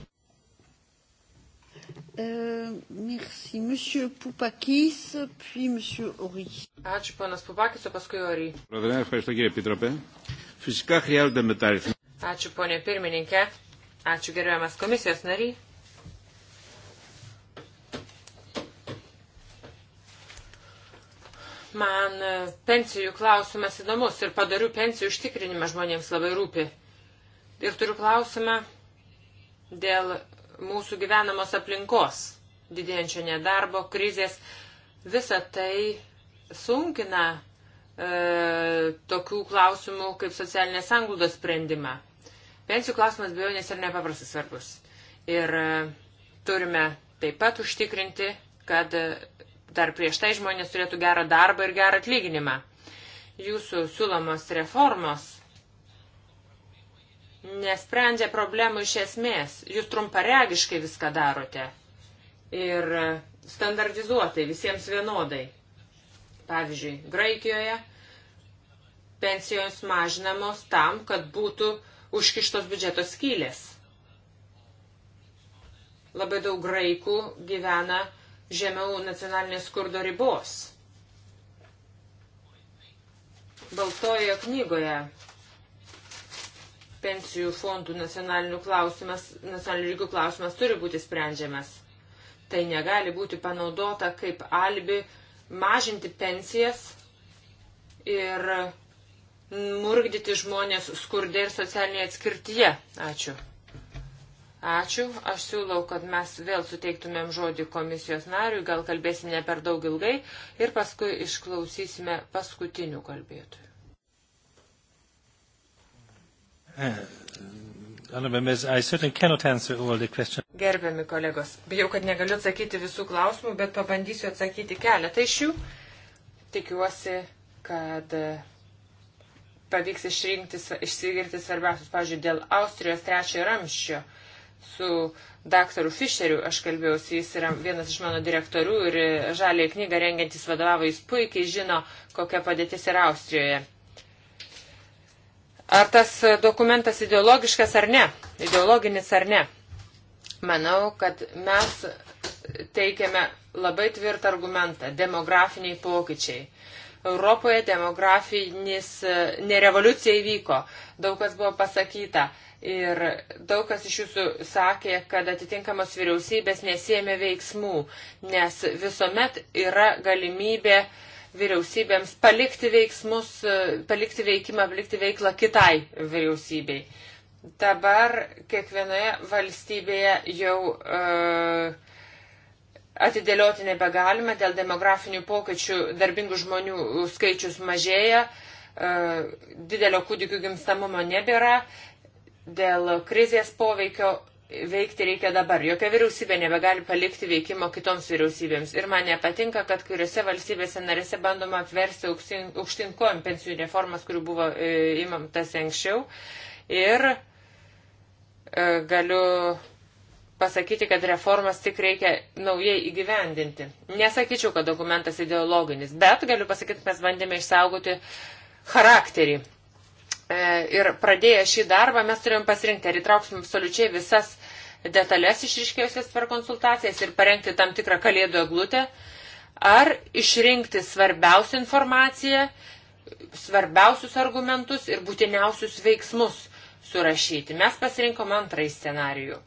Uh, merci. Monsieur Poupakis, puis Monsieur Ori. Ačiū, panas Pupakis, o paskui Ori. Pradavėme, ευχαριστώ κύριε Επίτροπε. Φυσικά χρειάζονται μεταρρυθμίσεις. Ačiū, ponė pirmininkė. Ačiū, gerbiamas komisijos nariai. Man e, pensijų klausimas įdomus ir padarių pensijų užtikrinimas žmonėms labai rūpi. Ir turiu klausimą dėl mūsų gyvenamos aplinkos, didėjančio nedarbo, krizės, visa tai sunkina e, tokių klausimų kaip socialinės sanglūdos sprendimą. Pensijų klausimas be jonės yra nepaprastai svarbus. Ir e, turime taip pat užtikrinti, kad e, dar prieš tai žmonės turėtų gerą darbą ir gerą atlyginimą. Jūsų siūlomos reformos nesprendžia problemų iš esmės. Jūs trumparegiškai viską darote. Ir standartizuotai, visiems vienodai. Pavyzdžiui, Graikijoje pensijos mažinamos tam, kad būtų užkištos biudžeto skylės. Labai daug graikų gyvena žemiau nacionalinės skurdo ribos. Baltojoje knygoje pensijų fondų nacionalinių, nacionalinių lygių klausimas turi būti sprendžiamas. Tai negali būti panaudota kaip alibi mažinti pensijas ir murgdyti žmonės skurdė ir socialinėje atskirtyje. Ačiū. Ačiū. Aš siūlau, kad mes vėl suteiktumėm žodį komisijos nariui, gal kalbėsime ne per daug ilgai ir paskui išklausysime paskutinių kalbėtojų. Gerbiami kolegos, bijau, kad negaliu atsakyti visų klausimų, bet pabandysiu atsakyti keletą iš jų. Tikiuosi, kad e, pavyks išrinkti, išsigirti svarbiausius, pavyzdžiui, dėl Austrijos trečiojo ramščio. Su daktaru Fischeriu aš kalbėjausi, jis yra vienas iš mano direktorių ir žalėje knygą rengiantis vadovavo, jis puikiai žino, kokia padėtis yra Austrijoje. Ar tas dokumentas ideologiškas ar ne, ideologinis ar ne? Manau, kad mes teikiame labai tvirtą argumentą - demografiniai pokyčiai. Europoje demografinis nerevoliucija įvyko, daug kas buvo pasakyta ir daug kas iš jūsų sakė, kad atitinkamos vyriausybės nesėmė veiksmų, nes visuomet yra galimybė uh, vyriausybėms palikti veiksmus, e, palikti veikimą, palikti veiklą kitai vyriausybei. Dabar kiekvienoje valstybėje jau uh, atidėlioti nebegalime, dėl demografinių pokyčių darbingų žmonių skaičius mažėja, uh, didelio kūdikių gimstamumo nebėra, dėl krizės poveikio veikti reikia dabar. Jokia vyriausybė nebegali palikti veikimo kitoms vyriausybėms. Ir man nepatinka, kad kuriuose valstybėse narėse bandoma apversti aukštinkojim pensijų reformas, kurių buvo e, imamtas anksčiau. Ir e, galiu pasakyti, kad reformas tik reikia naujai įgyvendinti. Nesakyčiau, kad dokumentas ideologinis, bet galiu pasakyti, mes bandėme išsaugoti charakterį E, ir pradėję šį darbą mes turėjom pasirinkti, ar įtrauksim absoliučiai visas detalės išriškėjusias per konsultacijas ir parengti tam tikrą kalėdų eglutę, ar išrinkti svarbiausią informaciją, svarbiausius argumentus ir būtiniausius veiksmus surašyti. Mes pasirinkom antrąjį scenarijų.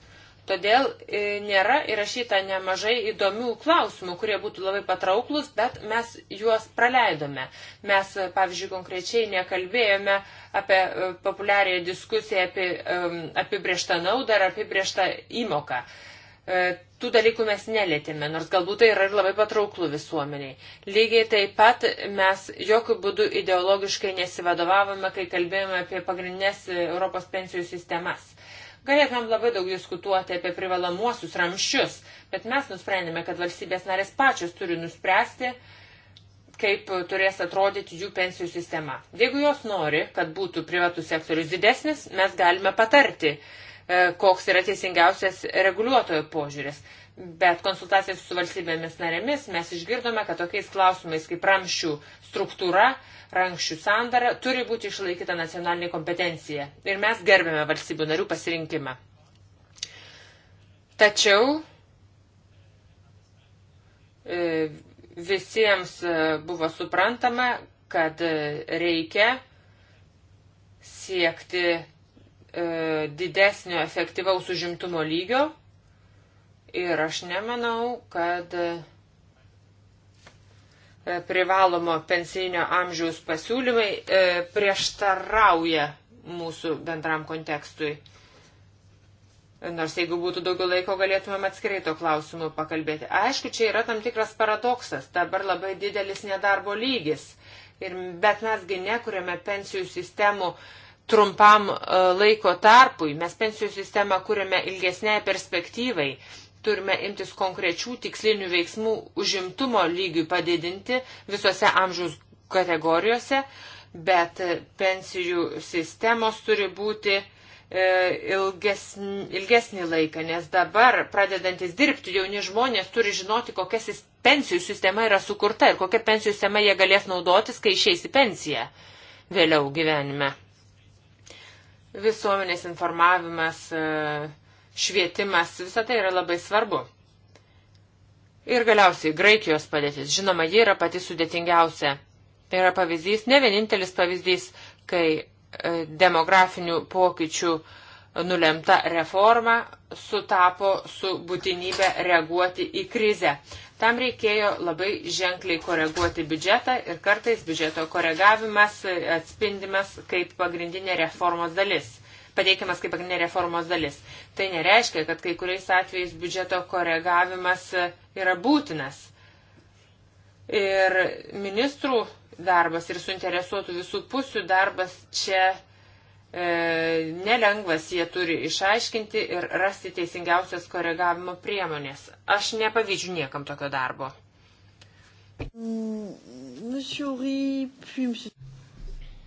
Todėl e, nėra įrašyta nemažai įdomių klausimų, kurie būtų labai patrauklus, bet mes juos praleidome. Mes, e, pavyzdžiui, konkrečiai nekalbėjome apie e, populiarią diskusiją apie apibrieštą naudą ar apibrieštą įmoką tų dalykų mes nelėtėme, nors galbūt tai yra ir labai patrauklų visuomeniai. Lygiai taip pat mes jokių būdų ideologiškai nesivadovavome, kai kalbėjome apie pagrindinės Europos pensijų sistemas. Galėtumėm labai daug diskutuoti apie privalomuosius ramščius, bet mes nusprendėme, kad valstybės narės pačios turi nuspręsti, kaip turės atrodyti jų pensijų sistema. Jeigu jos nori, kad būtų privatus sektorius didesnis, mes galime patarti, e, koks yra teisingiausias reguliuotojo požiūris. Bet konsultacijas su valstybėmis narėmis mes išgirdome, kad tokiais klausimais kaip ramščių struktūra rankščių sandara, turi būti išlaikyta nacionalinė kompetencija. Ir mes gerbėme valstybių narių pasirinkimą. Tačiau e, visiems e, buvo suprantama, kad e, reikia siekti didesnio efektyvaus užimtumo lygio ir aš nemanau, kad E, privalomo pensijinio amžiaus pasiūlymai e, prieštarauja mūsų bendram kontekstui. Nors jeigu būtų daugiau laiko, galėtumėm atskirai to klausimu pakalbėti. Aišku, čia yra tam tikras paradoksas. Dabar labai didelis nedarbo lygis. Ir, bet mesgi nekuriame pensijų sistemų trumpam e, laiko tarpui. Mes pensijų sistemą kuriame ilgesnėje perspektyvai turime imtis konkrečių tikslinių veiksmų užimtumo lygiui padidinti visose amžiaus kategorijose, bet pensijų sistemos turi būti e, ilgesnį, ilgesnį laiką, nes dabar pradedantis dirbti jauni žmonės turi žinoti, kokia pensijų sistema yra sukurta ir kokia pensijų sistema jie galės naudotis, kai išeis į pensiją vėliau gyvenime. Visuomenės informavimas, e, švietimas, visa tai yra labai svarbu. Ir galiausiai Graikijos padėtis. Žinoma, ji yra pati sudėtingiausia. Tai yra pavyzdys, ne vienintelis pavyzdys, kai e, demografinių pokyčių nulemta reforma sutapo su būtinybė reaguoti į krizę. Tam reikėjo labai ženkliai koreguoti biudžetą ir kartais biudžeto koregavimas atspindimas kaip pagrindinė reformos dalis pateikiamas kaip pagrindinė reformos dalis. Tai nereiškia, kad kai kuriais atvejais biudžeto koregavimas yra būtinas. Ir ministrų darbas ir suinteresuotų visų pusių darbas čia e, nelengvas jie turi išaiškinti ir rasti teisingiausias koregavimo priemonės. Aš nepavyzdžiu niekam tokio darbo. Mm,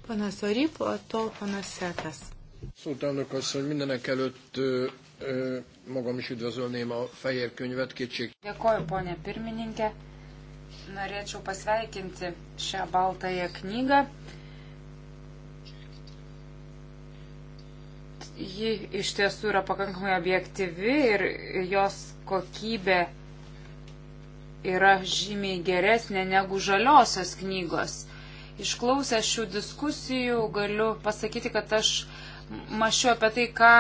panas Ory, po to panas Setas. Szólt elnök asszony, mindenek előtt magam is üdvözölném a fehér könyvet, kétség. Dėkoju, ponė pirmininkė. Norėčiau pasveikinti šią baltąją knygą. Ji iš tiesų yra pakankamai objektyvi ir jos kokybė yra žymiai geresnė negu žaliosios knygos. Išklausęs šių diskusijų galiu pasakyti, kad aš uh, mašiu apie tai, ką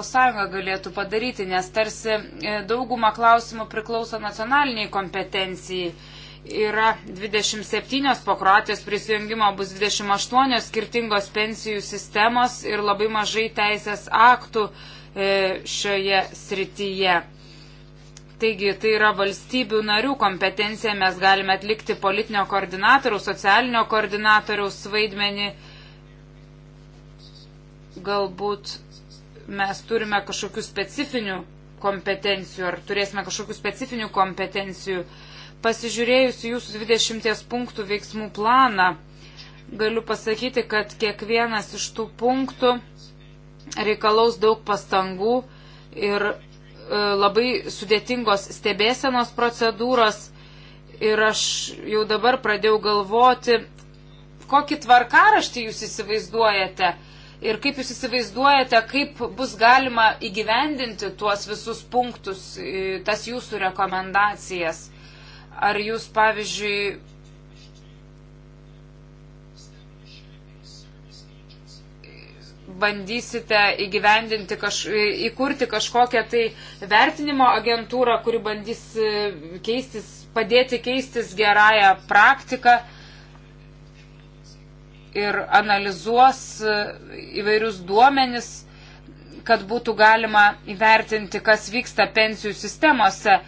ES galėtų padaryti, nes tarsi e, dauguma klausimų priklauso nacionaliniai kompetencijai. Yra 27 po Kroatijos prisijungimo, bus 28 skirtingos pensijų sistemos ir labai mažai teisės aktų e, šioje srityje. Taigi tai yra valstybių narių kompetencija, mes galime atlikti politinio koordinatoriaus, socialinio koordinatoriaus vaidmenį galbūt mes turime kažkokių specifinių kompetencijų ar turėsime kažkokių specifinių kompetencijų. Pasižiūrėjus jūsų 20 punktų veiksmų planą, galiu pasakyti, kad kiekvienas iš tų punktų reikalaus daug pastangų ir e, labai sudėtingos stebėsenos procedūros. Ir aš jau dabar pradėjau galvoti, kokį tvarkaraštį jūs įsivaizduojate ir kaip jūs įsivaizduojate, kaip bus galima įgyvendinti tuos visus punktus, tas jūsų rekomendacijas. Ar jūs, pavyzdžiui, bandysite įgyvendinti, kaž, įkurti kažkokią tai vertinimo agentūrą, kuri bandys e, keistis, padėti keistis gerąją praktiką ir analizuos e, įvairius duomenis, kad būtų galima įvertinti, kas vyksta pensijų sistemose.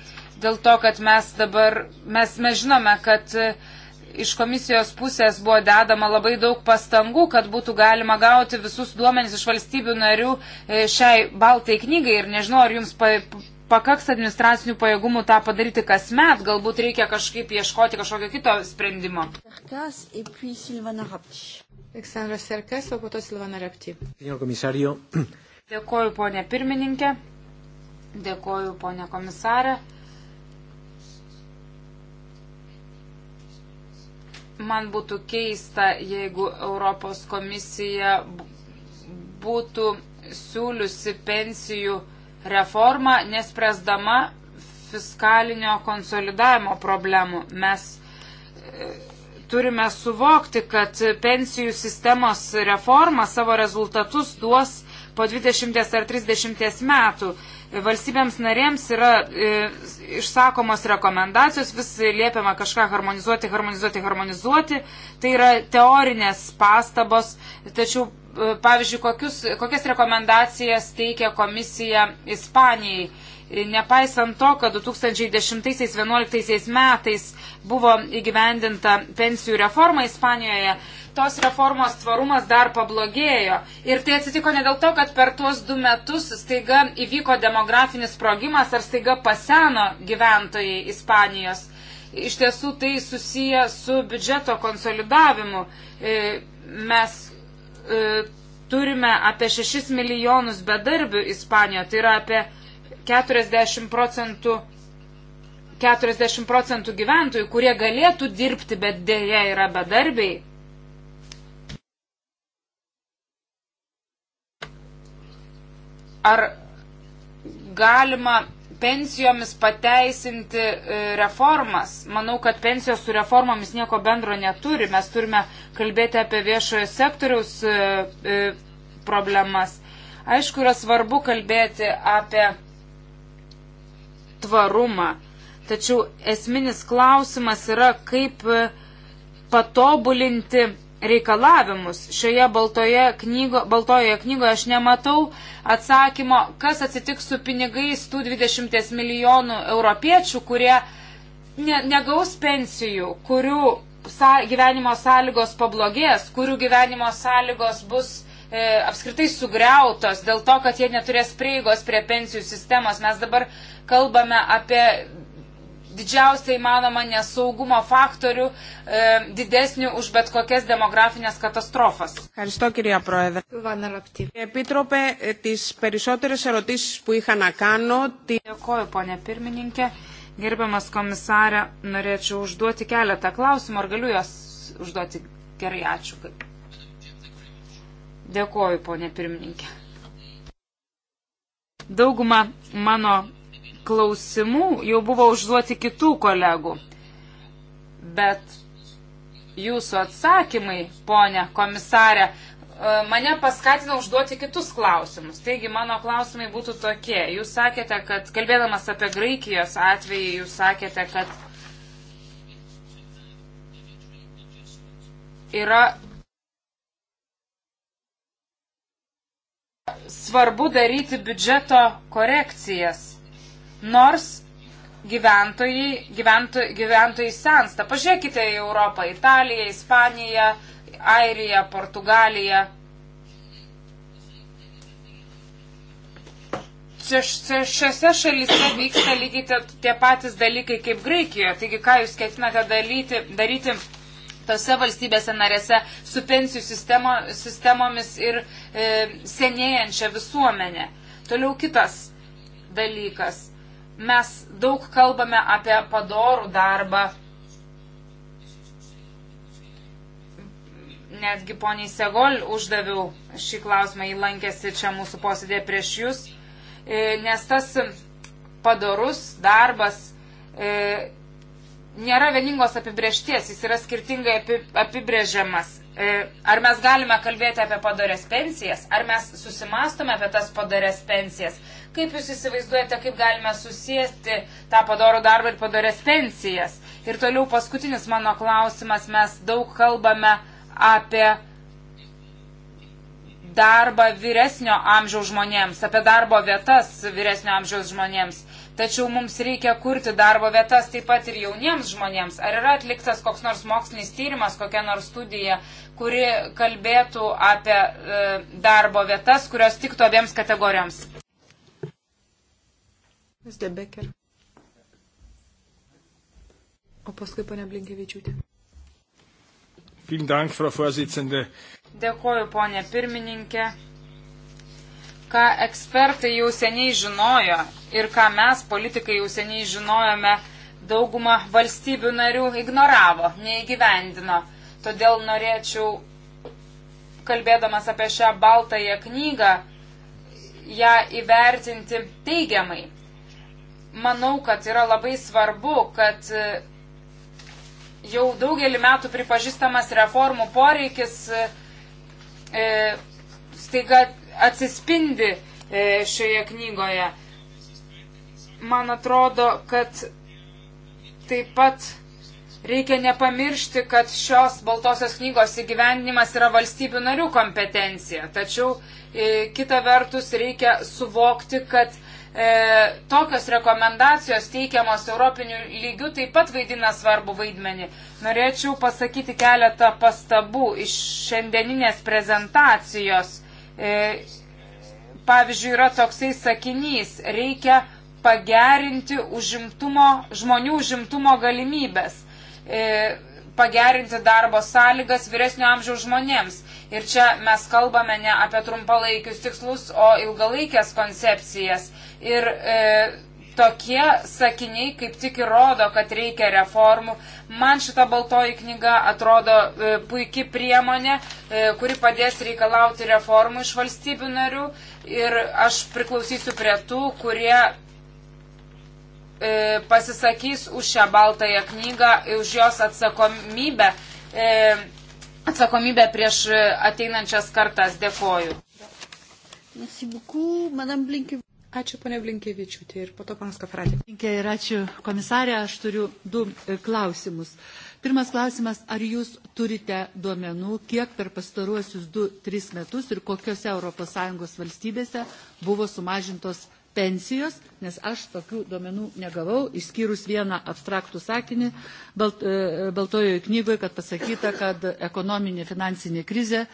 Dėl to, kad mes dabar, mes, mes žinome, kad e, iš komisijos pusės buvo dedama labai daug pastangų, kad būtų galima gauti visus duomenys iš valstybių narių e, šiai baltai knygai. Ir nežinau, ar jums pakaks administracinių pajėgumų tą padaryti kasmet, galbūt reikia kažkaip ieškoti kažkokio kito sprendimo. Aleksandras Serkas, o po to Silvana Repti. Dėkoju, ponė pirmininkė. Dėkoju, ponė komisarė. Man būtų keista, jeigu Europos komisija būtų siūliusi pensijų reforma, nespręsdama fiskalinio konsolidavimo problemų. Mes e, turime suvokti, kad pensijų sistemos reforma savo rezultatus duos po 20 ar 30 metų. Valstybėms narėms yra e, išsakomos rekomendacijos, vis liepiama kažką harmonizuoti, harmonizuoti, harmonizuoti. Tai yra teorinės pastabos, tačiau pavyzdžiui, kokius, kokias rekomendacijas teikia komisija Ispanijai. Nepaisant to, kad 2010-2011 metais buvo įgyvendinta pensijų reforma Ispanijoje, tos reformos tvarumas dar pablogėjo. Ir tai atsitiko ne dėl to, kad per tuos du metus staiga įvyko demografinis sprogimas ar staiga paseno gyventojai Ispanijos. Iš tiesų tai susiję su biudžeto konsolidavimu. E, mes E, turime apie 6 milijonus bedarbių Ispanijoje, tai yra apie 40 procentų, 40 procentų gyventojų, kurie galėtų dirbti, bet dėja yra bedarbiai. Ar galima pensijomis pateisinti e, reformas. Manau, kad pensijos su reformomis nieko bendro neturi. Mes turime kalbėti apie viešojo sektoriaus e, e, problemas. Aišku, yra svarbu kalbėti apie tvarumą. Tačiau esminis klausimas yra, kaip patobulinti reikalavimus. Šioje baltoje knygo, baltojoje knygoje aš nematau atsakymo, kas atsitiks su pinigais tų 20 milijonų europiečių, kurie ne, negaus pensijų, kurių sa, gyvenimo sąlygos pablogės, kurių gyvenimo sąlygos bus e, apskritai sugriautos dėl to, kad jie neturės prieigos prie pensijų sistemos. Mes dabar kalbame apie didžiausią įmanomą nesaugumo faktorių e, didesnių už bet kokias demografinės katastrofas. Ευχαριστώ κυρία Πρόεδρε. Επίτροπε τις περισσότερες ερωτήσεις που είχα να κάνω. Dėkoju, ponė pirmininkė. Gerbiamas komisarė, norėčiau užduoti keletą klausimų, ar galiu juos užduoti gerai, ačiū. Dėkoju, ponė pirmininkė. Dauguma mano klausimų jau buvo užduoti kitų kolegų. Bet jūsų atsakymai, ponė komisarė, e, mane paskatino užduoti kitus klausimus. Taigi mano klausimai būtų tokie. Jūs sakėte, kad, kalbėdamas apie Graikijos atvejį, jūs sakėte, kad yra svarbu daryti biudžeto korekcijas nors gyventojai, gyvento, gyventojai sensta. Pažiūrėkite į Europą - Italiją, Ispaniją, Airiją, Portugaliją. Čia, čia, šiose šalyse vyksta lygiai tie, tie patys dalykai kaip Graikijoje. Taigi, ką jūs ketinate dalyti, daryti tose valstybėse narėse su pensijų sistemo, sistemomis ir e, senėjančia visuomenė? Toliau kitas dalykas Mes daug kalbame apie padorų darbą. Netgi poniai Segol uždaviau šį klausimą, jį lankėsi čia mūsų posėdė prieš jūs, e, nes tas padorus darbas e, nėra vieningos apibriešties, jis yra skirtingai apibrėžiamas. E, ar mes galime kalbėti apie padarės pensijas, ar mes susimastome apie tas padarės pensijas, Kaip jūs įsivaizduojate, kaip galime susijęsti tą padorų darbą ir padorės pensijas? Ir toliau paskutinis mano klausimas, mes daug kalbame apie darbą vyresnio amžiaus žmonėms, apie darbo vietas vyresnio amžiaus žmonėms. Tačiau mums reikia kurti darbo vietas taip pat ir jauniems žmonėms. Ar yra atliktas koks nors mokslinis tyrimas, kokia nors studija, kuri kalbėtų apie e, darbo vietas, kurios tiktų abiems kategorijoms? Vis Debeker. O paskui ponia Blinkevičiūtė. Dėkuoju, ponė pirmininkė. Ką ekspertai jau seniai žinojo ir ką mes, politikai, jau seniai žinojome, dauguma valstybių narių ignoravo, neįgyvendino. Todėl norėčiau, kalbėdamas apie šią baltąją knygą, ją įvertinti teigiamai manau, kad yra labai svarbu, kad e, jau daugelį metų pripažįstamas reformų poreikis e, staiga atsispindi e, šioje knygoje. Man atrodo, kad taip pat reikia nepamiršti, kad šios baltosios knygos įgyvendinimas yra valstybių narių kompetencija. Tačiau kita vertus reikia suvokti, kad e, tokios rekomendacijos teikiamos europinių lygių taip pat vaidina svarbu vaidmenį. Norėčiau pasakyti keletą pastabų iš šiandieninės prezentacijos. E, pavyzdžiui, yra toksai sakinys, reikia pagerinti užimtumo, žmonių užimtumo galimybės, e, pagerinti darbo sąlygas vyresnio amžiaus žmonėms. Ir čia mes kalbame ne apie trumpalaikius tikslus, o ilgalaikės koncepcijas. Ir e, tokie sakiniai kaip tik įrodo, kad reikia reformų. Man šita baltoji knyga atrodo e, puikia priemonė, e, kuri padės reikalauti reformų iš valstybių narių. Ir aš priklausysiu prie tų, kurie e, pasisakys už šią baltąją knygą, už jos atsakomybę. E, atsakomybę prieš ateinančias kartas. Dėkoju. Merci beaucoup, Madame Blinkevičiūtė. Ačiū, ponė Blinkievičiūtė, ir po to panas Kafratė. Ir ačiū, komisarė, aš turiu du e, klausimus. Pirmas klausimas, ar jūs turite duomenų, kiek per pastaruosius 2-3 metus ir kokiose ES valstybėse buvo sumažintos pensijos, nes aš tokių duomenų negavau, išskyrus vieną abstraktų sakinį balt, e, Baltojoje knygoje, kad pasakyta, kad ekonominė finansinė krizė e,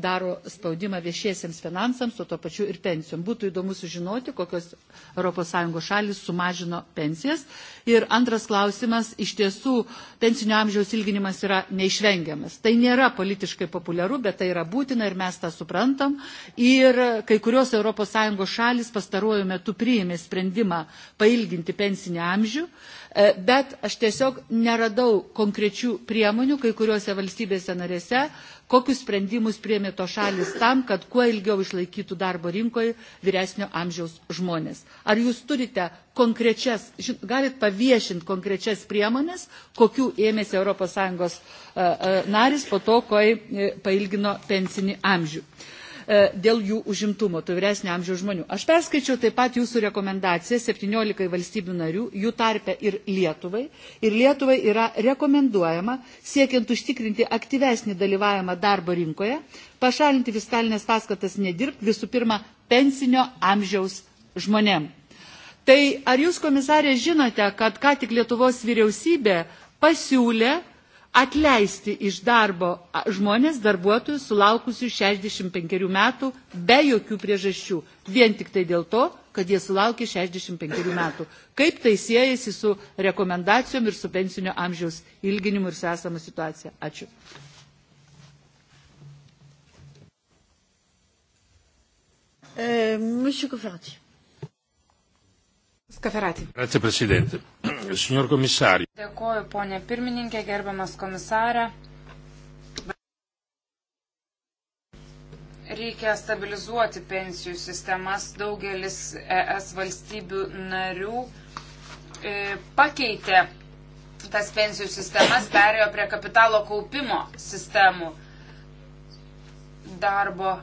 daro spaudimą viešiesiems finansams, o to pačiu ir pensijom. Būtų įdomu sužinoti, kokios ES šalis sumažino pensijas. Ir antras klausimas, iš tiesų pensinio amžiaus ilginimas yra neišvengiamas. Tai nėra politiškai populiaru, bet tai yra būtina ir mes tą suprantam. Ir kai kurios ES šalis pastaruoju metu metu priėmė sprendimą pailginti pensinį amžių, e, bet aš tiesiog neradau konkrečių priemonių kai kuriuose valstybėse narėse, kokius sprendimus priėmė to šalis tam, kad kuo ilgiau išlaikytų darbo rinkoje vyresnio amžiaus žmonės. Ar jūs turite konkrečias, galit paviešinti konkrečias priemonės, kokių ėmėsi ES e, e, naris po to, kai pailgino pensinį amžių. E, dėl jų užimtumo, tų tai vyresnio amžiaus žmonių. Aš perskaičiau taip pat jūsų rekomendaciją 17 valstybių narių, jų tarpe ir Lietuvai. Ir Lietuvai yra rekomenduojama, siekiant užtikrinti aktyvesnį dalyvavimą darbo rinkoje, pašalinti fiskalinės paskatas nedirbti visų pirma pensinio amžiaus žmonėm. Tai ar jūs, komisarė, žinote, kad ką tik Lietuvos vyriausybė pasiūlė atleisti iš darbo žmonės, darbuotojus, sulaukusius 65 metų be jokių priežasčių. Vien tik tai dėl to, kad jie sulaukė 65 metų. Kaip tai siejasi su rekomendacijom ir su pensinio amžiaus ilginimu ir su esama situacija. Ačiū. E, Monsieur Cofferati. Skaferati. Grazie, prezidente. Signor komisarė. Dėkoju, ponė pirmininkė, gerbiamas komisarė. Reikia stabilizuoti pensijų sistemas. Daugelis ES valstybių narių e, pakeitė tas pensijų sistemas, perėjo prie kapitalo kaupimo sistemų. Darbo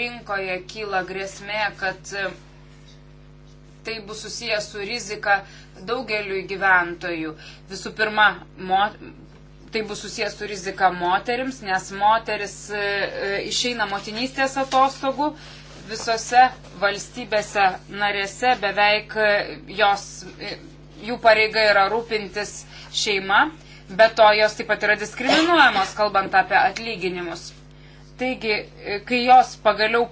rinkoje kyla grėsmė, kad tai bus susijęs su rizika daugeliu gyventojų. Visų pirma, mo, tai bus susijęs su rizika moterims, nes moteris e, e, išeina motinystės atostogų. Visose valstybėse narėse beveik e, jos, e, jų pareiga yra rūpintis šeima, bet to jos taip pat yra diskriminuojamos, kalbant apie atlyginimus. Taigi, kai jos pagaliau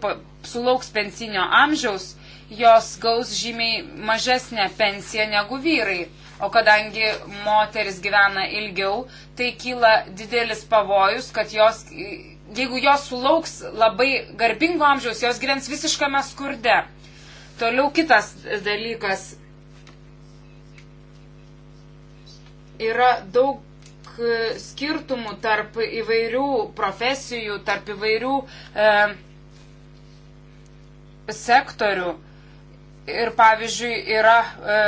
sulauks pensinio amžiaus, jos gaus žymiai mažesnę pensiją negu vyrai. O kadangi moteris gyvena ilgiau, tai kyla didelis pavojus, kad jos, jeigu jos sulauks labai garbingo amžiaus, jos gyvens visiškame skurde. Toliau kitas dalykas. Yra daug e, skirtumų tarp įvairių profesijų, tarp įvairių e, sektorių ir pavyzdžiui yra e,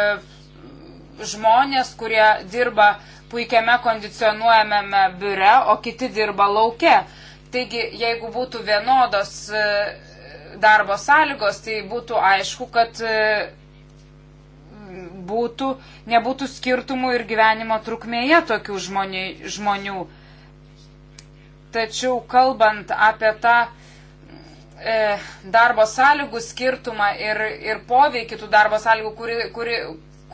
žmonės, kurie dirba puikiame kondicionuojamame biure, o kiti dirba lauke. Taigi, jeigu būtų vienodos e, darbo sąlygos, tai būtų aišku, kad e, būtų, nebūtų skirtumų ir gyvenimo trukmėje tokių žmonių. žmonių. Tačiau kalbant apie tą E, darbo sąlygų skirtumą ir, ir poveikį tų darbo sąlygų, kuri, kuri,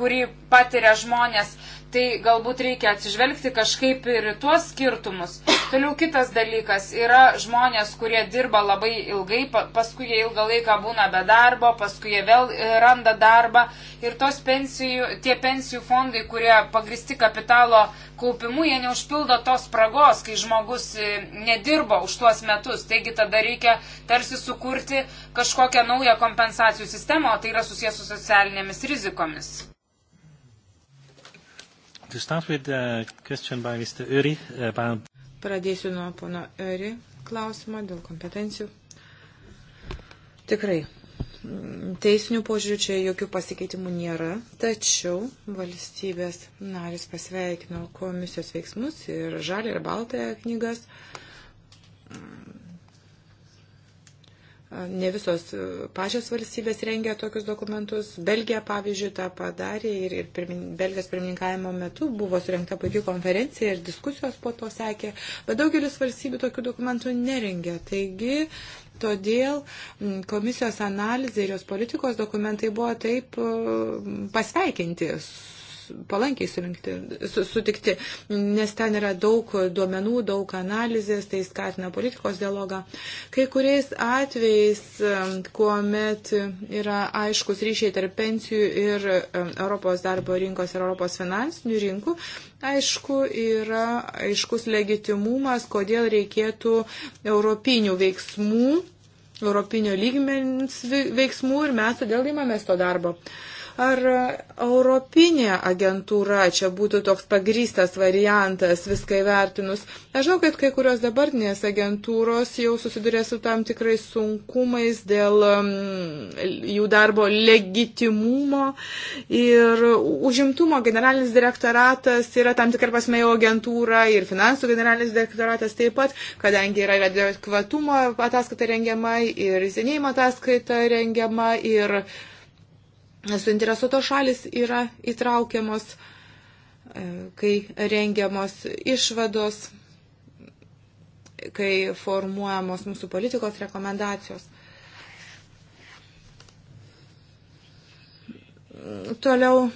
kurį patiria žmonės, tai galbūt reikia atsižvelgti kažkaip ir tuos skirtumus. Toliau kitas dalykas yra žmonės, kurie dirba labai ilgai, paskui jie ilgą laiką būna be darbo, paskui jie vėl e, randa darbą ir tos pensijų, tie pensijų fondai, kurie pagristi kapitalo kaupimu, jie neužpildo tos spragos, kai žmogus e, nedirbo už tuos metus. Taigi tada reikia tarsi sukurti kažkokią naują kompensacijų sistemą, o tai yra susijęs su socialinėmis rizikomis. To start with a question by Mr. Uri about Pradėsiu nuo pono Eri klausimo dėl kompetencijų. Tikrai, mm, teisinių požiūrių čia jokių pasikeitimų nėra, tačiau valstybės narys pasveikino komisijos veiksmus ir žalį ir baltąją knygas. Uh, Ne visos e, pačios valstybės rengia tokius dokumentus. Belgija, pavyzdžiui, tą padarė ir, ir pirmin, Belgijos pirmininkavimo metu buvo surinkta puikia konferencija ir diskusijos po to sekė, bet daugelis valstybių tokių dokumentų nerengia. Taigi, todėl komisijos analizė ir jos politikos dokumentai buvo taip e, pasveikinti palankiai surinkti, su, sutikti, nes ten yra daug duomenų, daug analizės, tai skatina politikos dialogą. Kai kuriais atvejais, kuomet yra aiškus ryšiai tarp pensijų ir Europos darbo rinkos ir Europos finansinių rinkų, aišku, yra aiškus legitimumas, kodėl reikėtų europinių veiksmų europinio lygmens veiksmų ir mes todėl įmamės to darbo. Uh, ar Europinė agentūra čia būtų toks pagrystas variantas viską įvertinus. Aš žinau, kad kai kurios dabartinės agentūros jau susiduria su tam tikrais sunkumais dėl mm, jų darbo legitimumo ir užimtumo generalinis direktoratas yra tam tikrą prasme jau agentūra ir finansų generalinis direktoratas taip pat, kadangi yra adekvatumo ataskaita rengiama ir senėjimo ataskaita rengiama ir suinteresuotos šalis yra įtraukiamos, e, kai rengiamos išvados, kai formuojamos mūsų politikos rekomendacijos. Toliau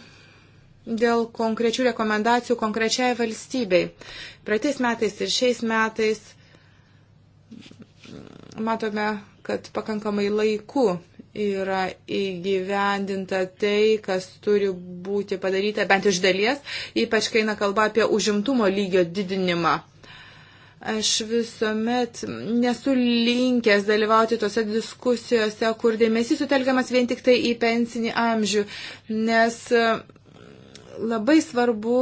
dėl konkrečių rekomendacijų konkrečiai valstybei. Praeitais metais ir šiais metais matome, kad pakankamai laiku yra įgyvendinta tai, kas turi būti padaryta, bent iš dalies, ypač kai eina kalba apie užimtumo lygio didinimą. Aš visuomet nesu linkęs dalyvauti tose diskusijose, kur dėmesys sutelkiamas vien tik tai į pensinį amžių, nes e, labai svarbu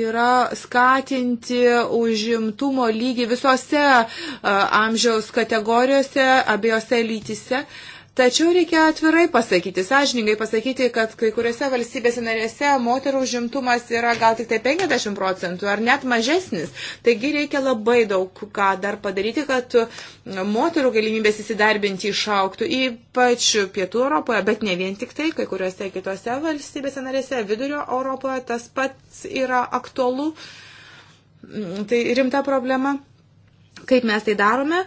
yra skatinti užimtumo lygį visose e, amžiaus kategorijose, abiejose lytise. Uh, Tačiau reikia atvirai pasakyti, sąžiningai pasakyti, kad kai kuriuose valstybėse narėse moterų žimtumas yra gal tik tai 50 procentų ar net mažesnis. Taigi reikia labai daug ką dar padaryti, kad moterų galimybės įsidarbinti išauktų, ypač Pietų Europoje, bet ne vien tik tai, kai kuriuose kitose valstybėse narėse, vidurio Europoje tas pats yra aktualu. Tai rimta problema. Kaip mes tai darome,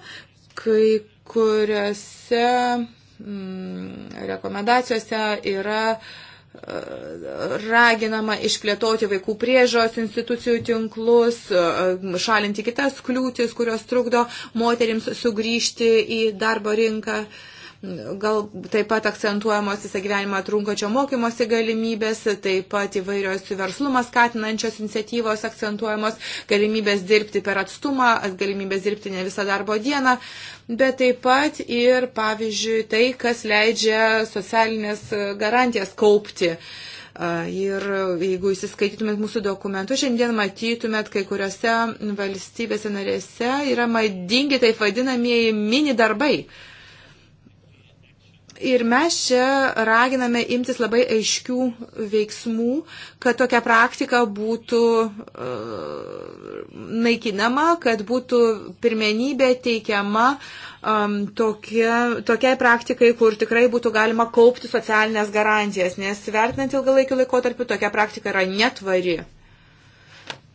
kai kuriuose Mm, rekomendacijose yra e, raginama išplėtoti vaikų priežos institucijų tinklus, e, šalinti kitas kliūtis, kurios trukdo moterims sugrįžti į darbo rinką. Uh, Gal taip pat akcentuojamos visą gyvenimą trunkačio mokymosi galimybės, taip pat įvairios verslumą skatinančios iniciatyvos akcentuojamos, galimybės dirbti per atstumą, galimybės dirbti ne visą darbo dieną, bet taip pat ir, pavyzdžiui, tai, kas leidžia socialinės garantijas kaupti. Ir jeigu įsiskaitytumėt mūsų dokumentus, šiandien matytumėt, kai kuriuose valstybėse narėse yra madingi taip vadinamieji mini darbai. Ir mes čia raginame imtis labai aiškių veiksmų, kad tokia praktika būtų e, naikinama, kad būtų pirmenybė teikiama um, tokie, tokiai praktikai, kur tikrai būtų galima kaupti socialinės garantijas, nes vertinant ilgalaikį laikotarpį tokia praktika yra netvari.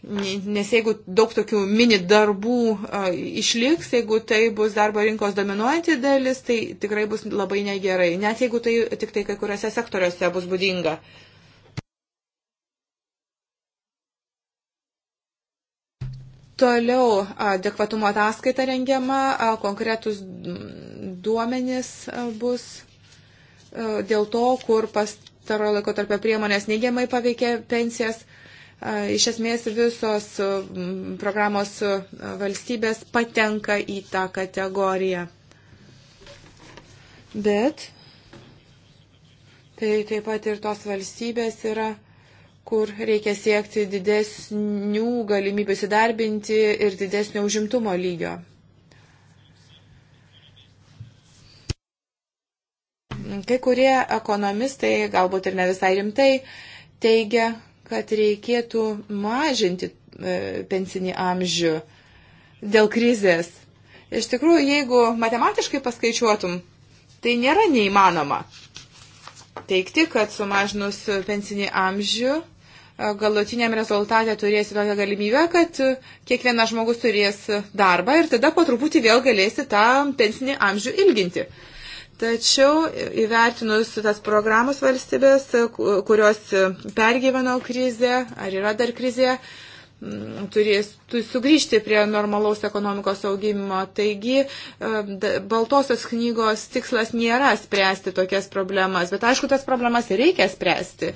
Nes jeigu daug tokių mini darbų a, išliks, jeigu tai bus darbo rinkos dominuojanti dalis, tai tikrai bus labai negerai. Net jeigu tai tik tai kai kuriuose sektoriuose bus būdinga. Toliau adekvatumo ataskaita rengiama, konkretus duomenys bus dėl to, kur pastarojo laiko tarp priemonės neigiamai paveikė pensijas. Iš esmės visos programos valstybės patenka į tą kategoriją. Bet tai taip pat ir tos valstybės yra, kur reikia siekti didesnių galimybių įsidarbinti ir didesnio užimtumo lygio. Kai kurie ekonomistai, galbūt ir ne visai rimtai, teigia, kad reikėtų mažinti e, pensinį amžių dėl krizės. Iš tikrųjų, jeigu matematiškai paskaičiuotum, tai nėra neįmanoma teikti, kad sumažinus pensinį amžių e, galutiniam rezultatė turėsi tokią galimybę, kad kiekvienas žmogus turės darbą ir tada po truputį vėl galėsi tą pensinį amžių ilginti. Tačiau įvertinus tas programos valstybės, kurios pergyveno krizę ar yra dar krizė, turės sugrįžti prie normalaus ekonomikos augimo. Taigi, Baltosios knygos tikslas nėra spręsti tokias problemas, bet aišku, tas problemas reikia spręsti.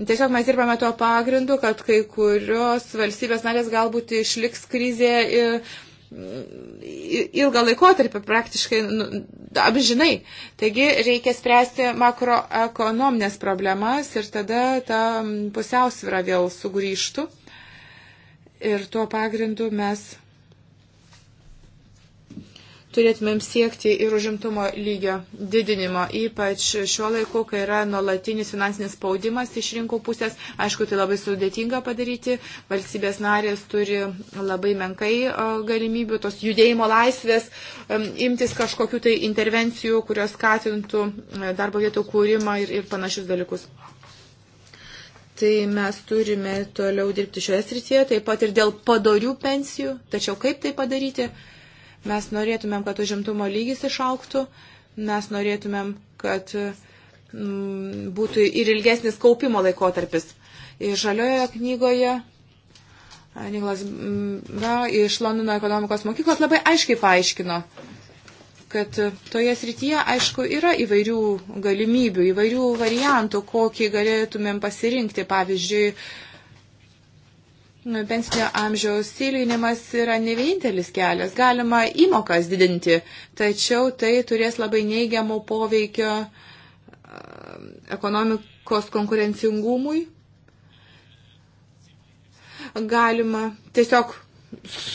Tiesiog mes dirbame tuo pagrindu, kad kai kurios valstybės narės galbūt išliks krizė. Ir, ilgą laikotarpį praktiškai nu, amžinai. Taigi reikia spręsti makroekonominės problemas ir tada ta pusiausvyra vėl sugrįžtų. Ir tuo pagrindu mes turėtumėm siekti ir užimtumo lygio didinimo, ypač šiuo laiku, kai yra nuolatinis finansinis spaudimas iš rinkų pusės. Aišku, tai labai sudėtinga padaryti. Valstybės narės turi labai menkai galimybių, tos judėjimo laisvės, imtis kažkokių tai intervencijų, kurios skatintų e, darbo vietų kūrimą ir, ir panašius dalykus. Tai mes turime toliau dirbti šioje srityje, taip pat ir dėl padorių pensijų. Tačiau kaip tai padaryti? Uh, Mes norėtumėm, kad užimtumo lygis išauktų, mes norėtumėm, kad m, mm, būtų ir ilgesnis kaupimo laikotarpis. Ir žaliojoje knygoje Niklas Brau iš Londono ekonomikos mokyklos labai aiškiai paaiškino, kad toje srityje, aišku, yra įvairių galimybių, įvairių variantų, kokį galėtumėm pasirinkti. Pavyzdžiui, uh, Pensinio amžiaus įlyginimas yra ne vienintelis kelias. Galima įmokas didinti, tačiau tai turės labai neigiamų poveikio e, ekonomikos konkurencingumui. Galima tiesiog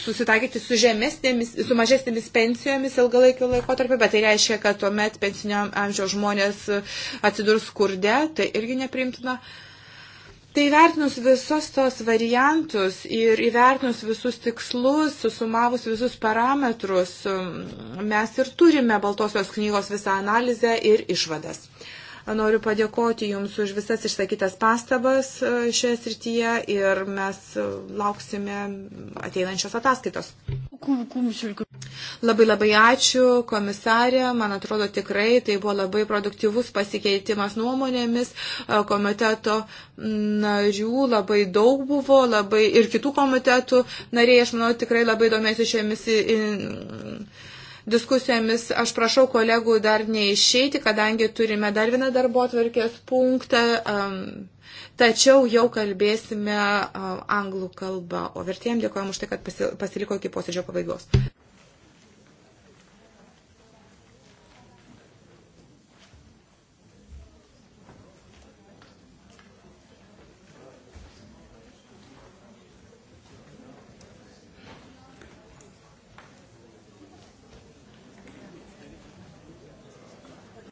susitaikyti su žemesnėmis, su mažesnėmis pensijomis ilgalaikiu laikotarpiu, bet tai reiškia, kad tuomet pensinio amžiaus žmonės atsidurs skurde, tai irgi neprimtina. Uh, Tai vertinus visus tos variantus ir įvertinus visus tikslus, susumavus visus parametrus, mes ir turime Baltosios knygos visą analizę ir išvadas. Noriu padėkoti Jums už visas išsakytas pastabas e, šioje srityje ir mes e, lauksime ateinančios ataskaitos. Labai labai ačiū komisarė, man atrodo tikrai tai buvo labai produktyvus pasikeitimas nuomonėmis, e, komiteto narių labai daug buvo, labai ir kitų komitetų nariai, aš manau, tikrai labai domėsi šiomis. In, diskusijomis. Aš prašau kolegų dar neišeiti, kadangi turime dar vieną darbo atvarkės punktą, um, tačiau jau kalbėsime um, anglų kalbą. O vertėjim dėkojom už tai, kad pasiliko iki posėdžio pabaigos.